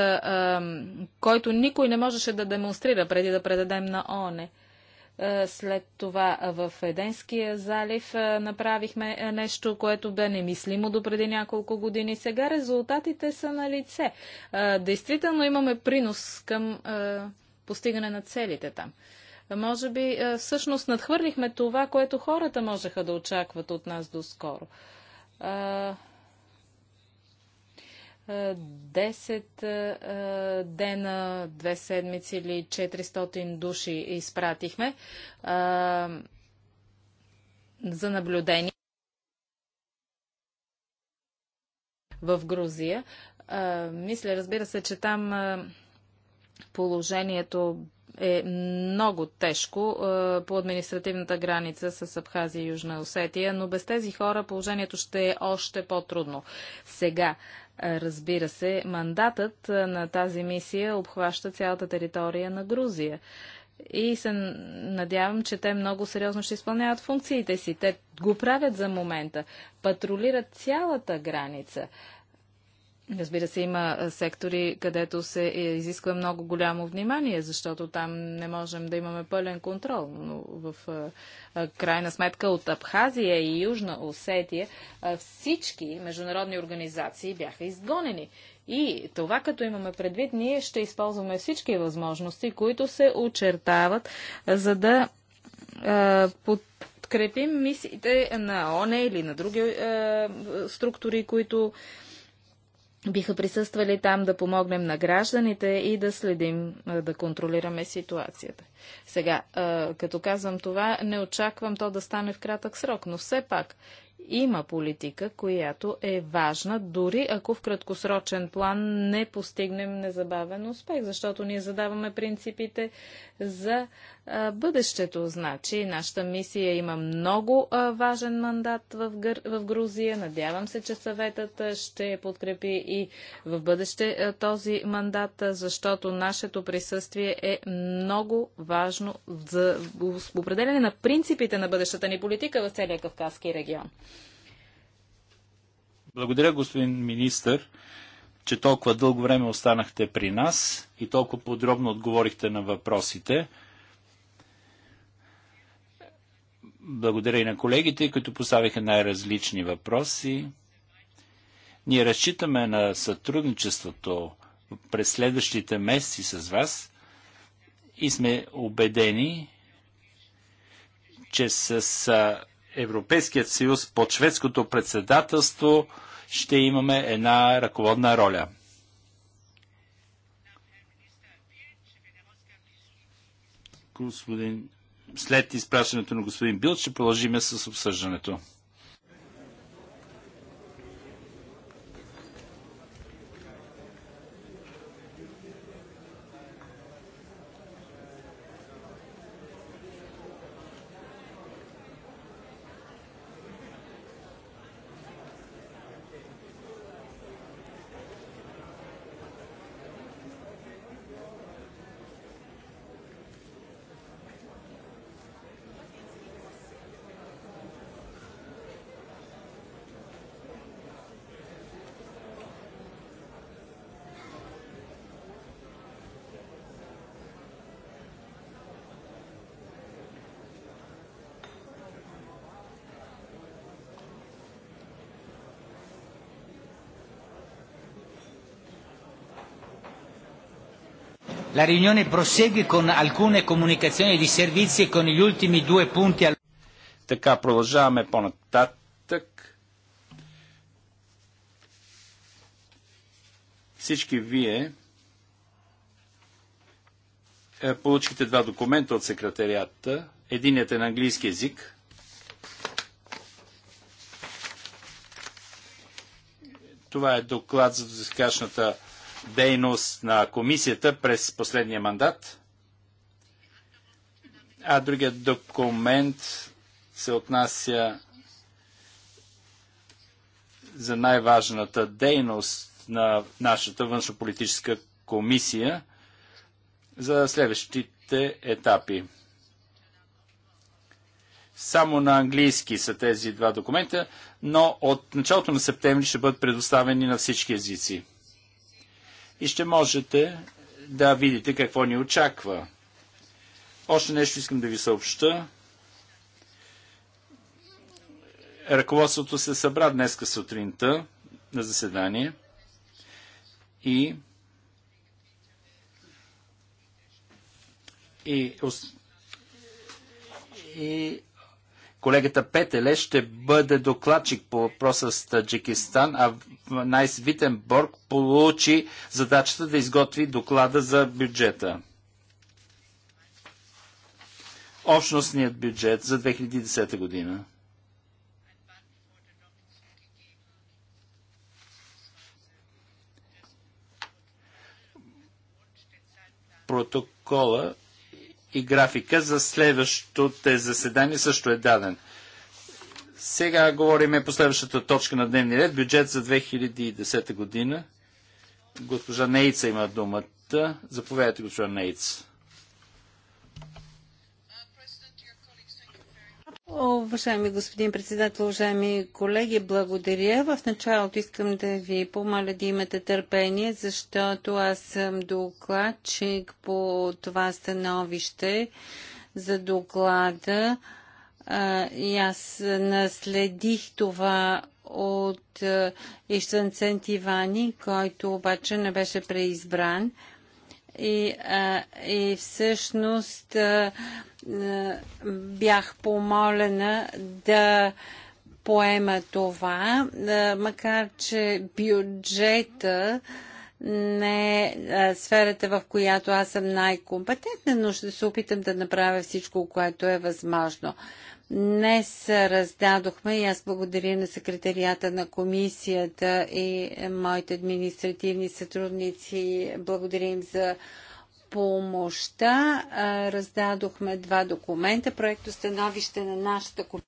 който никой не можеше да демонстрира преди да предадем на ОНЕ. Е, след това в Еденския залив е, направихме е, нещо, което бе немислимо до преди няколко години. Сега резултатите са на лице. Действително имаме принос към постигане на целите там. Може би всъщност надхвърлихме това, което хората можеха да очакват от нас доскоро. 10 е, е, е, дена, две седмици или 400 души изпратихме за наблюдение в Грузия. мисля, разбира се, че там положението е много тежко по административната граница с Абхазия и Южна Осетия, но без тези хора положението ще е още по-трудно. Сега, Разбира се, мандатът на тази мисия обхваща цялата територия на Грузия. И се надявам, че те много сериозно ще изпълняват функциите си. Те го правят за момента. Патрулират цялата граница. Разбира се, има сектори, където се е, изисква много голямо внимание, защото там не можем да имаме пълен контрол. Но в крайна сметка от Абхазия и Южна Осетия всички международни организации бяха изгонени. И това, като имаме предвид, ние ще използваме всички възможности, които се очертават, за да под подкрепим мисиите на ОНЕ или на други е, структури, които биха присъствали там да помогнем на гражданите и да следим, да контролираме ситуацията. Сега, като казвам това, не очаквам то да стане в кратък срок, но все пак има политика, която е важна, дори ако в краткосрочен план не постигнем незабавен успех, защото ние задаваме принципите за бъдещето. Значи, нашата мисия има много важен мандат в, Грузия. Надявам се, че съветът ще подкрепи и в бъдеще този мандат, защото нашето присъствие е много важно за определене на принципите на бъдещата ни политика в целия Кавказски регион. Благодаря, господин министър, че толкова дълго време останахте при нас и толкова подробно отговорихте на въпросите. Благодаря и на колегите, които поставиха най-различни въпроси. Ние разчитаме на сътрудничеството през следващите месеци с вас и сме убедени, че с Европейският съюз под шведското председателство ще имаме една ръководна роля. Господин след изпращането на господин Билч, ще продължиме с обсъждането. La riunione prosegue con alcune comunicazioni di servizi e con gli ultimi due punti al... Така, продължаваме по-нататък. Всички вие е, получите два документа от секретарията. Единият е на английски язик. Това е доклад за досегашната дейност на комисията през последния мандат, а другият документ се отнася за най-важната дейност на нашата външнополитическа комисия за следващите етапи. Само на английски са тези два документа, но от началото на септември ще бъдат предоставени на всички езици и ще можете да видите какво ни очаква. Още нещо искам да ви съобща. Ръководството се събра днес сутринта на заседание и и, и Колегата Петеле ще бъде докладчик по въпроса с Таджикистан, а Найс Витенборг получи задачата да изготви доклада за бюджета. Общностният бюджет за 2010 година. Протокола и графика за следващото заседание също е даден. Сега говориме по следващата точка на дневния ред. Бюджет за 2010 година. Госпожа Нейца има думата. Заповядайте, госпожа Нейца. Уважаеми господин председател, уважаеми колеги, благодаря. В началото искам да ви помоля да имате търпение, защото аз съм докладчик по това становище за доклада. и аз наследих това от Иштван Центивани, който обаче не беше преизбран. И, а, и всъщност а, а, бях помолена да поема това, а, макар че бюджета не е а, сферата, в която аз съм най-компетентна, но ще се опитам да направя всичко, което е възможно. А, Днес раздадохме и аз благодаря на секретарията на комисията и моите административни сътрудници. Благодаря им за помощта. Раздадохме два документа. Проекто становище на нашата комисия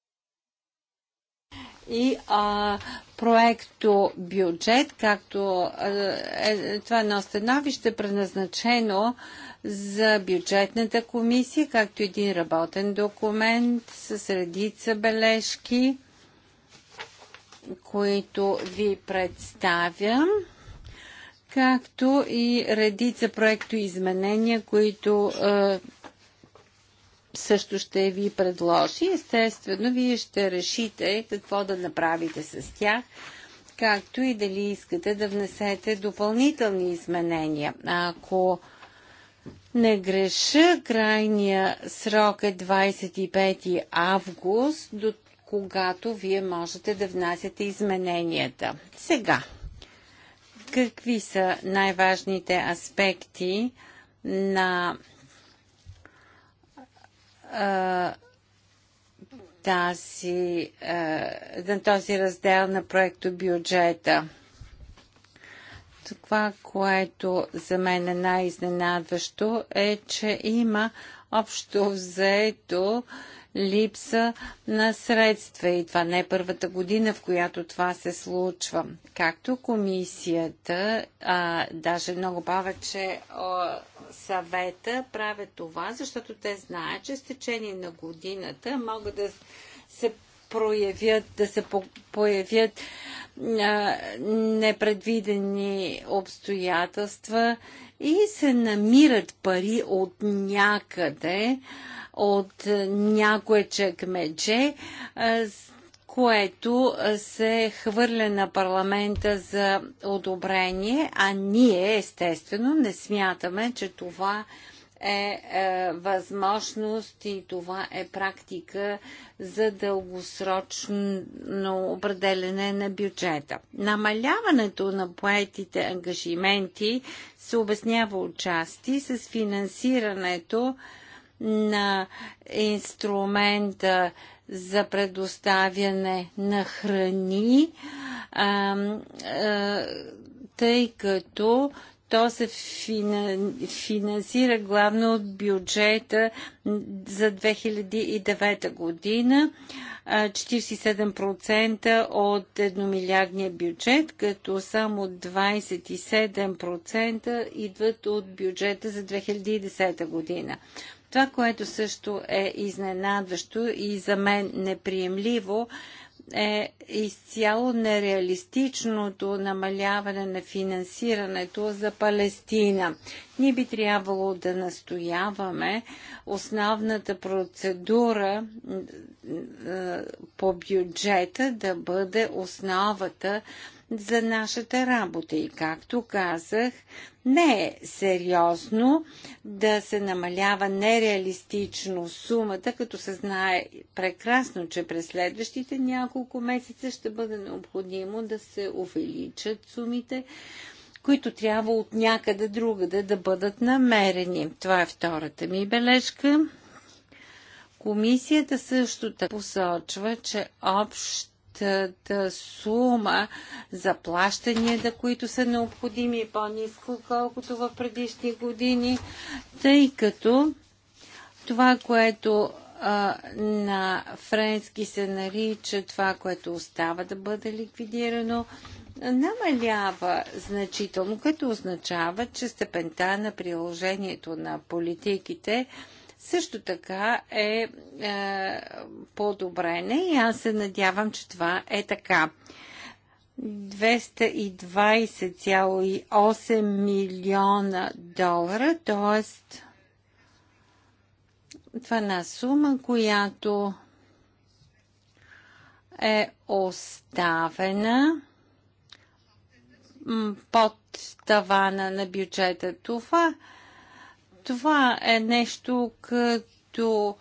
и а, проекто бюджет, както а, е, това е едно становище, предназначено за бюджетната комисия, както един работен документ с редица бележки, които ви представям, както и редица проекто изменения, които е, също ще ви предложи. Естествено, вие ще решите какво да направите с тях както и дали искате да внесете допълнителни изменения. Ако не греша, крайния срок е 25 август, до когато вие можете да внасяте измененията. Сега, какви са най-важните аспекти на а, тази, а, на този раздел на проекто бюджета? Това, което за мен е най-изненадващо, е, че има общо взето липса на средства и това не е първата година, в която това се случва. Както комисията, а, даже много повече а, съвета правят това, защото те знаят, че с течение на годината могат да проявят, да се появят а, непредвидени обстоятелства и се намират пари от някъде, от някое чекмедже, което се хвърля на парламента за одобрение, а ние естествено не смятаме, че това е е, е, възможност и това е практика за дългосрочно определене на бюджета. Намаляването на поетите ангажименти се обяснява отчасти с финансирането на инструмента за предоставяне на храни, е, тъй като то се финансира главно от бюджета за 2009 година. 47% от едномилиардния бюджет, като само 27% идват от бюджета за 2010 година. Това, което също е изненадващо и за мен неприемливо, е изцяло нереалистичното намаляване на финансирането за Палестина. Ние би трябвало да настояваме основната процедура по бюджета да бъде основата за нашата работа. И както казах, не е сериозно да се намалява нереалистично сумата, като се знае прекрасно, че през следващите няколко месеца ще бъде необходимо да се увеличат сумите, които трябва от някъде другаде да бъдат намерени. Това е втората ми бележка. Комисията също посочва, че общ сума за плащанията, които са необходими по-низко, колкото в предишни години, тъй като това, което а, на френски се нарича това, което остава да бъде ликвидирано, намалява значително, като означава, че степента на приложението на политиките а, също така е, е подобрене и аз се надявам, че това е така. 220,8 милиона долара, т.е. това е сума, която е оставена под тавана на бюджета. Това е това е нещо като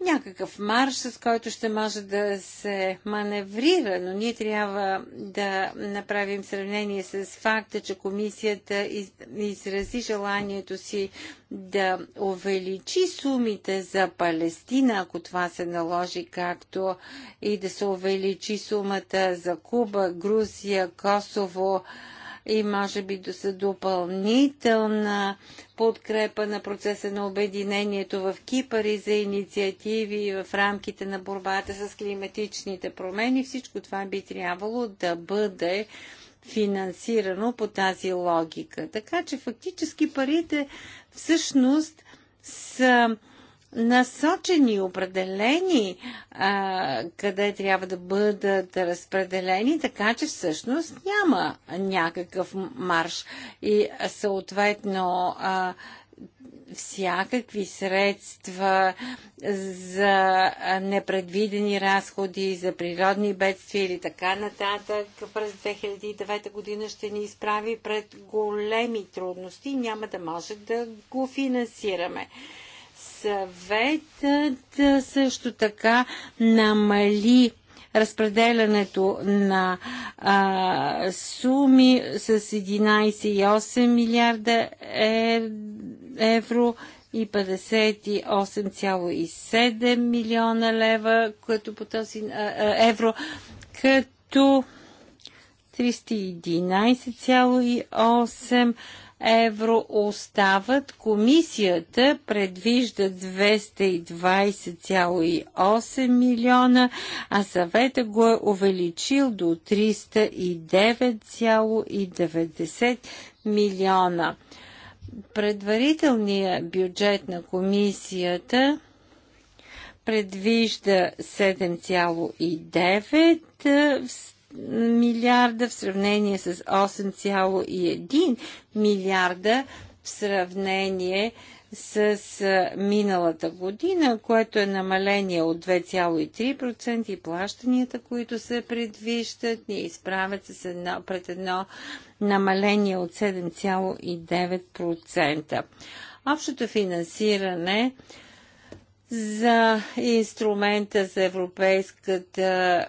някакъв марш, с който ще може да се маневрира, но ние трябва да направим сравнение с факта, че комисията изрази желанието си да увеличи сумите за Палестина, ако това се наложи, както и да се увеличи сумата за Куба, Грузия, Косово и може би да са допълнителна подкрепа на процеса на обединението в Кипър и за инициативи в рамките на борбата с климатичните промени. Всичко това би трябвало да бъде финансирано по тази логика. Така че фактически парите всъщност са насочени, определени а, къде трябва да бъдат разпределени, така че всъщност няма някакъв марш и съответно а, всякакви средства за непредвидени разходи, за природни бедствия или така нататък през 2009 година ще ни изправи пред големи трудности и няма да може да го финансираме. Съветът също така намали разпределянето на а, суми с 11,8 милиарда е, евро и 58,7 милиона лева, като по този а, евро, като 311,8 евро остават. Комисията предвижда 220,8 милиона, а съвета го е увеличил до 309,90 милиона. Предварителният бюджет на комисията предвижда 7,9 милиарда в сравнение с 8,1 милиарда в сравнение с миналата година, което е намаление от 2,3% и плащанията, които се предвиждат, ни изправят с едно, пред едно намаление от 7,9%. Общото финансиране за инструмента за европейската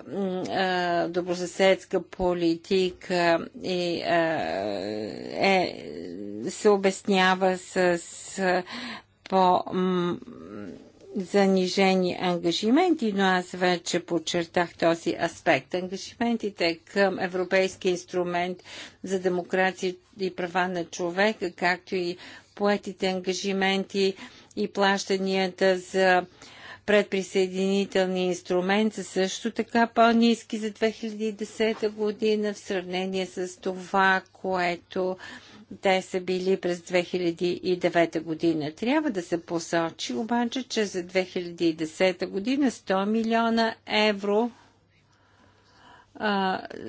а, добросъседска политика и, а, е, се обяснява с, с по занижени ангажименти, но аз вече подчертах този аспект. Ангажиментите към Европейски инструмент за демокрация и права на човека, както и поетите ангажименти и плащанията за предприсъединителни инструмент са също така по-низки за 2010 година в сравнение с това, което те са били през 2009 година. Трябва да се посочи обаче, че за 2010 година 100 милиона евро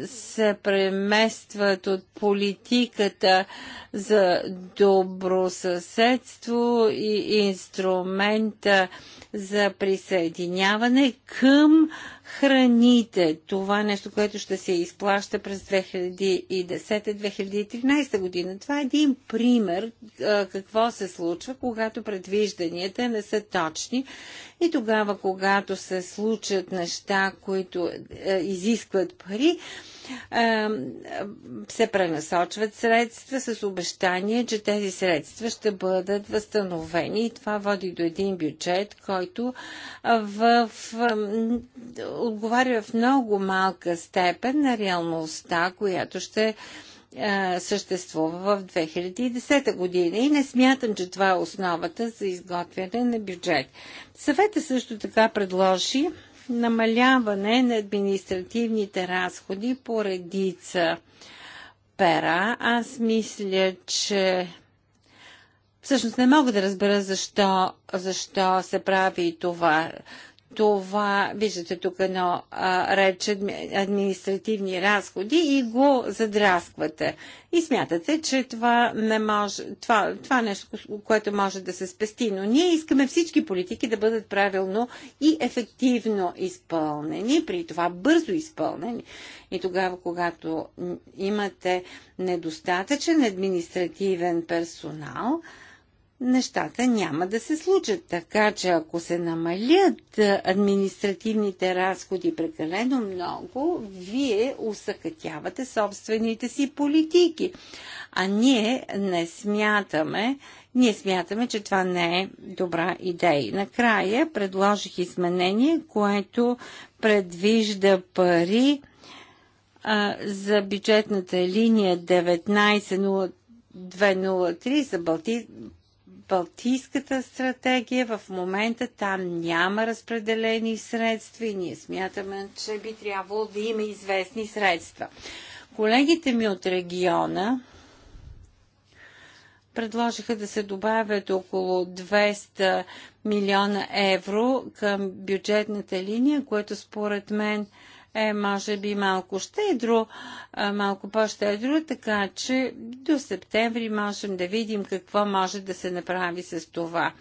се преместват от политиката за добросъседство и инструмента за присъединяване към а, храните. Това е нещо, което ще се изплаща през 2010-2013 година. Това е един пример какво се случва, когато предвижданията не са точни и тогава, когато се случат неща, които е, изискват пари, се пренасочват средства с обещание, че тези средства ще бъдат възстановени и това води до един бюджет, който в, отговаря в много малка степен на реалността, която ще съществува в 2010 година и не смятам, че това е основата за изготвяне на бюджет. Съвета също така предложи намаляване на административните разходи по редица пера. Аз мисля, че Всъщност не мога да разбера защо, защо се прави това това, виждате тук едно рече реч административни разходи и го задрасквате. И смятате, че това, не може, това, това нещо, което може да се спести. Но ние искаме всички политики да бъдат правилно и ефективно изпълнени, при това бързо изпълнени. И тогава, когато имате недостатъчен административен персонал, нещата няма да се случат. Така че ако се намалят административните разходи прекалено много, вие усъкътявате собствените си политики. А ние не смятаме, ние смятаме, че това не е добра идея. Накрая предложих изменение, което предвижда пари а, за бюджетната линия 19.0203 за Балти... Балтийската стратегия. В момента там няма разпределени средства и ние смятаме, че би трябвало да има известни средства. Колегите ми от региона предложиха да се добавят около 200 милиона евро към бюджетната линия, което според мен – е може би малко щедро, малко по-щедро, така че до септември можем да видим какво може да се направи с това.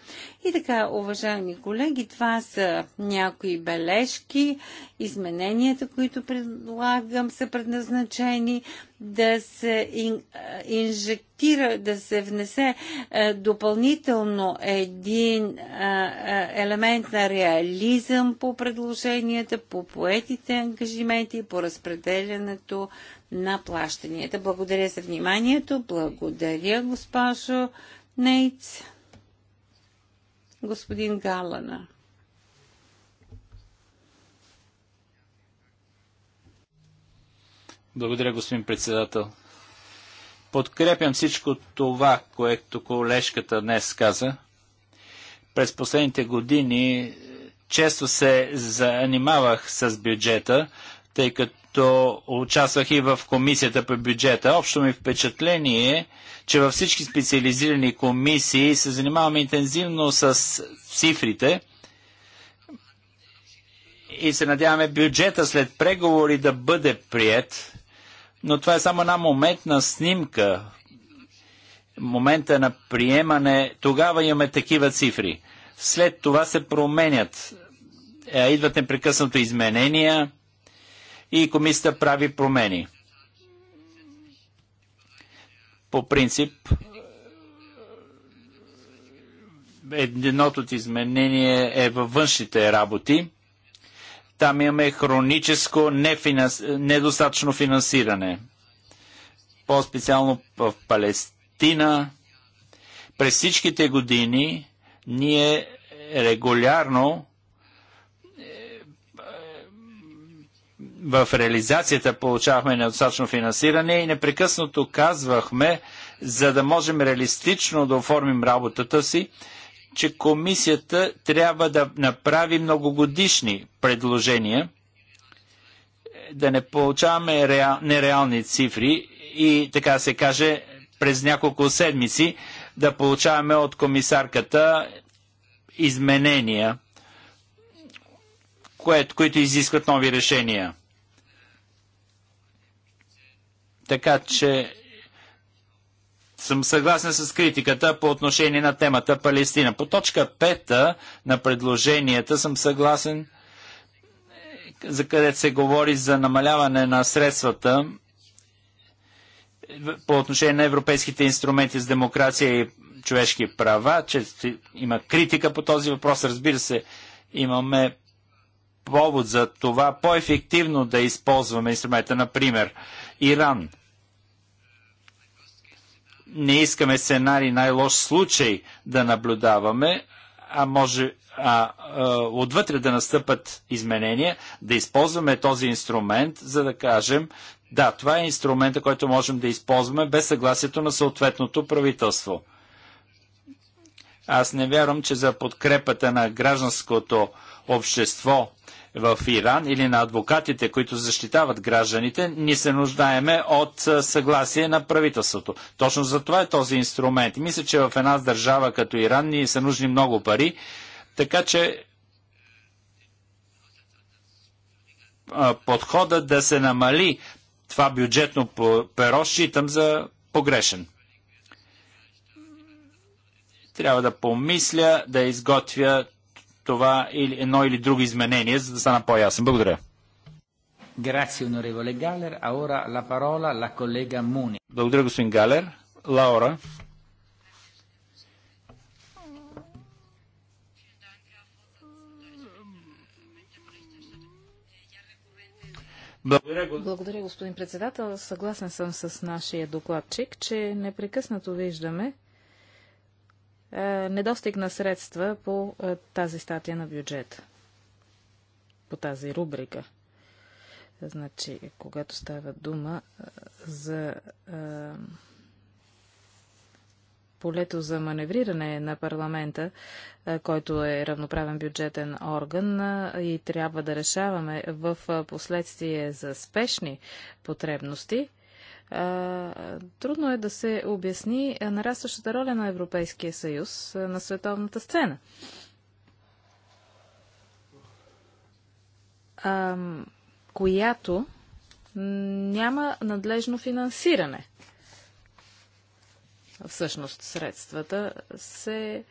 И така, уважаеми колеги, това са някои бележки. Измененията, които предлагам, са предназначени да се инжектира, да се внесе допълнително един елемент на реализъм по предложенията, по поетите ангажименти, по разпределянето на плащанията. Благодаря за вниманието. Благодаря, госпожо Нейц. Господин Галана. Благодаря, господин председател. Подкрепям всичко това, което колежката днес каза. През последните години е, често се занимавах с бюджета, тъй като участвах и в комисията по бюджета. Общо ми впечатление е, че във всички специализирани комисии се занимаваме интензивно с цифрите и се надяваме бюджета след преговори да бъде прият но това е само една моментна снимка. Момента на приемане, тогава имаме такива цифри. След това се променят. Е, идват непрекъснато изменения и комисията прави промени. По принцип, едното от изменение е във външните работи там имаме хроническо нефинанс... недостатъчно финансиране. По-специално в Палестина. През всичките години ние регулярно е, в реализацията получавахме недостатъчно финансиране и непрекъснато казвахме, за да можем реалистично да оформим работата си, че комисията трябва да направи многогодишни предложения, да не получаваме реал, нереални цифри и, така се каже, през няколко седмици да получаваме от комисарката изменения, което, които изискват нови решения. Така че съм съгласен с критиката по отношение на темата Палестина. По точка 5 на предложенията съм съгласен, за където се говори за намаляване на средствата по отношение на европейските инструменти с демокрация и човешки права, че има критика по този въпрос. Разбира се, имаме повод за това по-ефективно да използваме инструмента. Например, Иран – не искаме сценарий най-лош случай да наблюдаваме, а може а, а, отвътре да настъпат изменения, да използваме този инструмент, за да кажем, да, това е инструмента, който можем да използваме без съгласието на съответното правителство. Аз не вярвам, че за подкрепата на гражданското общество в Иран или на адвокатите, които защитават гражданите, ние се нуждаеме от съгласие на правителството. Точно за това е този инструмент. мисля, че в една държава като Иран ни са нужни много пари, така че подхода да се намали това бюджетно перо, считам за погрешен. Трябва да помисля да изготвя това или едно или друго изменение, за да стана по-ясен. Благодаря. Grazie, onorevole Galler. Ora la parola la collega Muni. Благодаря, господин Галер. Лаура. Благодаря, Благодаря, господин председател. Съгласен съм с нашия докладчик, че непрекъснато виждаме е, недостиг на средства по е, тази статия на бюджета, по тази рубрика. Значи, когато става дума е, за полето за маневриране на парламента, който е равноправен бюджетен орган и трябва да решаваме в последствие за спешни потребности, трудно е да се обясни нарастващата роля на Европейския съюз на световната сцена. която няма надлежно финансиране. Всъщност средствата се а,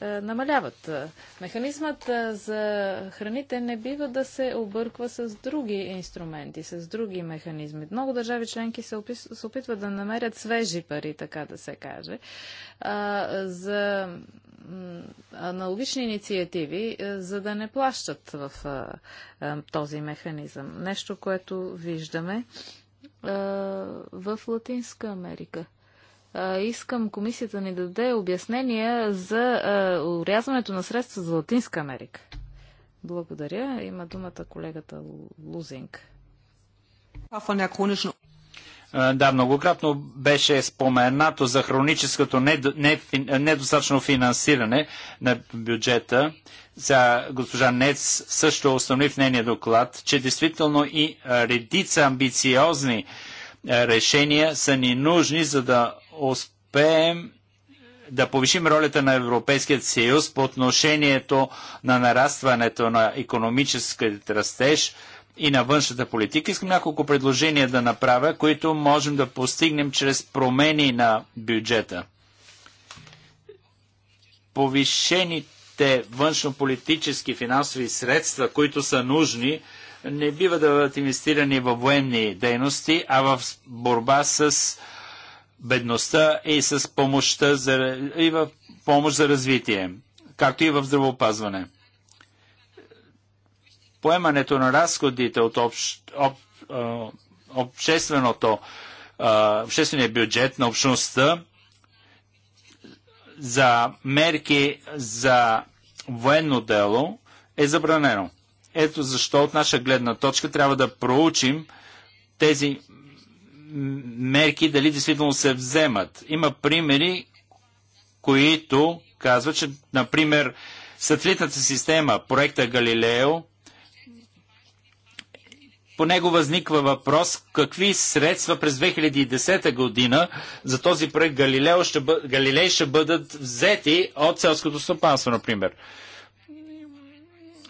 е, намаляват. Е, механизмът е, за храните не бива да се обърква с други инструменти, с други механизми. Много държави членки се, опис... се опитват да намерят свежи пари, така да се каже, за аналогични инициативи, за да не плащат в този механизъм. Нещо, което виждаме в Латинска Америка искам комисията ни да даде обяснение за урязването на средства за Латинска Америка. Благодаря. Има думата колегата Лузинг. Да, многократно беше споменато за хроническото недостатъчно финансиране на бюджета. За госпожа Нец също установи в нейния доклад, че действително и редица амбициозни решения са ни нужни, за да успеем да повишим ролята на Европейският съюз по отношението на нарастването на економическият растеж и на външната политика. Искам няколко предложения да направя, които можем да постигнем чрез промени на бюджета. Повишените външнополитически финансови средства, които са нужни, не бива да бъдат инвестирани във военни дейности, а в борба с бедността и с помощта за, и в помощ за развитие, както и в здравеопазване. Поемането на разходите от общ, об, общественото, обществения бюджет на общността за мерки за военно дело е забранено. Ето защо от наша гледна точка трябва да проучим тези мерки дали действително се вземат. Има примери, които казват, че, например, сателитната система, проекта Галилео, по него възниква въпрос какви средства през 2010 година за този проект Галилео ще бъ... Галилей ще бъдат взети от селското стопанство, например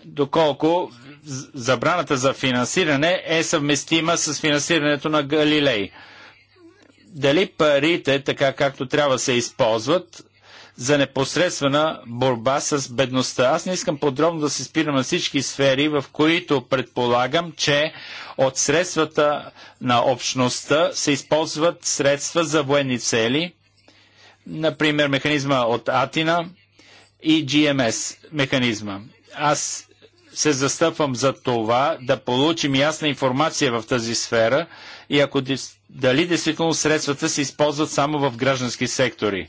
доколко забраната за финансиране е съвместима с финансирането на Галилей. Дали парите, така както трябва се използват, за непосредствена борба с бедността. Аз не искам подробно да се спирам на всички сфери, в които предполагам, че от средствата на общността се използват средства за военни цели, например механизма от Атина и GMS механизма. Аз се застъпвам за това да получим ясна информация в тази сфера и ако дали действително средствата се използват само в граждански сектори.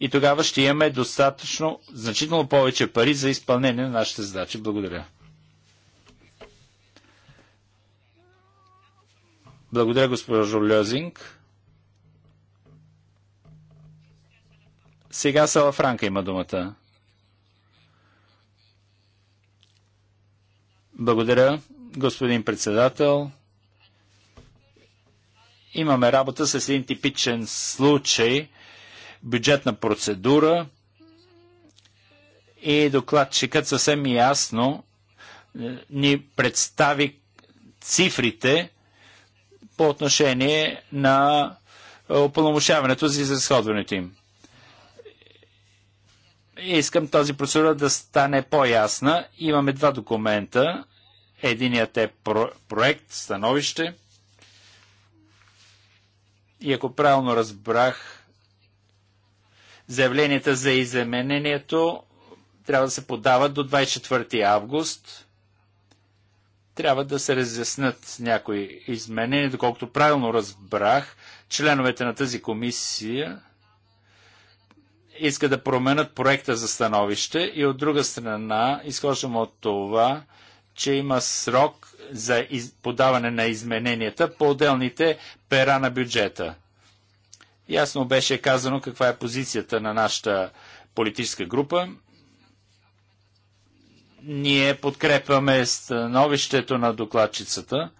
И тогава ще имаме достатъчно, значително повече пари за изпълнение на нашите задачи. Благодаря. Благодаря, госпожо Льозинг. Сега Сала Франка има думата. Благодаря, господин председател. Имаме работа с един типичен случай, бюджетна процедура и докладчикът съвсем ясно е, ни представи цифрите по отношение на опълномощаването е, за изразходването им. Искам тази процедура да стане по-ясна. Имаме два документа. Единият е про- проект, становище. И ако правилно разбрах, заявленията за изменението трябва да се подават до 24 август. Трябва да се разяснат някои изменения. Доколкото правилно разбрах, членовете на тази комисия иска да променят проекта за становище и от друга страна изхождам от това, че има срок за из... подаване на измененията по отделните пера на бюджета. Ясно беше казано каква е позицията на нашата политическа група. Ние подкрепяме становището на докладчицата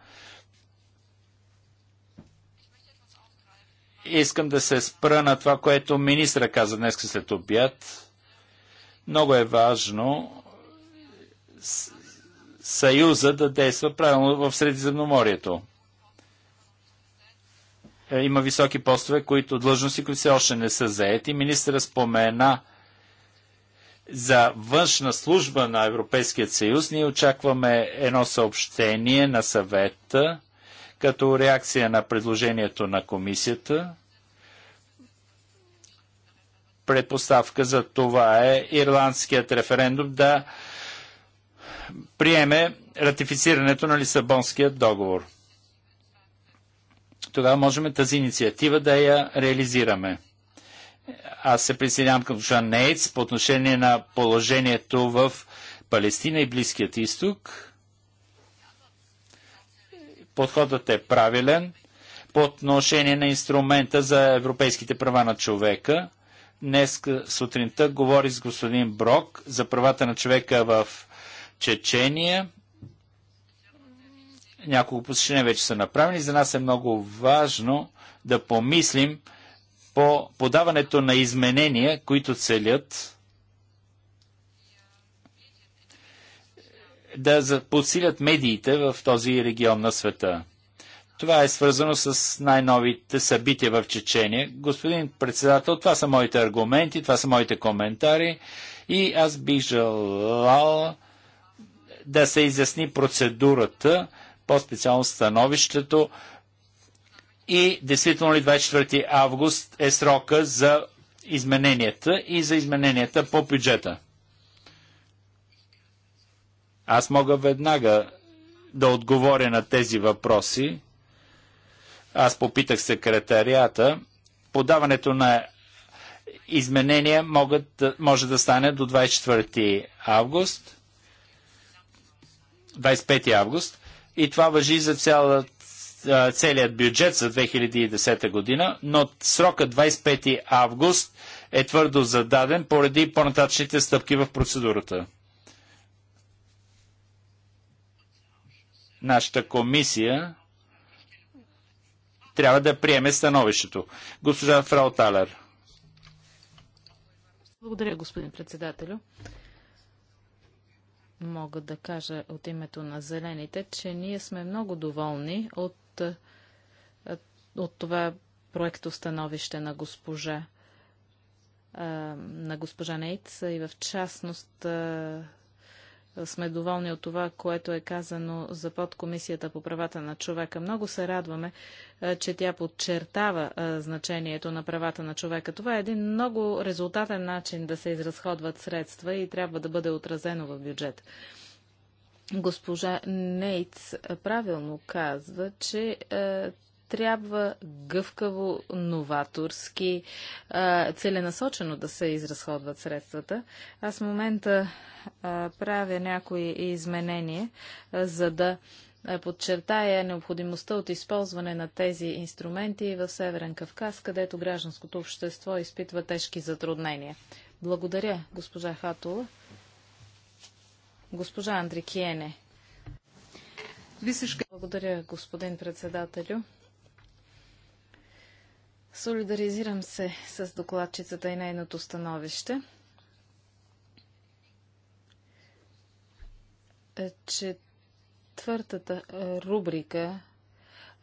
Искам да се спра на това, което министра каза днес след обяд. Много е важно Съюза да действа правилно в Средиземноморието. Е, има високи постове, които длъжности, които все още не са заети. Министра спомена за външна служба на Европейския съюз. Ние очакваме едно съобщение на съвета като реакция на предложението на комисията. Предпоставка за това е ирландският референдум да приеме ратифицирането на Лисабонския договор. Тогава можем тази инициатива да я реализираме. Аз се присъединявам към Жан Нейтс по отношение на положението в Палестина и Близкият изток подходът е правилен по отношение на инструмента за европейските права на човека. Днес сутринта говори с господин Брок за правата на човека в Чечения. Няколко посещения вече са направени. За нас е много важно да помислим по подаването на изменения, които целят да подсилят медиите в този регион на света. Това е свързано с най-новите събития в Чечения. Господин председател, това са моите аргументи, това са моите коментари и аз бих желал да се изясни процедурата, по-специално становището и действително ли 24 август е срока за измененията и за измененията по бюджета. Аз мога веднага да отговоря на тези въпроси. Аз попитах секретарията. Подаването на изменения могат, може да стане до 24 август. 25 август. И това въжи за цяла, целият бюджет за 2010 година, но срока 25 август е твърдо зададен поради по-нататъчните стъпки в процедурата. нашата комисия трябва да приеме становището. Госпожа Фрау Талер. Благодаря, господин председателю. Мога да кажа от името на зелените, че ние сме много доволни от, от това проекто становище на госпожа на госпожа Нейтс и в частност сме доволни от това, което е казано за подкомисията по правата на човека. Много се радваме, че тя подчертава значението на правата на човека. Това е един много резултатен начин да се изразходват средства и трябва да бъде отразено в бюджет. Госпожа Нейц правилно казва, че трябва гъвкаво, новаторски, целенасочено да се изразходват средствата. Аз в момента правя някои изменения, за да подчертая необходимостта от използване на тези инструменти в Северен Кавказ, където гражданското общество изпитва тежки затруднения. Благодаря, госпожа Хатула. Госпожа Андрикиене. Благодаря, господин председателю. Солидаризирам се с докладчицата и нейното становище, е, че твъртата е, рубрика е,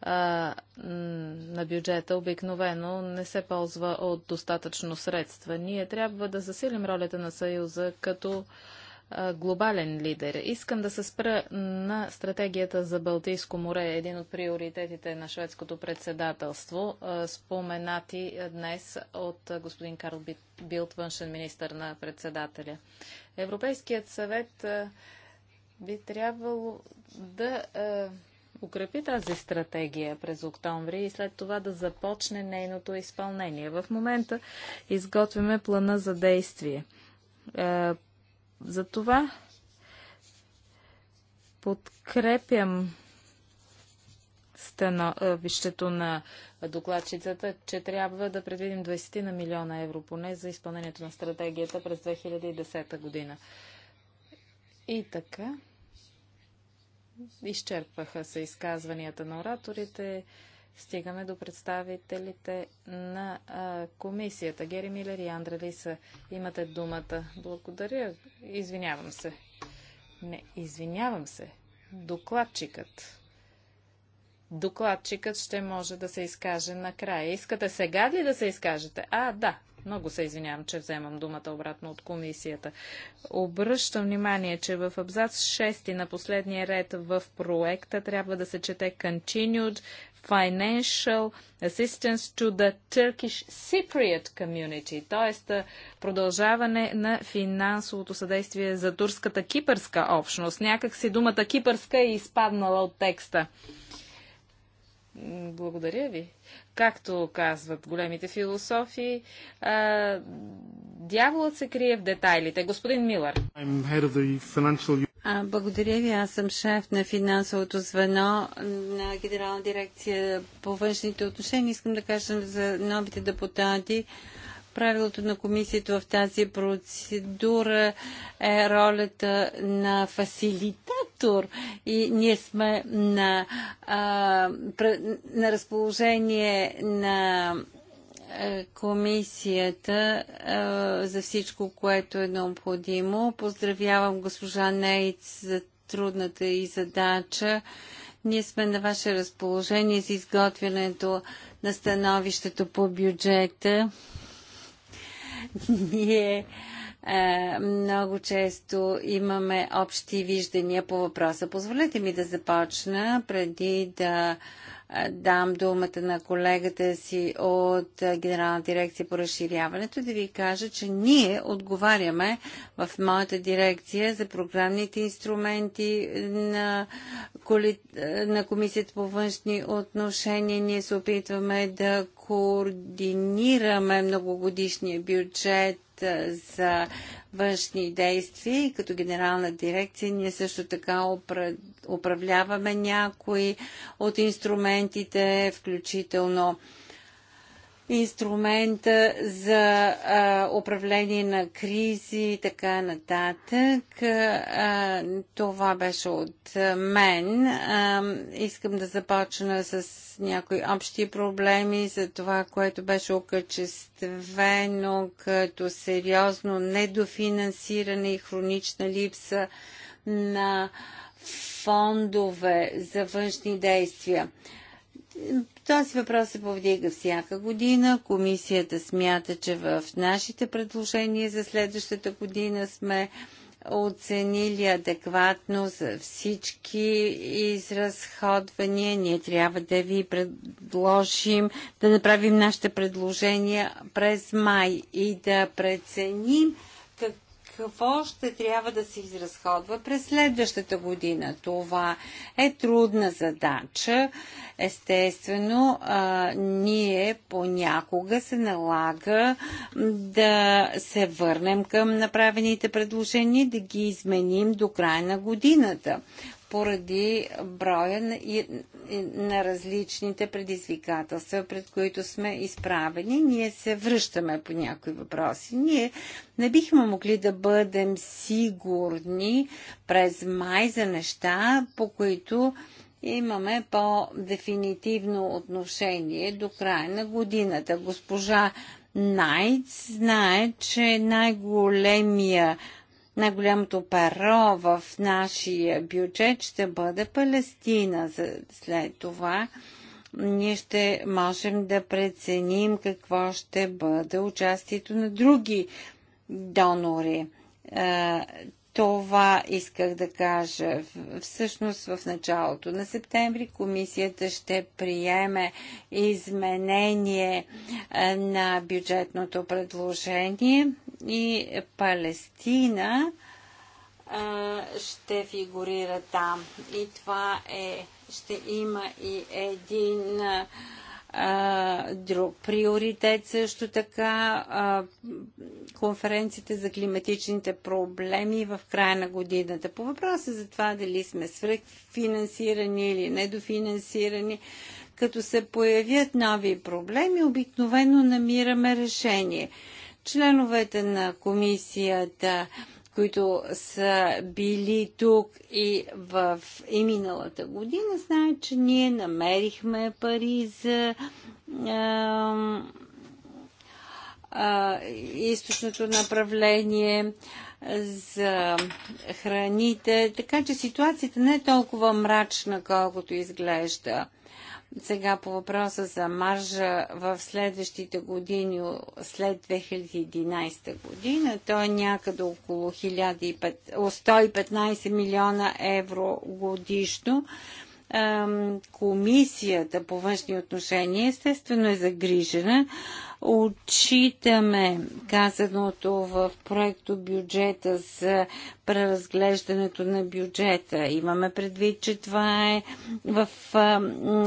на бюджета обикновено не се ползва от достатъчно средства. Ние трябва да засилим ролята на Съюза като глобален лидер. Искам да се спра на стратегията за Балтийско море, един от приоритетите на шведското председателство, споменати днес от господин Карл Билт, външен министр на председателя. Европейският съвет би трябвало да укрепи тази стратегия през октомври и след това да започне нейното изпълнение. В момента изготвяме плана за действие е, затова подкрепям вището на докладчицата, че трябва да предвидим 20 на милиона евро поне за изпълнението на стратегията през 2010 година. И така, изчерпаха се изказванията на ораторите стигаме до представителите на а, комисията. Гери Милер и Андра Лиса, имате думата. Благодаря. Извинявам се. Не, извинявам се. Докладчикът. Докладчикът ще може да се изкаже накрая. Искате сега ли да се изкажете? А, да. Много се извинявам, че вземам думата обратно от комисията. Обръщам внимание, че в абзац 6 на последния ред в проекта трябва да се чете Continued Financial Assistance to the Turkish Cypriot Community, т.е. продължаване на финансовото съдействие за турската кипърска общност. Някак си думата кипърска е изпаднала от текста. Благодаря ви. Както казват големите философи, дяволът се крие в детайлите. Господин Милър. А, благодаря ви. Аз съм шеф на финансовото звено на Генерална дирекция по външните отношения. Искам да кажа за новите депутати. Правилото на комисията в тази процедура е ролята на фасилитатор и ние сме на, а, на разположение на е, комисията е, за всичко, което е необходимо. Поздравявам госпожа Нейц за трудната и задача. Ние сме на ваше разположение за изготвянето на становището по бюджета. Ние е, много често имаме общи виждания по въпроса. Позволете ми да започна преди да дам думата на колегата си от Генерална дирекция по разширяването да ви кажа, че ние отговаряме в моята дирекция за програмните инструменти на, коли... на Комисията по външни отношения. Ние се опитваме да координираме многогодишния бюджет за външни действия и като генерална дирекция ние също така управляваме някои от инструментите, включително инструмента за а, управление на кризи и така нататък. А, това беше от мен. А, искам да започна с някои общи проблеми за това, което беше окачествено като сериозно недофинансиране и хронична липса на фондове за външни действия. А, този въпрос се повдига всяка година. Комисията смята, че в нашите предложения за следващата година сме оценили адекватно за всички изразходвания. Ние трябва да ви предложим, да направим нашите предложения през май и да преценим какво ще трябва да се изразходва през следващата година. Това е трудна задача. Естествено, а, ние понякога се налага да се върнем към направените предложения, да ги изменим до края на годината поради броя на, и, на различните предизвикателства, пред които сме изправени. Ние се връщаме по някои въпроси. Ние не бихме могли да бъдем сигурни през май за неща, по които имаме по-дефинитивно отношение до края на годината. Госпожа Найт знае, че най-големия най-голямото паро в нашия бюджет ще бъде Палестина. След това ние ще можем да преценим какво ще бъде участието на други донори. Това исках да кажа. Всъщност в началото на септември комисията ще приеме изменение на бюджетното предложение и Палестина ще фигурира там. И това е, ще има и един друг приоритет също така конференцията за климатичните проблеми в края на годината. По въпроса за това дали сме свръхфинансирани или недофинансирани, като се появят нови проблеми, обикновено намираме решение. Членовете на комисията а, които са били тук и в и миналата година, знаят, че ние намерихме пари за а, а, източното направление за храните, така че ситуацията не е толкова мрачна, колкото изглежда. Сега по въпроса за маржа в следващите години след 2011 година, то е някъде около 115 милиона евро годишно. Комисията по външни отношения естествено е загрижена Отчитаме казаното в проекто бюджета за преразглеждането на бюджета. Имаме предвид, че това е в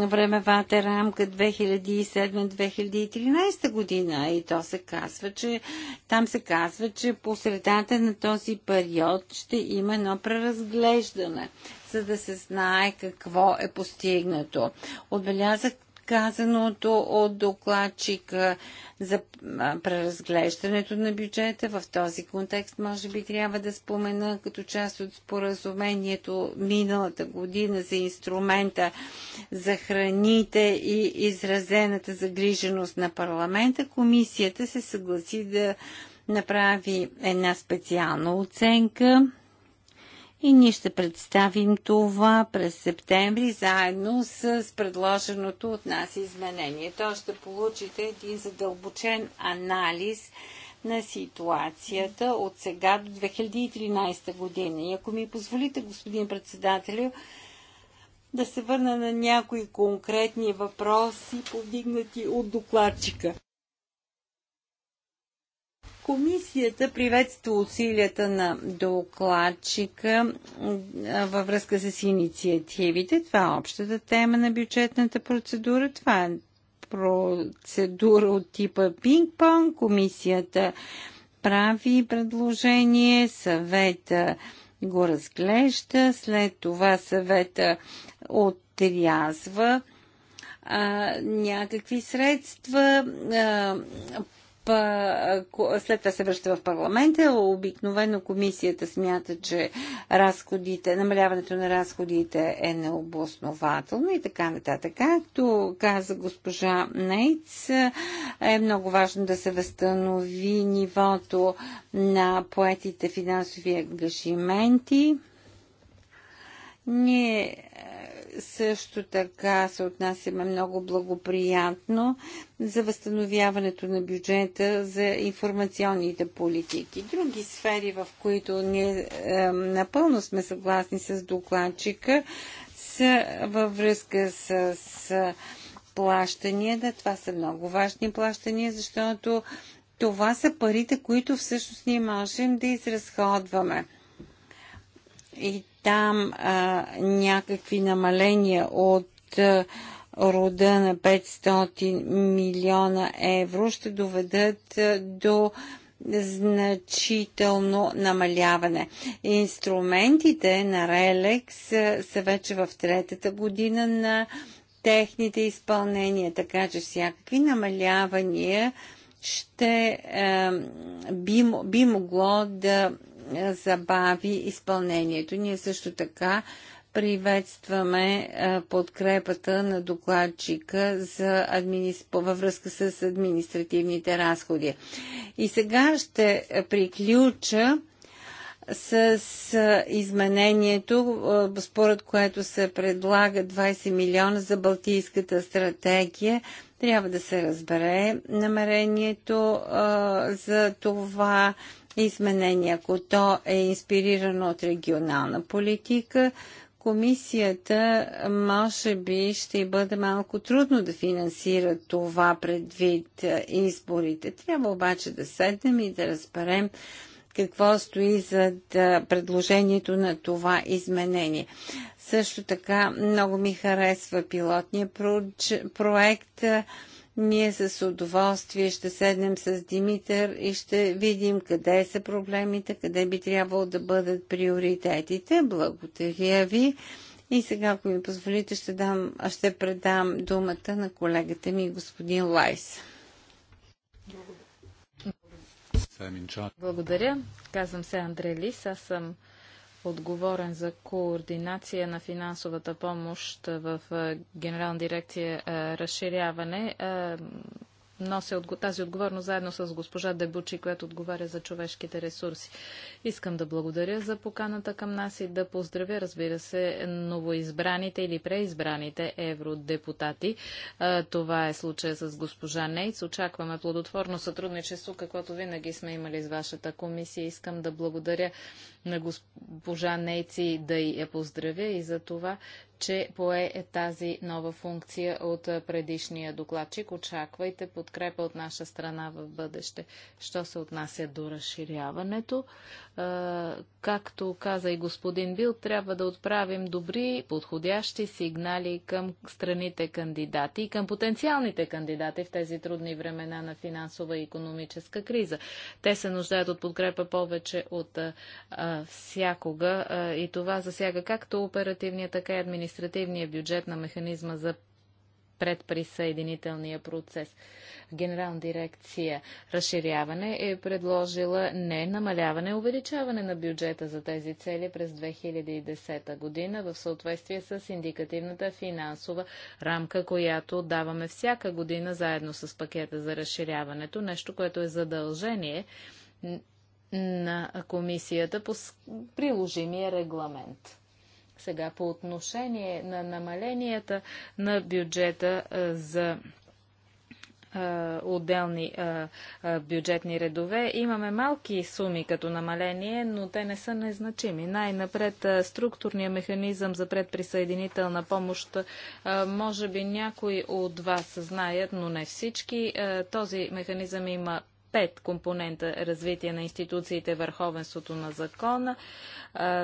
времевата рамка 2007-2013 година и то се казва, че там се казва, че по средата на този период ще има едно преразглеждане за да се знае какво е постигнато. Отбелязах казаното от докладчика за преразглеждането на бюджета. В този контекст може би трябва да спомена като част от споразумението миналата година за инструмента за храните и изразената загриженост на парламента. Комисията се съгласи да направи една специална оценка и ние ще представим това през септември заедно с предложеното от нас изменение. То ще получите един задълбочен анализ на ситуацията от сега до 2013 година. И ако ми позволите, господин председателю, да се върна на някои конкретни въпроси, повдигнати от докладчика. Комисията приветства усилията на докладчика във връзка с инициативите. Това е общата тема на бюджетната процедура. Това е процедура от типа пинг-понг. Комисията прави предложение, съвета го разглежда, след това съвета отрязва а, някакви средства, а, след това се връща в парламента. Обикновено комисията смята, че разходите, намаляването на разходите е необоснователно и така нататък. Както каза госпожа Нейц, е много важно да се възстанови нивото на поетите финансови ангажименти. Ние също така се отнасяме много благоприятно за възстановяването на бюджета за информационните политики. Други сфери, в които ние е, напълно сме съгласни с докладчика, са във връзка с, с плащанията. Това са много важни плащания, защото това са парите, които всъщност ние можем да изразходваме. И там а, някакви намаления от а, рода на 500 милиона евро ще доведат а, до значително намаляване. Инструментите на Релекс са вече в третата година на техните изпълнения, така че всякакви намалявания ще а, би, би могло да забави изпълнението. Ние също така приветстваме подкрепата на докладчика за админи... във връзка с административните разходи. И сега ще приключа с изменението, според което се предлага 20 милиона за Балтийската стратегия. Трябва да се разбере намерението а, за това изменения. ако то е инспирирано от регионална политика, комисията може би ще бъде малко трудно да финансира това предвид е, изборите. Трябва обаче да седнем и да разберем какво стои за е, предложението на това изменение. Също така много ми харесва пилотния проект. Е, ние с удоволствие ще седнем с Димитър и ще видим къде са проблемите, къде би трябвало да бъдат приоритетите. Благодаря ви. И сега, ако ми позволите, ще, дам, ще предам думата на колегата ми, господин Лайс. Благодаря. Казвам се Андре Лис. Аз съм отговорен за координация на финансовата помощ в Генерална дирекция разширяване нося от тази отговорност заедно с госпожа Дебучи, която отговаря за човешките ресурси. Искам да благодаря за поканата към нас и да поздравя, разбира се, новоизбраните или преизбраните евродепутати. Това е случая с госпожа Нейц. Очакваме плодотворно сътрудничество, каквото винаги сме имали с вашата комисия. Искам да благодаря на госпожа Нейци да я поздравя и за това, че пое е тази нова функция от предишния докладчик. Очаквайте подкрепа от наша страна в бъдеще. Що се отнася до разширяването, както каза и господин Бил, трябва да отправим добри, подходящи сигнали към страните кандидати и към потенциалните кандидати в тези трудни времена на финансова и економическа криза. Те се нуждаят от подкрепа повече от всякога и това засяга както оперативния, така и административния бюджет на механизма за предприсъединителния процес. Генерална дирекция разширяване е предложила не намаляване, увеличаване на бюджета за тези цели през 2010 година в съответствие с индикативната финансова рамка, която даваме всяка година заедно с пакета за разширяването, нещо, което е задължение на комисията по приложимия регламент. Сега по отношение на намаленията на бюджета за отделни бюджетни редове. Имаме малки суми като намаление, но те не са незначими. Най-напред структурния механизъм за предприсъединителна помощ, може би някои от вас знаят, но не всички. Този механизъм има пет компонента развитие на институциите, върховенството на закона,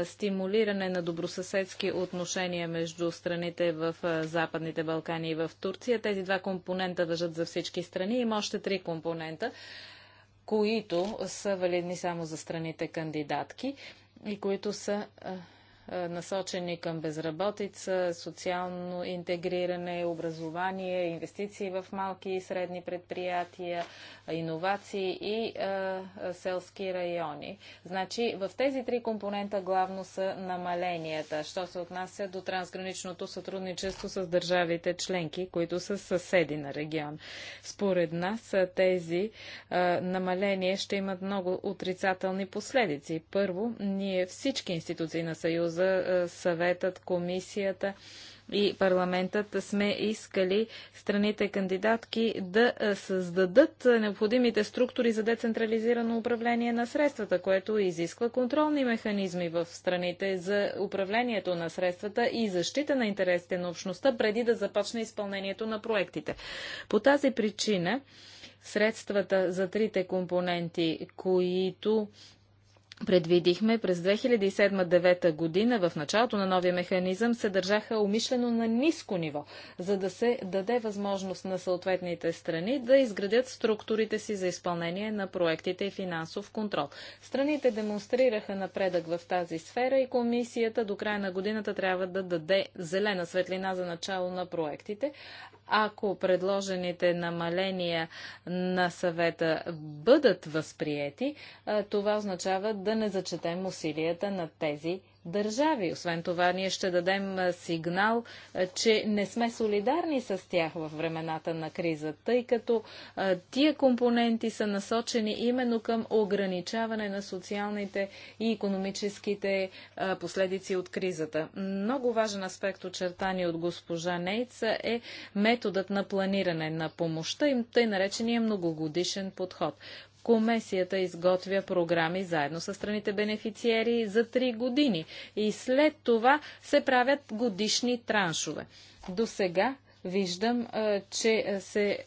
стимулиране на добросъседски отношения между страните в Западните Балкани и в Турция. Тези два компонента въжат за всички страни. Има още три компонента, които са валидни само за страните кандидатки и които са насочени към безработица, социално интегриране, образование, инвестиции в малки и средни предприятия, иновации и а, селски райони. Значи в тези три компонента главно са намаленията, що се отнася до трансграничното сътрудничество с държавите членки, които са съседи на регион. Според нас тези а, намаления ще имат много отрицателни последици. Първо, ние всички институции на Съюз Съюза, е, съветът, комисията и парламентът сме искали страните кандидатки да е, създадат е, необходимите структури за децентрализирано управление на средствата, което изисква контролни механизми в страните за управлението на средствата и защита на интересите на общността преди да започне изпълнението на проектите. По тази причина средствата за трите компоненти, които предвидихме през 2007-2009 година в началото на новия механизъм се държаха умишлено на ниско ниво, за да се даде възможност на съответните страни да изградят структурите си за изпълнение на проектите и финансов контрол. Страните демонстрираха напредък в тази сфера и комисията до края на годината трябва да даде зелена светлина за начало на проектите. Ако предложените намаления на съвета бъдат възприети, това означава да да не зачетем усилията на тези държави. Освен това, ние ще дадем сигнал, че не сме солидарни с тях в времената на криза, тъй като тия компоненти са насочени именно към ограничаване на социалните и економическите последици от кризата. Много важен аспект, очертани от госпожа Нейца, е методът на планиране на помощта им, тъй наречения многогодишен подход. Комисията изготвя програми заедно с страните бенефициери за 3 години и след това се правят годишни траншове. До сега виждам, че се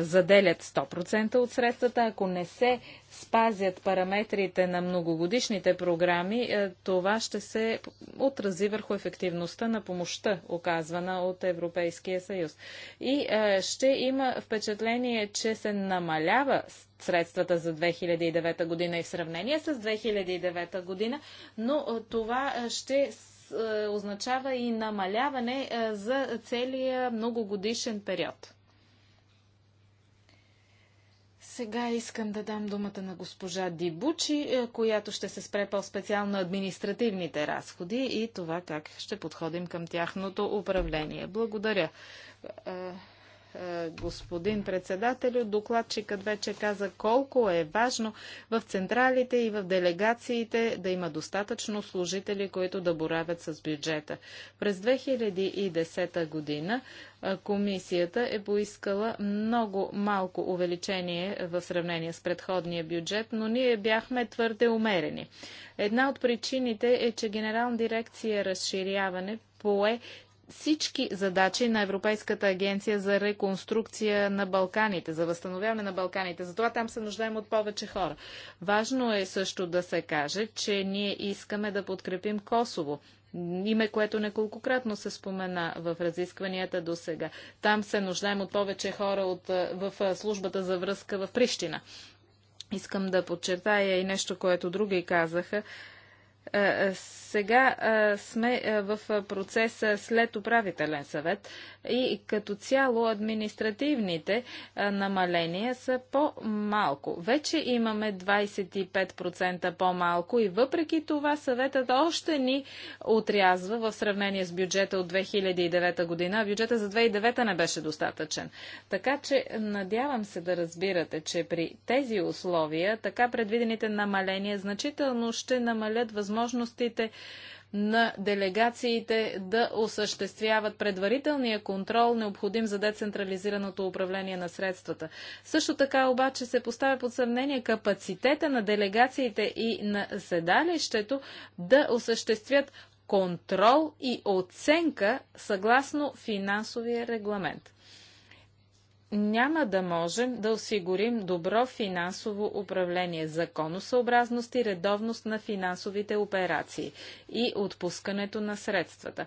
заделят 100% от средствата. Ако не се спазят параметрите на многогодишните програми, това ще се отрази върху ефективността на помощта, оказвана от Европейския съюз. И ще има впечатление, че се намалява средствата за 2009 година и в сравнение с 2009 година, но това ще е, означава и намаляване е, за целия многогодишен период. Сега искам да дам думата на госпожа Дибучи, е, която ще се спре по-специално на административните разходи и това как ще подходим към тяхното управление. Благодаря. Е, господин председателю. Докладчикът вече каза колко е важно в централите и в делегациите да има достатъчно служители, които да боравят с бюджета. През 2010 година е, комисията е поискала много малко увеличение в сравнение с предходния бюджет, но ние бяхме твърде умерени. Една от причините е, че Генерална дирекция разширяване пое всички задачи на Европейската агенция за реконструкция на Балканите, за възстановяване на Балканите. Затова там се нуждаем от повече хора. Важно е също да се каже, че ние искаме да подкрепим Косово. Име, което неколкократно се спомена в разискванията до сега. Там се нуждаем от повече хора от, в службата за връзка в Прищина. Искам да подчертая и нещо, което други казаха е, е, сега е, сме в процеса след управителен съвет и като цяло административните намаления са по-малко. Вече имаме 25% по-малко и въпреки това съветът още ни отрязва в сравнение с бюджета от 2009 година. Бюджета за 2009 не беше достатъчен. Така че надявам се да разбирате, че при тези условия така предвидените намаления значително ще намалят възможността възможностите на делегациите да осъществяват предварителния контрол, необходим за децентрализираното управление на средствата. Също така обаче се поставя под съмнение капацитета на делегациите и на седалището да осъществят контрол и оценка съгласно финансовия регламент няма да можем да осигурим добро финансово управление, законосъобразност и редовност на финансовите операции и отпускането на средствата.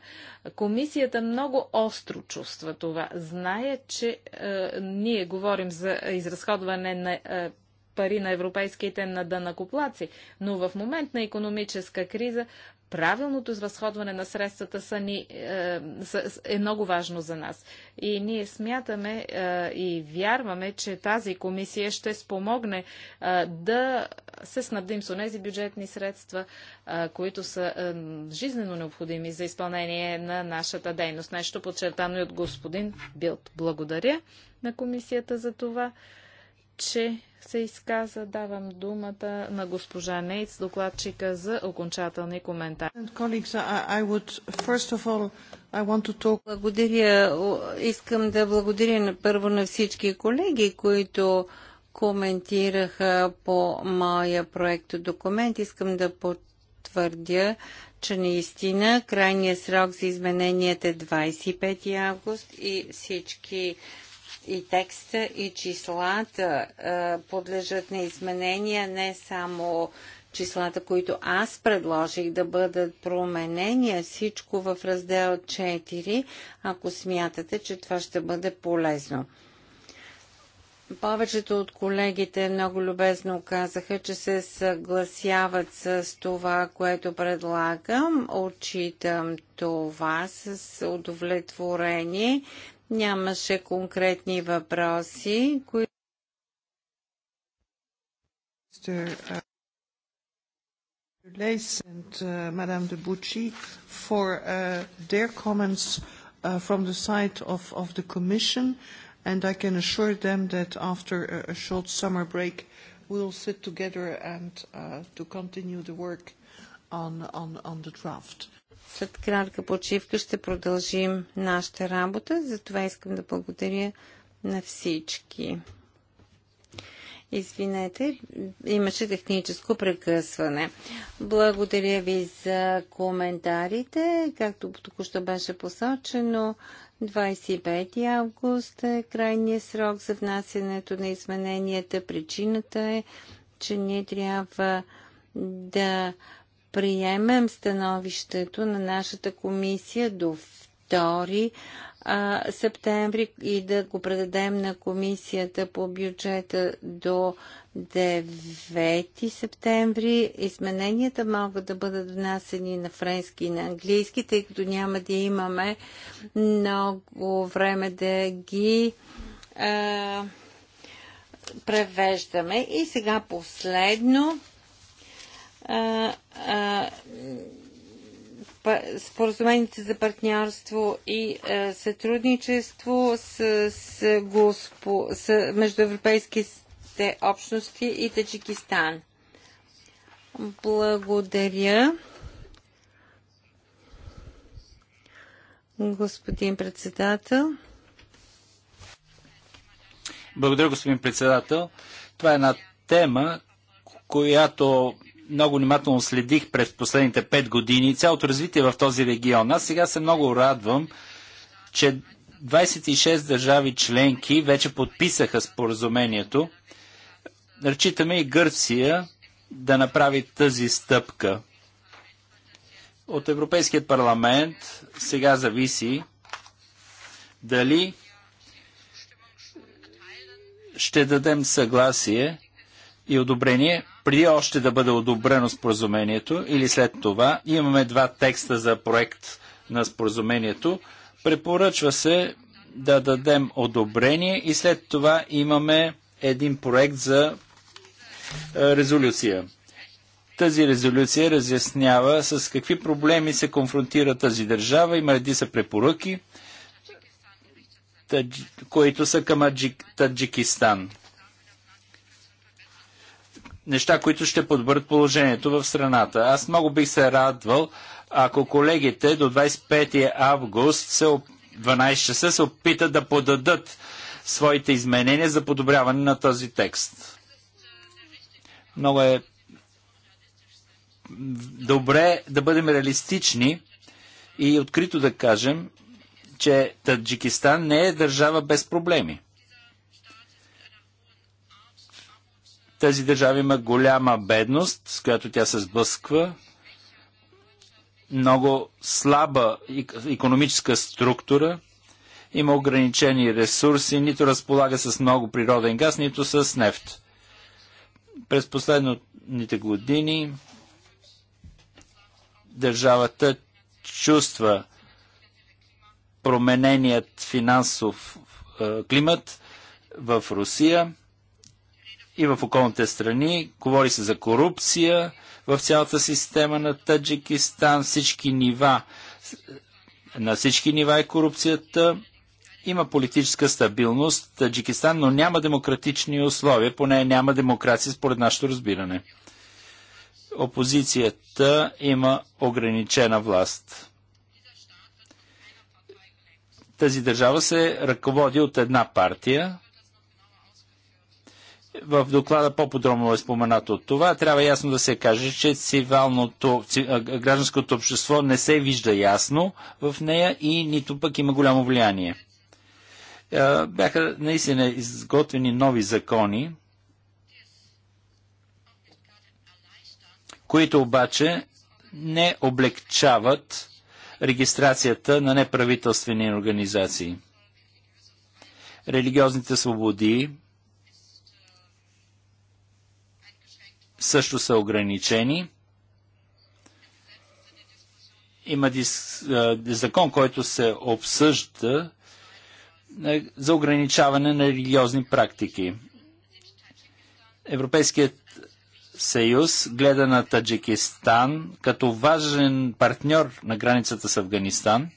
Комисията много остро чувства това. Знае, че е, ние говорим за изразходване на е, пари на европейските на дънакоплаци, но в момент на економическа криза правилното изразходване на средствата са ни, е, е, много важно за нас. И ние смятаме е, и вярваме, че тази комисия ще спомогне е, да се снабдим с тези бюджетни средства, които са жизнено необходими за изпълнение на нашата дейност. Нещо подчертано и от господин Билт. Благодаря на комисията за това че се изказа. Давам думата на госпожа Нейц, докладчика за окончателни коментари. Благодаря. Искам да благодаря на първо на всички колеги, които коментираха по моя проект документ. Искам да потвърдя, че наистина крайният срок за измененията е 25 август и всички и текста и числата подлежат на изменения, не само числата, които аз предложих да бъдат променени, а всичко в раздел 4, ако смятате, че това ще бъде полезно. Повечето от колегите много любезно казаха, че се съгласяват с това, което предлагам. Отчитам това с удовлетворение. Нямаше конкретни въпроси, които Lace and uh, Madame de Bucci for uh, their comments uh, from the side of, of the Commission. And I can assure them that after a, a short summer break, we'll sit together and uh, to continue the work on, on, on the draft. След кратка почивка ще продължим нашата работа, затова искам да благодаря на всички. Извинете, имаше техническо прекъсване. Благодаря ви за коментарите. Както току-що беше посочено, 25 август е крайният срок за внасянето на измененията. Причината е, че ние трябва да приемем становището на нашата комисия до 2 септември и да го предадем на комисията по бюджета до 9 септември. Измененията могат да бъдат внасени на френски и на английски, тъй като няма да имаме много време да ги а, превеждаме. И сега последно споразумените за партньорство и а, сътрудничество с, с, госпо, с между европейските общности и Таджикистан. Благодаря. Господин председател. Благодаря, господин председател. Това е една тема, която много внимателно следих през последните пет години цялото развитие в този регион. Аз сега се много радвам, че 26 държави членки вече подписаха споразумението. Речитаме и Гърция да направи тази стъпка. От Европейският парламент сега зависи дали ще дадем съгласие и одобрение преди още да бъде одобрено споразумението или след това, имаме два текста за проект на споразумението, препоръчва се да дадем одобрение и след това имаме един проект за е, резолюция. Тази резолюция разяснява с какви проблеми се конфронтира тази държава. Има редица препоръки, които са към Таджикистан неща, които ще подбърят положението в страната. Аз много бих се радвал, ако колегите до 25 август се, 12 часа се опитат да подадат своите изменения за подобряване на този текст. Много е добре да бъдем реалистични и открито да кажем, че Таджикистан не е държава без проблеми. тези държави има голяма бедност, с която тя се сблъсква, много слаба економическа структура, има ограничени ресурси, нито разполага с много природен газ, нито с нефт. През последните години държавата чувства промененият финансов е, климат в Русия – и в околните страни. Говори се за корупция в цялата система на Таджикистан, всички нива. На всички нива е корупцията. Има политическа стабилност в Таджикистан, но няма демократични условия, поне няма демокрация според нашето разбиране. Опозицията има ограничена власт. Тази държава се ръководи от една партия – в доклада по-подробно е споменато от това. Трябва ясно да се каже, че цивалното, гражданското общество не се вижда ясно в нея и нито пък има голямо влияние. Бяха наистина изготвени нови закони, които обаче не облегчават регистрацията на неправителствени организации. Религиозните свободи също са ограничени. Има дис, а, закон, който се обсъжда а, е, за ограничаване на религиозни практики. Европейският съюз гледа на Таджикистан като важен партньор на границата с Афганистан.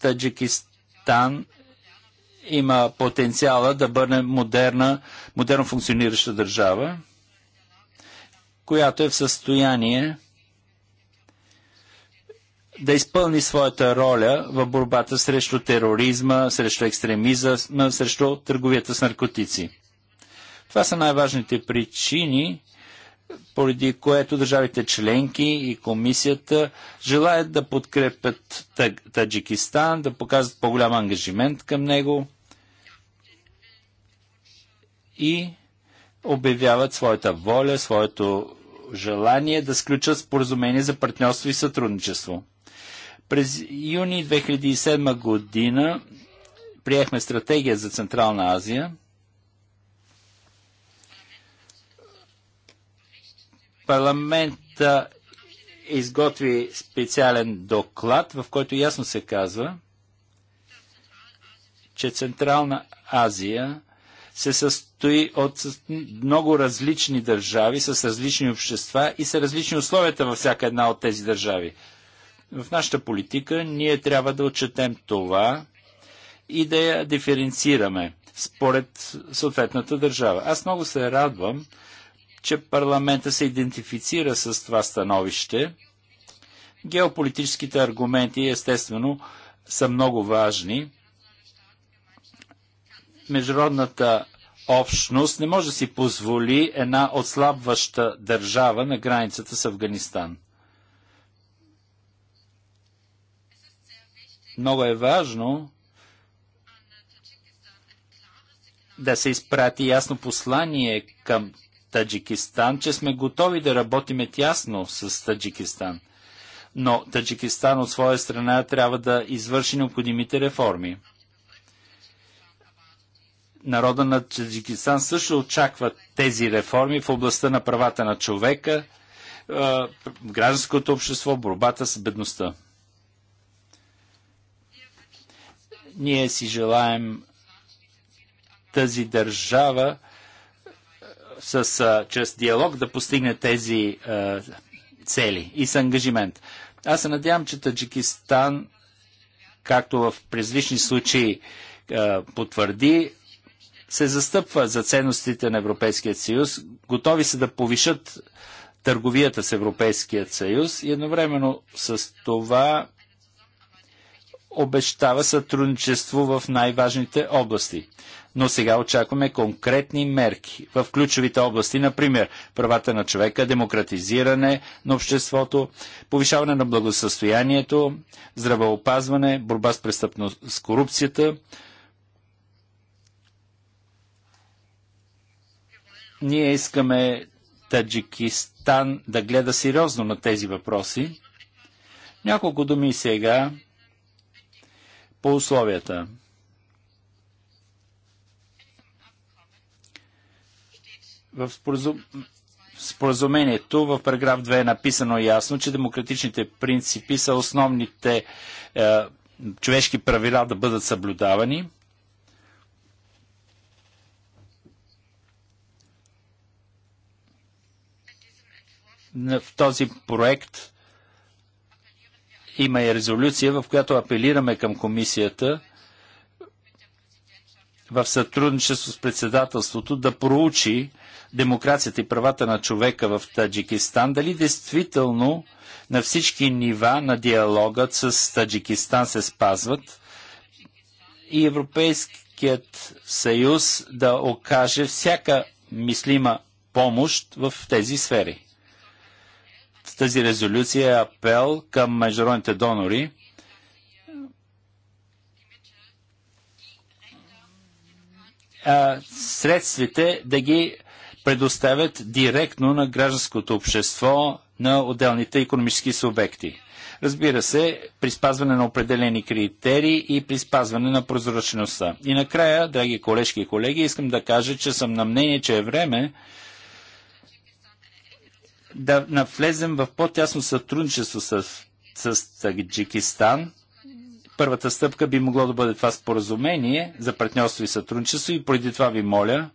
Таджикистан има потенциала да бъде модерна, модерно функционираща държава, която е в състояние да изпълни своята роля в борбата срещу тероризма, срещу екстремизъм, срещу търговията с наркотици. Това са най-важните причини, поради което държавите членки и комисията желаят да подкрепят Таджикистан, да показват по-голям ангажимент към него и обявяват своята воля, своето желание да сключат споразумение за партньорство и сътрудничество. През юни 2007 година приехме стратегия за Централна Азия. Парламента изготви специален доклад, в който ясно се казва, че Централна Азия – се състои от много различни държави с различни общества и са различни условията във всяка една от тези държави. В нашата политика ние трябва да отчетем това и да я диференцираме според съответната държава. Аз много се радвам, че парламента се идентифицира с това становище. Геополитическите аргументи, естествено, са много важни международната общност не може да си позволи една отслабваща държава на границата с Афганистан. Много е важно да се изпрати ясно послание към Таджикистан, че сме готови да работиме тясно с Таджикистан. Но Таджикистан от своя страна трябва да извърши необходимите реформи народа на Таджикистан също очаква тези реформи в областта на правата на човека, е, гражданското общество, борбата с бедността. Ние си желаем тази държава е, с, е, чрез диалог да постигне тези е, цели и с ангажимент. Аз се надявам, че Таджикистан, както в през случаи е, потвърди, се застъпва за ценностите на Европейския съюз, готови са да повишат търговията с Европейският съюз и едновременно с това обещава сътрудничество в най-важните области. Но сега очакваме конкретни мерки в ключовите области, например правата на човека, демократизиране на обществото, повишаване на благосъстоянието, здравеопазване, борба с престъпност, с корупцията, Ние искаме Таджикистан да гледа сериозно на тези въпроси. Няколко думи сега по условията. В споразумението в параграф 2 е написано ясно, че демократичните принципи са основните е, човешки правила да бъдат съблюдавани – в този проект има и резолюция, в която апелираме към комисията в сътрудничество с председателството да проучи демокрацията и правата на човека в Таджикистан, дали действително на всички нива на диалогът с Таджикистан се спазват и Европейският съюз да окаже всяка мислима помощ в тези сфери. Тази резолюция е апел към международните донори средствите да ги предоставят директно на гражданското общество на отделните економически субекти. Разбира се, при спазване на определени критерии и при спазване на прозрачността. И накрая, драги колежки и колеги, искам да кажа, че съм на мнение, че е време да навлезем в по-тясно сътрудничество с, с Таджикистан. Първата стъпка би могло да бъде това споразумение за партньорство и сътрудничество и преди това ви моля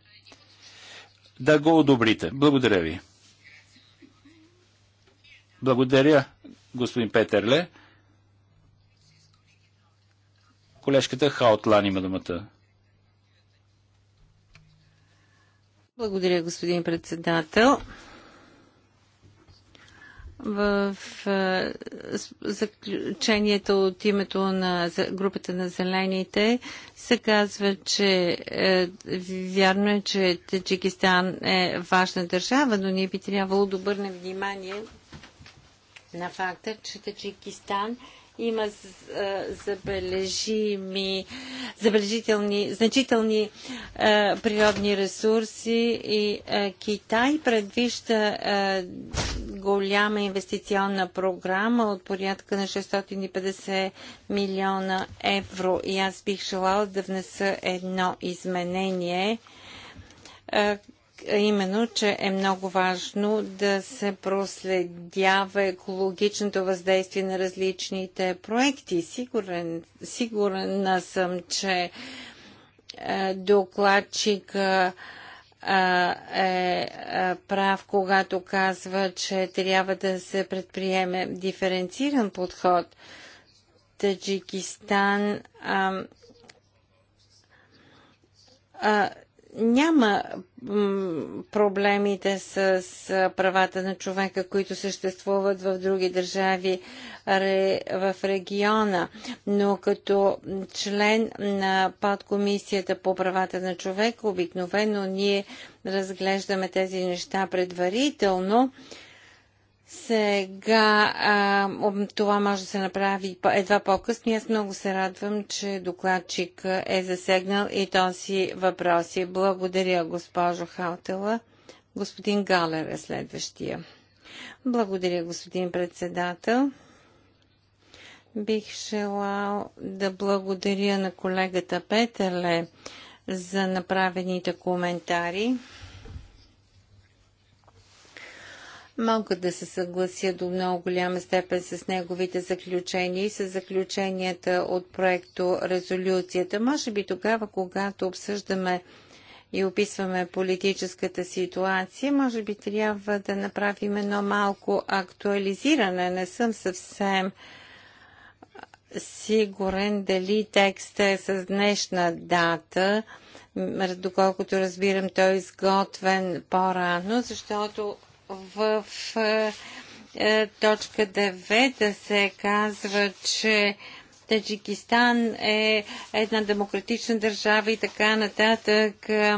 да го одобрите. Благодаря ви. Благодаря, господин Петерле. Колежката Хаотлан има думата. Благодаря, господин председател. В заключението от името на групата на зелените се казва, че е, вярно е, че Таджикистан е важна държава, но ние би трябвало да обърнем внимание на факта, че Таджикистан е има забележими, забележителни, значителни природни ресурси и Китай предвижда голяма инвестиционна програма от порядка на 650 милиона евро и аз бих желала да внеса едно изменение именно, че е много важно да се проследява екологичното въздействие на различните проекти. Сигурен, сигурна съм, че е, докладчик е, е, е прав, когато казва, че трябва да се предприеме диференциран подход. Таджикистан а, а, няма проблемите с правата на човека, които съществуват в други държави в региона, но като член на подкомисията по правата на човека, обикновено ние разглеждаме тези неща предварително сега а, това може да се направи едва по-късно. Аз много се радвам, че докладчик е засегнал и този въпроси. Благодаря, госпожо Хаутела. Господин Галер е следващия. Благодаря, господин председател. Бих желал да благодаря на колегата Петърле за направените коментари. Мога да се съглася до много голяма степен с неговите заключения и с заключенията от проекто резолюцията. Може би тогава, когато обсъждаме и описваме политическата ситуация, може би трябва да направим едно малко актуализиране. Не съм съвсем сигурен дали текста е с днешна дата, доколкото разбирам, той е изготвен по-рано, защото в е, е, точка 9 се казва, че Таджикистан е една демократична държава и така нататък. Е,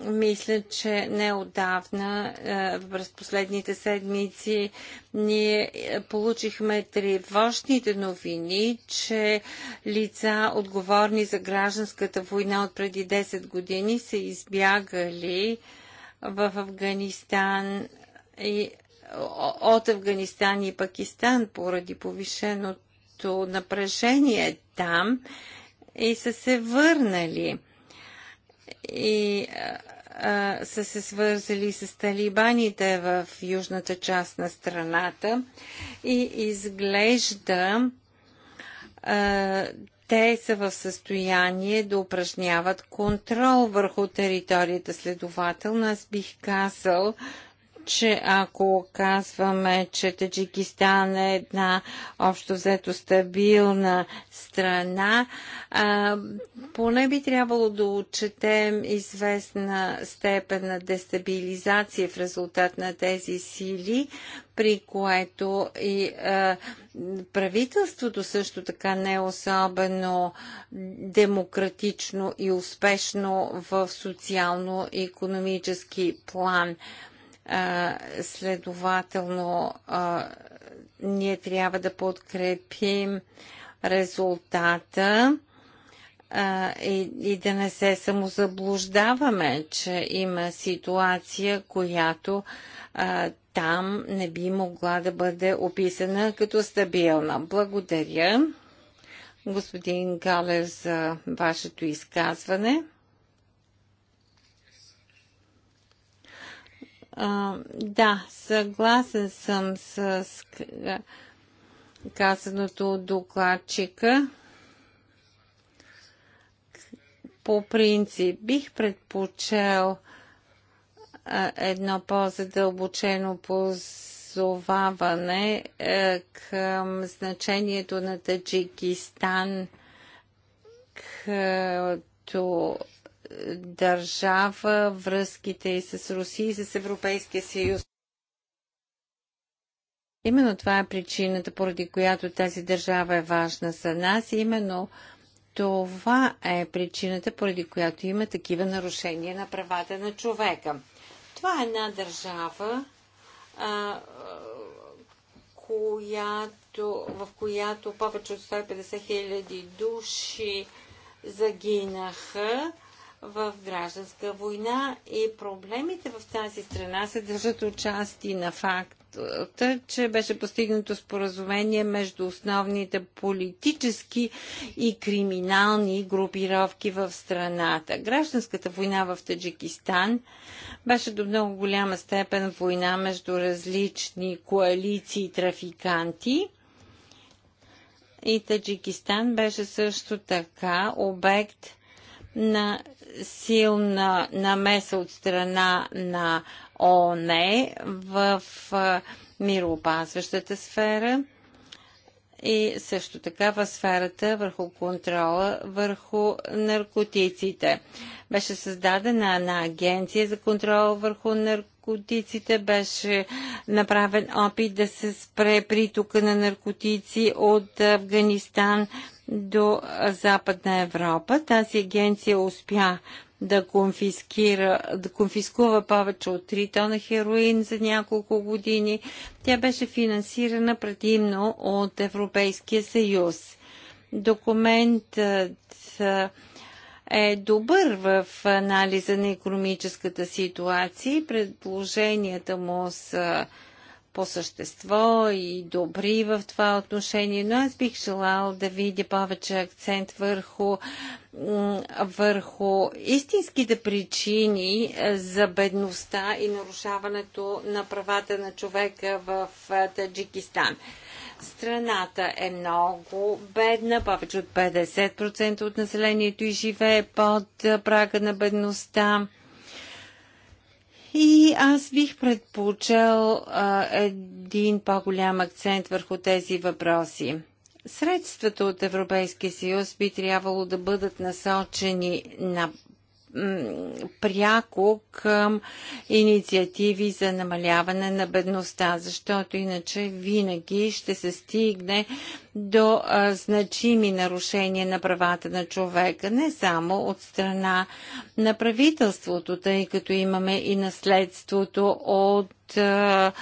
мисля, че неодавна, е, през последните седмици, ние е, получихме тревожните новини, че лица, отговорни за гражданската война от преди 10 години, са избягали в Афганистан и от Афганистан и Пакистан поради повишеното напрежение там и са се върнали и а, са се свързали с талибаните в южната част на страната и изглежда а, те са в състояние да упражняват контрол върху територията. Следователно, аз бих казал, че ако казваме, че Таджикистан е една общо взето стабилна страна, а, поне би трябвало да отчетем известна степен на дестабилизация в резултат на тези сили, при което и а, правителството също така не е особено демократично и успешно в социално-економически план. Следователно, ние трябва да подкрепим резултата и, да не се самозаблуждаваме, че има ситуация, която там не би могла да бъде описана като стабилна. Благодаря, господин Галер, за вашето изказване. да, съгласен съм с казаното от докладчика. По принцип бих предпочел едно по-задълбочено позоваване към значението на Таджикистан като държава, връзките и с Русия и с Европейския съюз. Именно това е причината, поради която тази държава е важна за нас. именно това е причината, поради която има такива нарушения на правата на човека. Това е една държава, а, която, в която повече от 150 хиляди души загинаха в гражданска война и проблемите в тази страна се държат отчасти на факта, че беше постигнато споразумение между основните политически и криминални групировки в страната. Гражданската война в Таджикистан беше до много голяма степен война между различни коалиции и трафиканти – и Таджикистан беше също така обект на силна намеса от страна на ОНЕ в мироопазващата сфера и също така в сферата върху контрола върху наркотиците. Беше създадена една агенция за контрол върху наркотиците наркотиците. Беше направен опит да се спре притока на наркотици от Афганистан до Западна Европа. Тази агенция успя да, конфискира, да конфискува повече от 3 тона хероин за няколко години. Тя беше финансирана предимно от Европейския съюз. Документът е добър в анализа на економическата ситуация и предложенията му са по същество и добри в това отношение, но аз бих желал да видя повече акцент върху, върху истинските причини за бедността и нарушаването на правата на човека в Таджикистан. Страната е много бедна, повече от 50% от населението и живее под прага на бедността. И аз бих предпочел а, един по-голям акцент върху тези въпроси. Средствата от Европейския съюз би трябвало да бъдат насочени на пряко към инициативи за намаляване на бедността, защото иначе винаги ще се стигне до а, значими нарушения на правата на човека, не само от страна на правителството, тъй като имаме и наследството от а,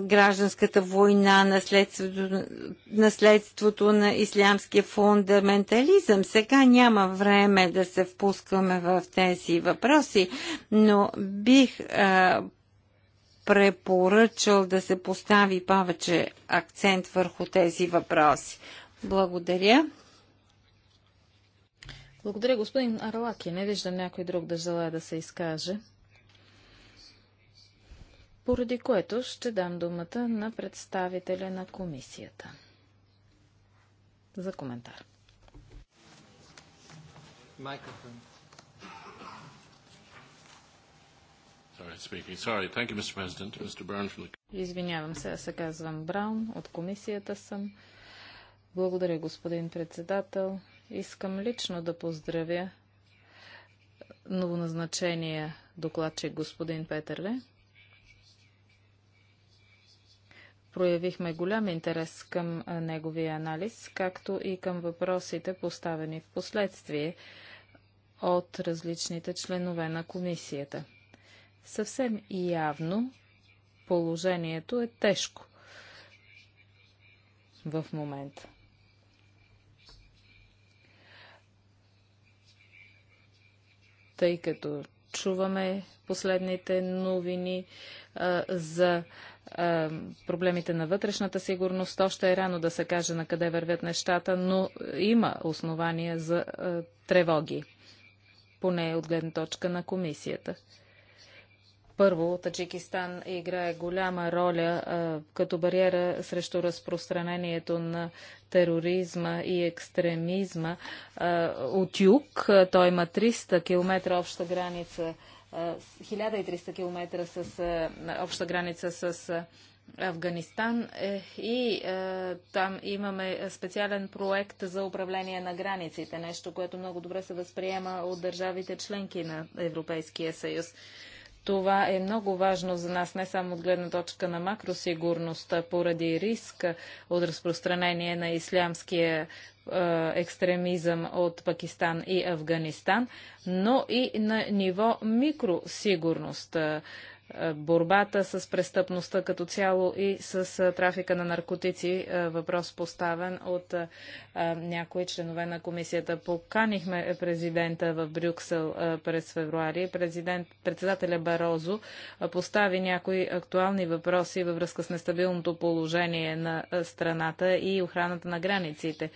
гражданската война, наследството, наследството на ислямския фундаментализъм. Сега няма време да се впускаме в тези въпроси, но бих а, препоръчал да се постави повече акцент върху тези въпроси. Благодаря. Благодаря, господин Арлаки. Не виждам някой друг да желая да се изкаже поради което ще дам думата на представителя на комисията за коментар. Извинявам се, аз се казвам Браун, от комисията съм. Благодаря, господин председател. Искам лично да поздравя новоназначения докладчик господин Петерле. проявихме голям интерес към неговия анализ, както и към въпросите поставени в последствие от различните членове на комисията. Съвсем явно положението е тежко в момента. Тъй като чуваме последните новини а, за проблемите на вътрешната сигурност. Още е рано да се каже на къде вървят нещата, но има основания за тревоги, поне от гледна точка на комисията. Първо, Таджикистан играе голяма роля а, като бариера срещу разпространението на тероризма и екстремизма а, от юг. Той има 300 км обща граница 1300 км с обща граница с Афганистан е, и е, там имаме специален проект за управление на границите, нещо, което много добре се възприема от държавите членки на Европейския съюз. Това е много важно за нас, не само от гледна точка на макросигурността, поради риска от разпространение на ислямския е, екстремизъм от Пакистан и Афганистан, но и на ниво микросигурност. Е, е, борбата с престъпността като цяло и с е, трафика на наркотици. Е, въпрос поставен от някои членове на комисията. Поканихме президента в Брюксел през февруари. Президент, председателя Барозо постави някои актуални въпроси във връзка с нестабилното положение на страната и охраната на границите.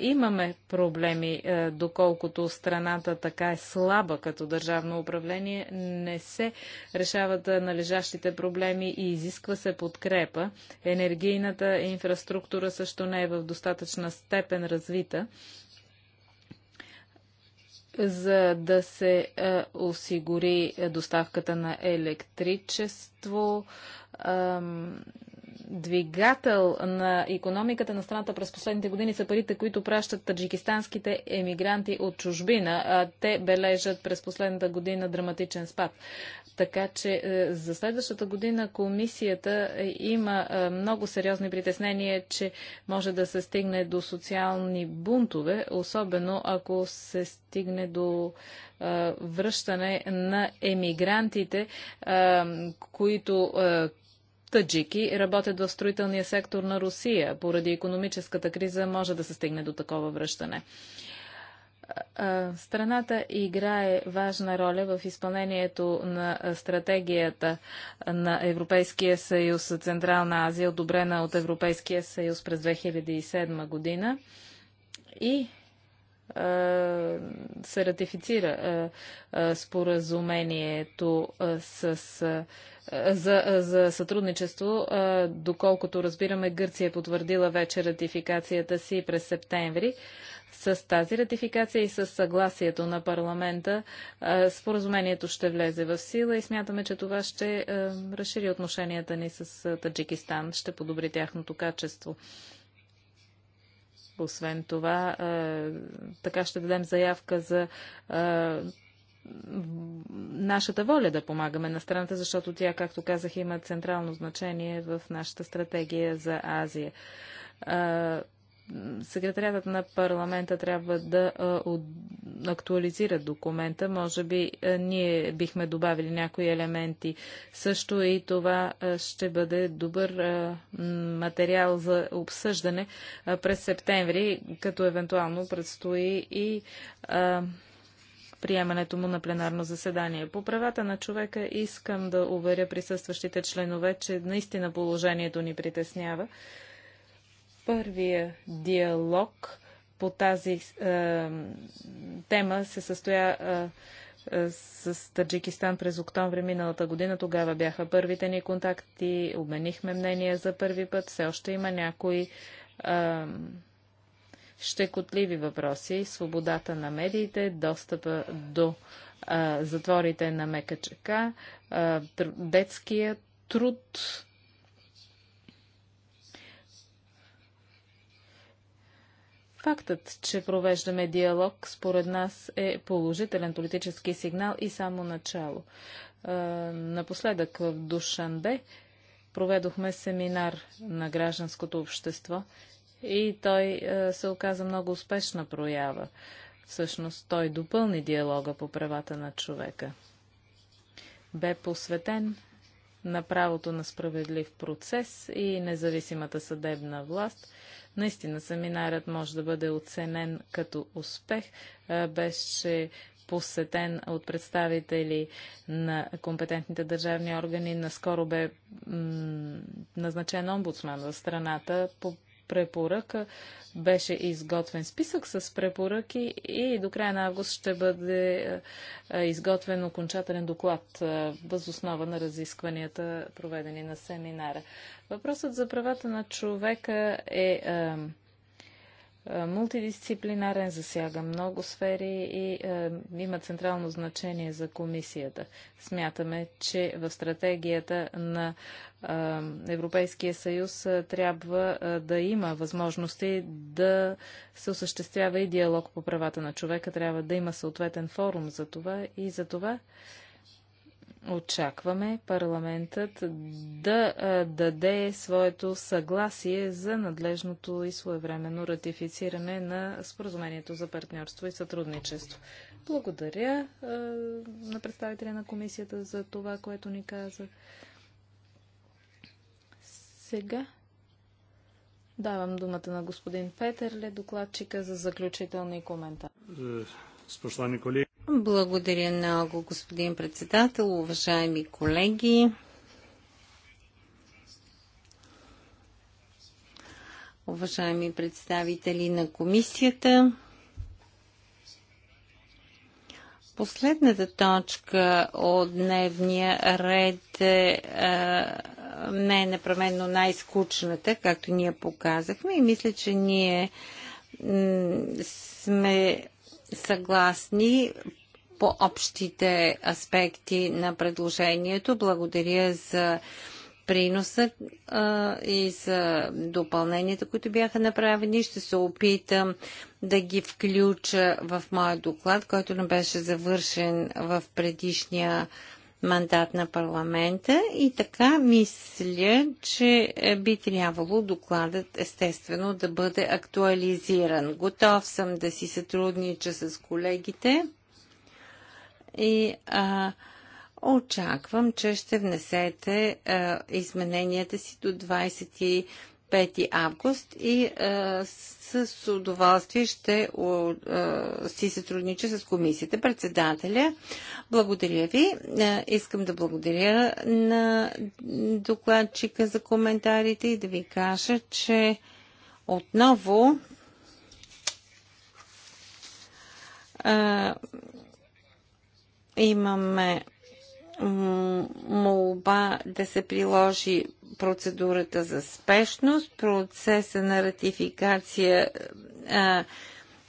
Имаме проблеми, доколкото страната така е слаба като държавно управление, не се решава основата на лежащите проблеми и изисква се подкрепа. Енергийната инфраструктура също не е в достатъчна степен развита за да се осигури доставката на електричество, двигател на економиката на страната през последните години са парите, които пращат таджикистанските емигранти от чужбина. Те бележат през последната година драматичен спад. Така че е, за следващата година комисията е, има е, много сериозни притеснения, че може да се стигне до социални бунтове, особено ако се стигне до връщане на емигрантите, които таджики работят в строителния сектор на Русия. Поради економическата криза може да се стигне до такова връщане. Страната играе важна роля в изпълнението на стратегията на Европейския съюз Централна Азия, одобрена от Европейския съюз през 2007 година. И се ратифицира споразумението с, за, за сътрудничество. Доколкото разбираме, Гърция е потвърдила вече ратификацията си през септември. С тази ратификация и с съгласието на парламента споразумението ще влезе в сила и смятаме, че това ще разшири отношенията ни с Таджикистан, ще подобри тяхното качество. Освен това, така ще дадем заявка за нашата воля да помагаме на страната, защото тя, както казах, има централно значение в нашата стратегия за Азия секретарятът на парламента трябва да актуализира документа. Може би ние бихме добавили някои елементи. Също и това ще бъде добър материал за обсъждане през септември, като евентуално предстои и приемането му на пленарно заседание. По правата на човека искам да уверя присъстващите членове, че наистина положението ни притеснява. Първия диалог по тази е, тема се състоя е, е, с Таджикистан през октомври миналата година. Тогава бяха първите ни контакти, обменихме мнение за първи път. Все още има някои е, щекотливи въпроси. Свободата на медиите, достъпа до е, затворите на МКЧК, е, детския труд Фактът, че провеждаме диалог, според нас е положителен политически сигнал и само начало. напоследък в Душанбе проведохме семинар на гражданското общество и той се оказа много успешна проява. Всъщност той допълни диалога по правата на човека. Бе посветен на правото на справедлив процес и независимата съдебна власт. Наистина семинарът може да бъде оценен като успех, Беше посетен от представители на компетентните държавни органи. Наскоро бе назначен омбудсман в страната по препоръка беше изготвен списък с препоръки и до края на август ще бъде е, е, изготвен окончателен доклад е, въз основа на разискванията, проведени на семинара. Въпросът за правата на човека е е, мултидисциплинарен, засяга много сфери и е, има централно значение за комисията. Смятаме, че в стратегията на е, Европейския съюз е, трябва е, да има възможности да се осъществява и диалог по правата на човека. Трябва да има съответен форум за това и за това Очакваме парламентът да даде своето съгласие за надлежното и своевременно ратифициране на споразумението за партньорство и сътрудничество. Благодаря е, на представителя на комисията за това, което ни каза. Сега давам думата на господин Петерле, докладчика за заключителни коментари. Е, Spoštovani колеги. Благодаря много, господин председател, уважаеми колеги. Уважаеми представители на комисията, Последната точка от дневния ред е, е не е непременно най-скучната, както ние показахме и мисля, че ние сме съгласни по общите аспекти на предложението. Благодаря за приноса а, и за допълненията, които бяха направени. Ще се опитам да ги включа в моя доклад, който не беше завършен в предишния мандат на парламента и така мисля, че е, би трябвало докладът естествено да бъде актуализиран. Готов съм да си сътруднича с колегите и а, очаквам, че ще внесете а, е, измененията си до 20 5 август и а, е, с удоволствие ще а, е, си сътруднича с комисията. Председателя, благодаря ви. А, е, искам да благодаря на докладчика за коментарите и да ви кажа, че отново а, имаме молба да се приложи процедурата за спешност, процеса на ратификация а,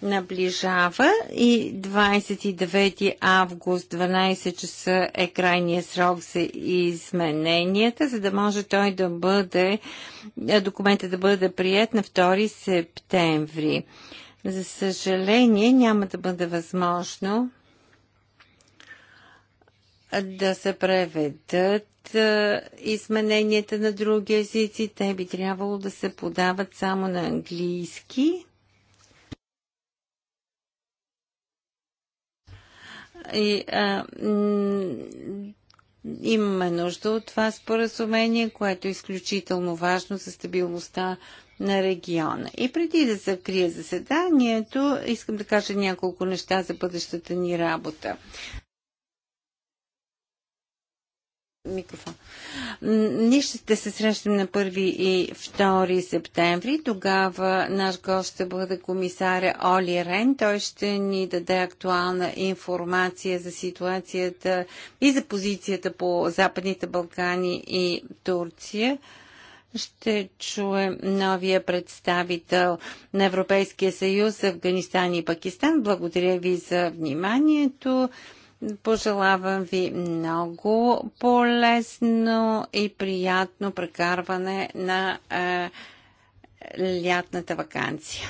наближава и 29 август 12 часа е крайния срок за измененията, за да може той да бъде, документа да бъде прият на 2 септември. За съжаление няма да бъде възможно да се преведат измененията на други езици. Те би трябвало да се подават само на английски. И, а, имаме нужда от това споразумение, което е изключително важно за стабилността на региона. И преди да закрия заседанието, искам да кажа няколко неща за бъдещата ни работа. микрофон. Ние ще се срещнем на 1 и 2 септември. Тогава наш гост ще бъде комисаря Оли Рен. Той ще ни даде актуална информация за ситуацията и за позицията по Западните Балкани и Турция. Ще чуем новия представител на Европейския съюз, Афганистан и Пакистан. Благодаря ви за вниманието. Пожелавам ви много полезно и приятно прекарване на е, лятната вакансия.